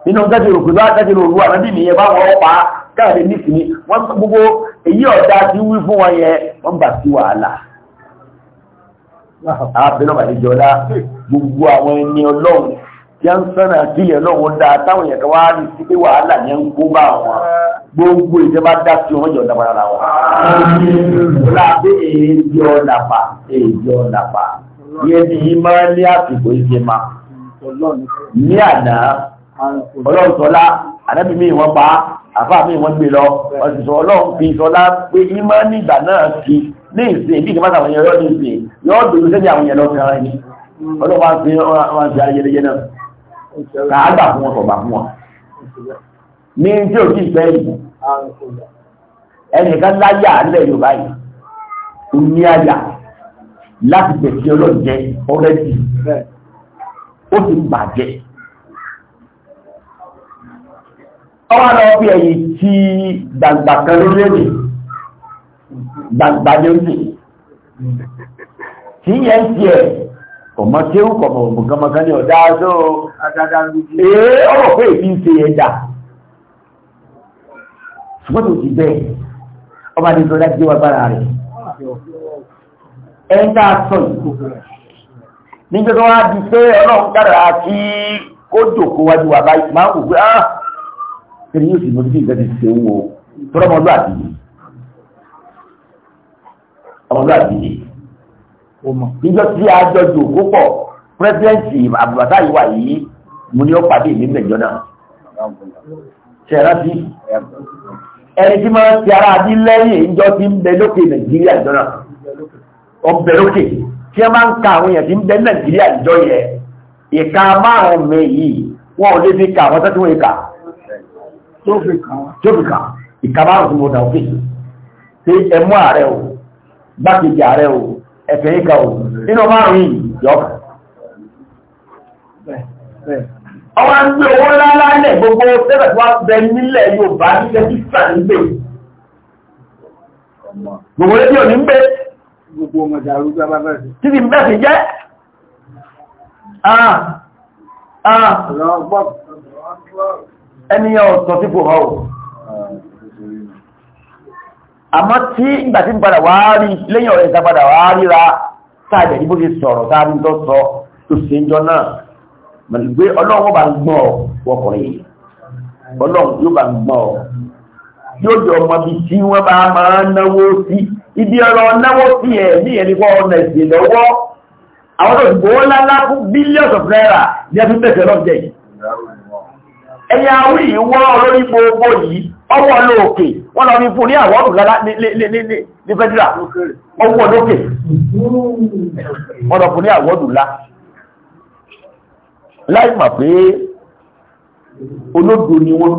nínú gẹ́gẹ́ òkú bá gẹ́gẹ́ òru ànábì nìyẹn bá wọn pa káàdé nísìnyí wọ́n gbogbo èyí ọ̀dà ti wí fún wọn yẹn wọ́n bà sí wàhálà àbẹ̀lọ́ àdíjọ́lá gbogbo àwọn ẹni ọlọ́run tí a ń sọ́nà kílẹ̀ ọlọ́run dáa táwọn èèyàn kan wá rí sí pé wàhálà ní ń kó bá wọn gbogbo ìjọba dá sí wọn jọ dàpá lára wọn. láti èyí ọ̀dàpá èyí ọ̀dàpá yẹn ni máa ní àsìkò ìṣe ma. ní àná ọlọ́run sọlá àdábì mi wọ́n pa àfáà mi wọ́n gbé lọ ọ̀sùn sọ ọlọ́run fi sọlá pé ìmọ̀ nígbà náà kí ní ìsìn bí ìjọba àwọn èèyàn yọ́ ní ìsìn yọ́ dòdò sẹ́ni àwọn èèyàn lọ́kàn rẹ̀ ní ọlọ́pàá ń fi ayẹyẹ ní tí ò tíì fẹ́ yìí ẹnìkan láyà alẹ́ yorùbá yìí ó ní àyà láti bẹ̀tí ọlọ́jẹ ọrẹ́dì ó ti ń bàjẹ́ ọwọ́ lọ fi ẹ̀yìn tí gbàgbà kan lórílẹ̀-èdè gbàgbà ní oṣù
tí yẹn ń tiẹ̀
kọ̀mọ́ tí ó kọ̀mọ̀ ògùn kọmọkan ní ọ̀dá tó ọ̀rọ̀ pé èyí ń ṣe ẹ̀dà ṣùgbọ́n tó ti bẹ́ẹ̀ ọba ní sọ láti wá gbára rẹ̀ ẹ̀ ń tá a sọ tó wá di pé ọlọ́run dára kí ó jòkó wájú wa báyìí máa ń wù pé áá ah, kiri yóò sì mú sí ìgbà tí ṣe ń wo tọ́lọ́mọdún àbíyè ọmọdún àbíyè níjọ́ tí a jọ jòkó pọ̀ pírẹ́sidẹ́ǹtì yìí mo ní ó pàdé ìlú ìgbẹ̀jọ́ náà ṣe ẹni tí máa ń ti ara àbí lẹ́yìn ìjọ ti ń bẹ lókè nàìjíríà ìjọ náà ọbẹ̀ lókè tí wọ́n máa ń ka àwọn èèyàn ti ń bẹ nàìjíríà ìjọ yẹ ìka márùn-ún mi yìí wọn ò lè fi ka àwọn tẹ́tí wọn ìka tó fi ka ìka márùn-ún tí mo dà òkè ṣe ẹmú ààrẹ o gbákejì ààrẹ o ẹ̀fẹ̀ ìka o nínú márùn yìí yọ̀ọ̀kan
ọwọ́ ń gbé owó ńláńlá lẹ̀ gbogbo
tẹ́lẹ̀ tó wá bẹ nílẹ̀ Yorùbá nílẹ̀ títà ń gbé gbogbo lẹ́bí òní ń gbé gbogbo ọmọdé arúgbó bá bẹ̀rẹ̀ kí ni bẹ́ẹ̀ fi jẹ́ ẹniyàn ọ̀tọ̀ tí kò họ́ ò àmọ́ tí ìgbà tí ń padà wá rí lẹ́yìn ọ̀rẹ́ ìta padà wá ríra táàbẹ̀ ní bó ṣe sọ̀rọ̀ táàbí tó sọ tó ṣe ń jọ náà gbé ọlọ́run bá gbọ́ ọ wọkùnrin yìí ọlọ́run yóò bá gbọ́ ọ yóò jọ ọmọ bíi tí wọ́n bá máa náwó sí ibi ọ̀rọ̀ náwó sí ẹ̀ ní ẹni kọ́ ọ̀nà ìsìn lọ́wọ́ àwọn tó gbowó ńláńlá fún bílíọ̀nù náírà ní ẹbí bẹ̀rẹ̀ lọ́jẹ́ yìí ẹ̀yà awí yìí wọ́ olórí gbogbo yìí ọwọ́ lóòkè wọ́n lọ rí fún ní àwọn ọdún lára ní fẹ́dírà ọwọ́ lóòkè wọ́n fún ní àwọn ọdún lára láì mà pé ológo ni wọ́n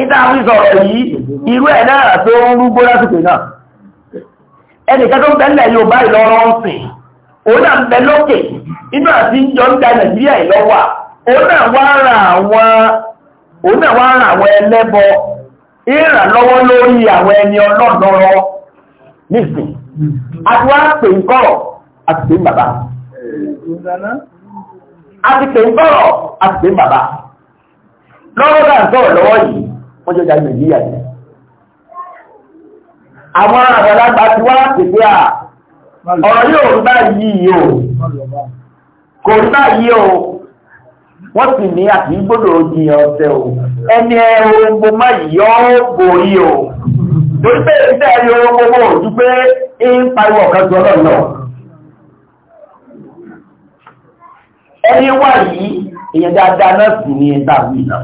ìta fi yìí irú ẹ̀ náà tó ń rúgbó lásìkò náà ẹnìkan tó ń tẹ́lẹ̀ yóò bá ìlọrọ ń sìn òun náà ń bẹ lókè inú àti ìjọ ń nàìjíríà ìlọ́wà náà wá àwọn ẹlẹ́bọ ìrànlọ́wọ́ lórí àwọn ẹni àti wá pè ń kọ́rọ̀ àti pè ń bàbá a ti pè ń bọ̀rọ̀ a ti pè ń bàbá lọ́wọ́ náà ń sọ̀rọ̀ lọ́wọ́ yìí wọ́n jẹ́ ìjà nàìjíríà yìí àwọn àgbàlagbà ti wá pèpè à ọ̀rọ̀ yóò ń bá yìí o kò ń bá yìí o wọ́n sì ní àti gbọ́dọ̀ jiyàn ọ̀sẹ̀ o ẹni ẹ̀rọ má yọ ọ́ borí o torí pé ìṣẹ́ ẹ̀rọ gbogbo ojú pé ń pariwo ọ̀kan jù ọlọ́run ẹni wà yìí èyàn dáadáa náà sì ní ẹgbà wí náà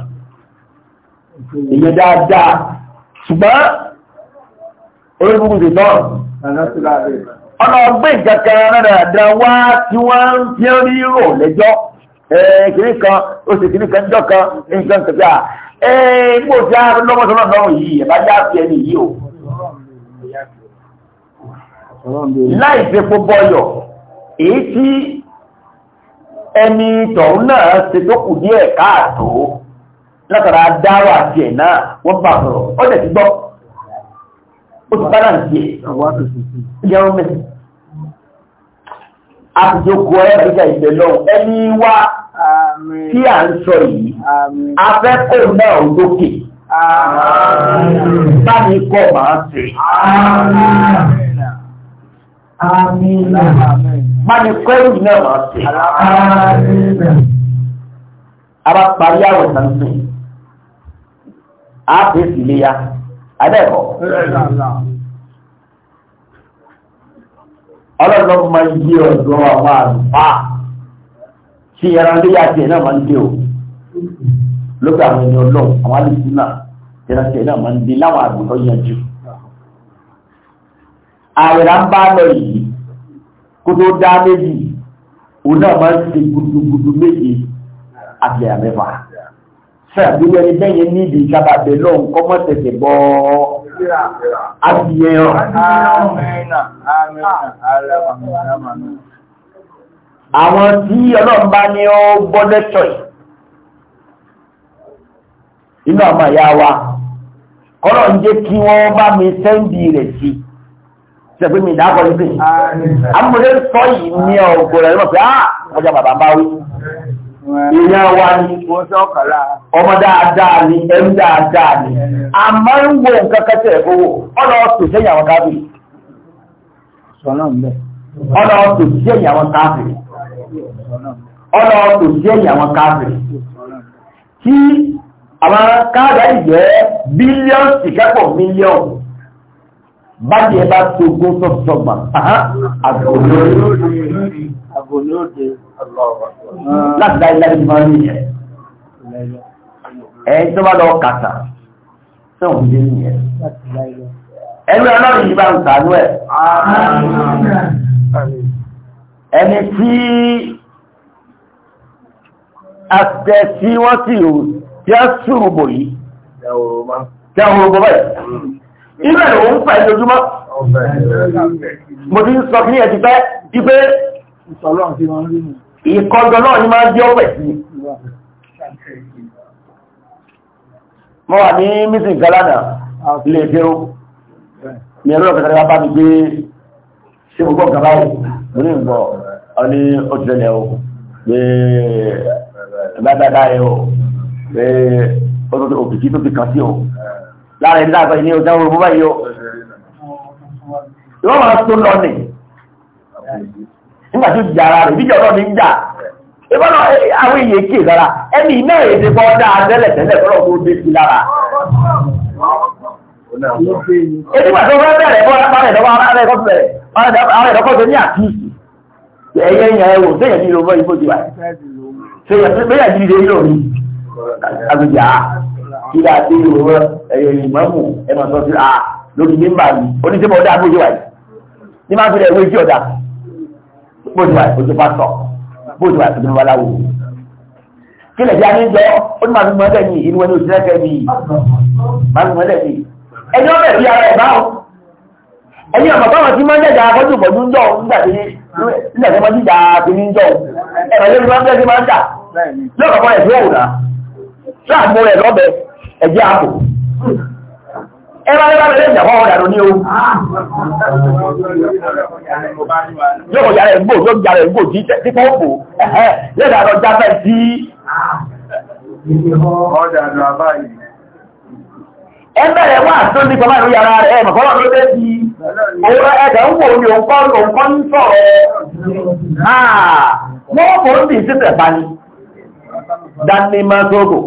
èyàn dáadáa ṣùgbọ́n orígun ti tọ́ ọ̀nà ọgbẹ́ ìjàkà rárá wá tí wọ́n ń fi rí rò lẹ́jọ́ kìnnì kan oṣù kìnnì kan jọ kan nǹkan kẹfẹ́ à ẹgbẹ́ òfin ààrùn lọ́mọ́sọ́nà náà yìí ẹ̀bá já fi ẹni yìí o láì fi epo bọyọ̀ èyí tí ẹni tọ̀hún náà ṣe tó kù díẹ̀ káàtó látara dáwà tiẹ̀ náà wọ́n bá sọ̀rọ̀ ó dẹ̀ ti gbọ́ ó ti bára tiẹ̀ ìyàwó mẹ́sì àtijọ́kọ̀ ẹ̀ríkà ìbẹ̀ lọ ẹni wá tí à ń sọ yìí afẹ́kọ̀ náà ó lókè bá kọ́ máa ṣe. Àmín. Máni kọ́rù náà máa ṣe. Àmín. Ara parí àwọ̀ ìsànsì. A fi sì lè ya. Adẹ́kọ̀. Ọlọ́dọ̀ máa yí ọ̀dọ́ àwọn àlùfáà. Ṣé ẹran lé yá tiẹ̀ náà máa ń dé o? Lókè àwọn ènìyàn lọ, àwọn àlùfáà náà, ẹran tiẹ̀ náà máa ń dé láwọn àgùntàn yanjú àìrà ń bá lọ yìí kó tó dá méjì òun náà máa ń ṣe gudugudu méje àti àmẹ́fà sàbílẹ̀ ẹni bẹ́yẹn níbi ìjábà bẹ̀ lọ nǹkan mọ́ tẹ̀tẹ̀ bọ́
adìyẹyàn
àwọn tí ọlọ́run bá ní ọ gbọ́ lẹ́tọ̀ inú àmà ìyá wa kọ́lọ̀ ń jẹ́ kí wọ́n bá mi sẹ́ńdì rẹ̀ sí i sẹ́gbẹ́ mi ìdáàbọ̀ ní sèyí. Amúlé sọ yìí ní ọ̀gbọ̀ rẹ̀ lọ́wọ́ pé á ah, ọjà bàbá bá wí.
Ìyá wa ni
ọmọ dáadáa ni ẹ̀rú dáadáa ni. A máa ń wo nǹkan kẹsẹ̀ owó ọ̀nà ọ̀sùn sẹ́yìn àwọn káfíì. Ọ̀nà ọ̀sùn sẹ́yìn àwọn káfíì. Ọ̀nà ọ̀sùn sẹ́yìn àwọn káfíì. Tí àwọn káàdà ìjẹ́ bílíọ̀nù ìkẹ́pọ̀ mílíọ̀nù báyìí ẹ bá tó gbó sọ́gbọ̀gbà
àgbòlóòdè láti dá ilé ìmọ̀
ní ẹ̀ ẹ̀ tó bá lọ kàtà tó ń dé ní ẹ̀ ẹ̀rú ọlọ́run yìí bá ń sàánú ẹ̀ ẹni tí àtẹ tí wọ́n sì rò tí a sùn bò yìí tẹ́wọ̀n bọ́
báyìí ibẹ̀ ló ń fà ìjọjúmọ́
mo ti sọ kí ní ẹ̀jì pẹ́ ipé ìkọjọ náà ni máa ń jẹ́ ọ̀pẹ̀ sí mo wà ní mísìn galana lè dérò ní ẹ̀rọ ìpẹ̀tẹ̀ bá bá mi gbé ṣe gbogbo gàbá yìí mo ní ìgbọ̀ o o pé ó tó ti òkìkí lára ẹni láàbá ilé báyìí tó lọ nígbà tó jà ara rẹ̀ ní jà ìbọn àwọn èèyàn kì í ẹni iná èdè bọ́ dáa tẹ́lẹ̀ tẹ́lẹ̀ fọ́lọ́ tó dé bẹ̀rẹ̀ bọ́ ara ní ní ìlú kíra tí yóò rán ẹ̀yẹ ìmọ̀mù ẹ máa sọ sí à lórí mímbà mi oníṣẹ́mọ̀ ọ̀dà àbójú wa yìí ní máa fẹ́rẹ̀ ìwé tí ọ̀dà bójú wa ojú pásọ̀ bójú wa ojú babaláwo kí lè fi àní jọ ó ní máa fi mọ́lẹ̀ ní ìlú ẹni òṣìṣẹ́ kẹ́ bí máa fi mọ́lẹ̀ ní ẹni ọmọ ẹ̀rí ara ẹ̀ báwọn
ẹni ọmọ báwọn ti máa ń jẹ́jà afọ́jú
pọ̀jú ń jọ nígbà tí nígbà tí wọ́n ti jà fi ní jọ ẹ̀rọ lórí lọ́bẹ̀ẹ́ ẹ̀jẹ̀ àpò ẹwà ẹwà rẹ̀ lẹ́jà wọ́n ọ̀dà ní o yóò kọjá rẹ̀ gbò yóò kọjá rẹ̀ gbò tí tẹ́kọ́ òpó ẹ̀hẹ́ lẹ́jà lọ jáfẹ́ sí
ẹgbẹ̀rẹ̀ wà tó ní kọmá ìlú yàrá rẹ̀ mọ̀kọ́lá ló dé
sí òun ẹ̀dẹ̀ ń wò ní òun kọ́ ń sọ̀rọ̀ dání máa tóògò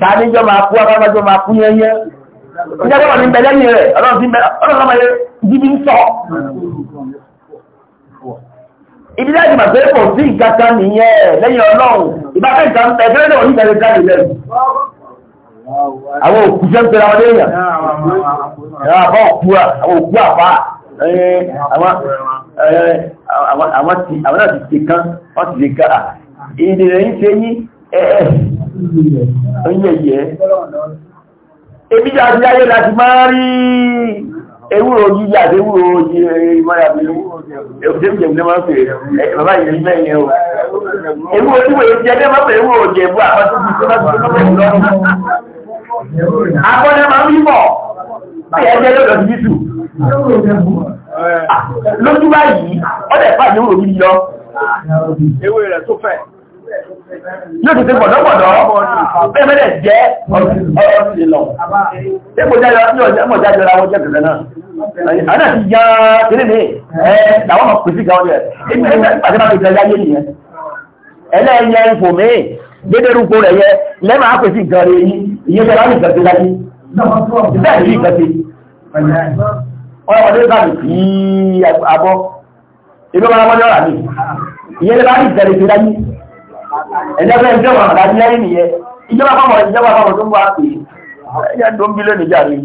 tàníjọ́ máa kú abábájọ́ máa kú yẹnyẹ
ìjọba ní bẹ̀lẹ́ ní rẹ̀
ọlọ́rọ̀lọ́mọ̀lẹ́ jíbí ń sọ ìdílé ìgbà pé kò sí ìgbàkan nìyẹn lẹ́yìn ọlọ́run ìbáfẹ́ ìgbà ń bẹ̀ kẹ́lẹ́ náà oníbẹ̀rẹ̀ jáde lẹ́nu
àwọn òkú jẹ́ ń pẹ̀lú àwọn èèyàn àwọn
àbá òkú àwọn òkú àbá àwọn náà ti ṣe kán wọ́n ti ṣe kán ìdìrẹ̀ ń ṣe yí ẹ̀ẹ́ ẹ̀yẹ̀yẹ̀ ebi jà sí ayé láti máa rí ewúro jíjà àti ewúro ìmọ̀ra mi ẹ̀kùnjẹ́ mi máa ń fèrè bàbá ìrìn mẹ́rin ẹ̀wọ̀ ewúro tí wòye ti ẹgbẹ́ mọ́pẹ̀ ewúro jẹ̀bú àpọ́tí ti tó láti tó lọ́wọ́
akọ́nẹ́ máa ń yíbọ̀ báyẹ̀ ẹgbẹ́ lọ́dọ̀ sí jítù lójú báyìí ọ̀dẹ̀ pàdé ewúro yíyọ ewé rẹ̀ tó fẹ́ yóò ti fi gbọ̀dọ̀gbọ̀dọ̀ bẹ́ẹ̀ mẹ́rẹ̀ jẹ́ ọ̀rọ̀ sí lọ. Ipò jáde ọ̀rọ̀ sí ọ̀jẹ́ mọ̀ jáde ọ̀rọ̀ jẹ́ kẹ̀kẹ́ náà. Àdá ti ya kéré mi, ẹ làwọn ọmọ pèsè gan ọ̀rẹ́. Ibi ẹgbẹ́ pàṣẹ máa pèsè ayé nìyẹn.
Ẹlẹ́yẹ ipò mi, dédé rúgbó rẹ̀ yẹ, lẹ́mà á pèsè gan rẹ̀ yìí, ìyẹn fẹ́ láti gbẹ̀gbẹ̀ láyé. Bẹ́ẹ̀ ni ìgbẹ̀gbẹ̀. Ọlọ́mọdé bá mi kì í abọ́. Ibi ọmọdé ọ̀rà mi, ìyẹn lẹ́
ẹ̀jẹ̀bẹ̀ ìjọba àdájú lẹ́yìn
nìyẹn ìjọba fáwọn ìjọba fáwọn tó ń bọ̀ á pè é ẹ̀yà tó ń bí lónìí jáde.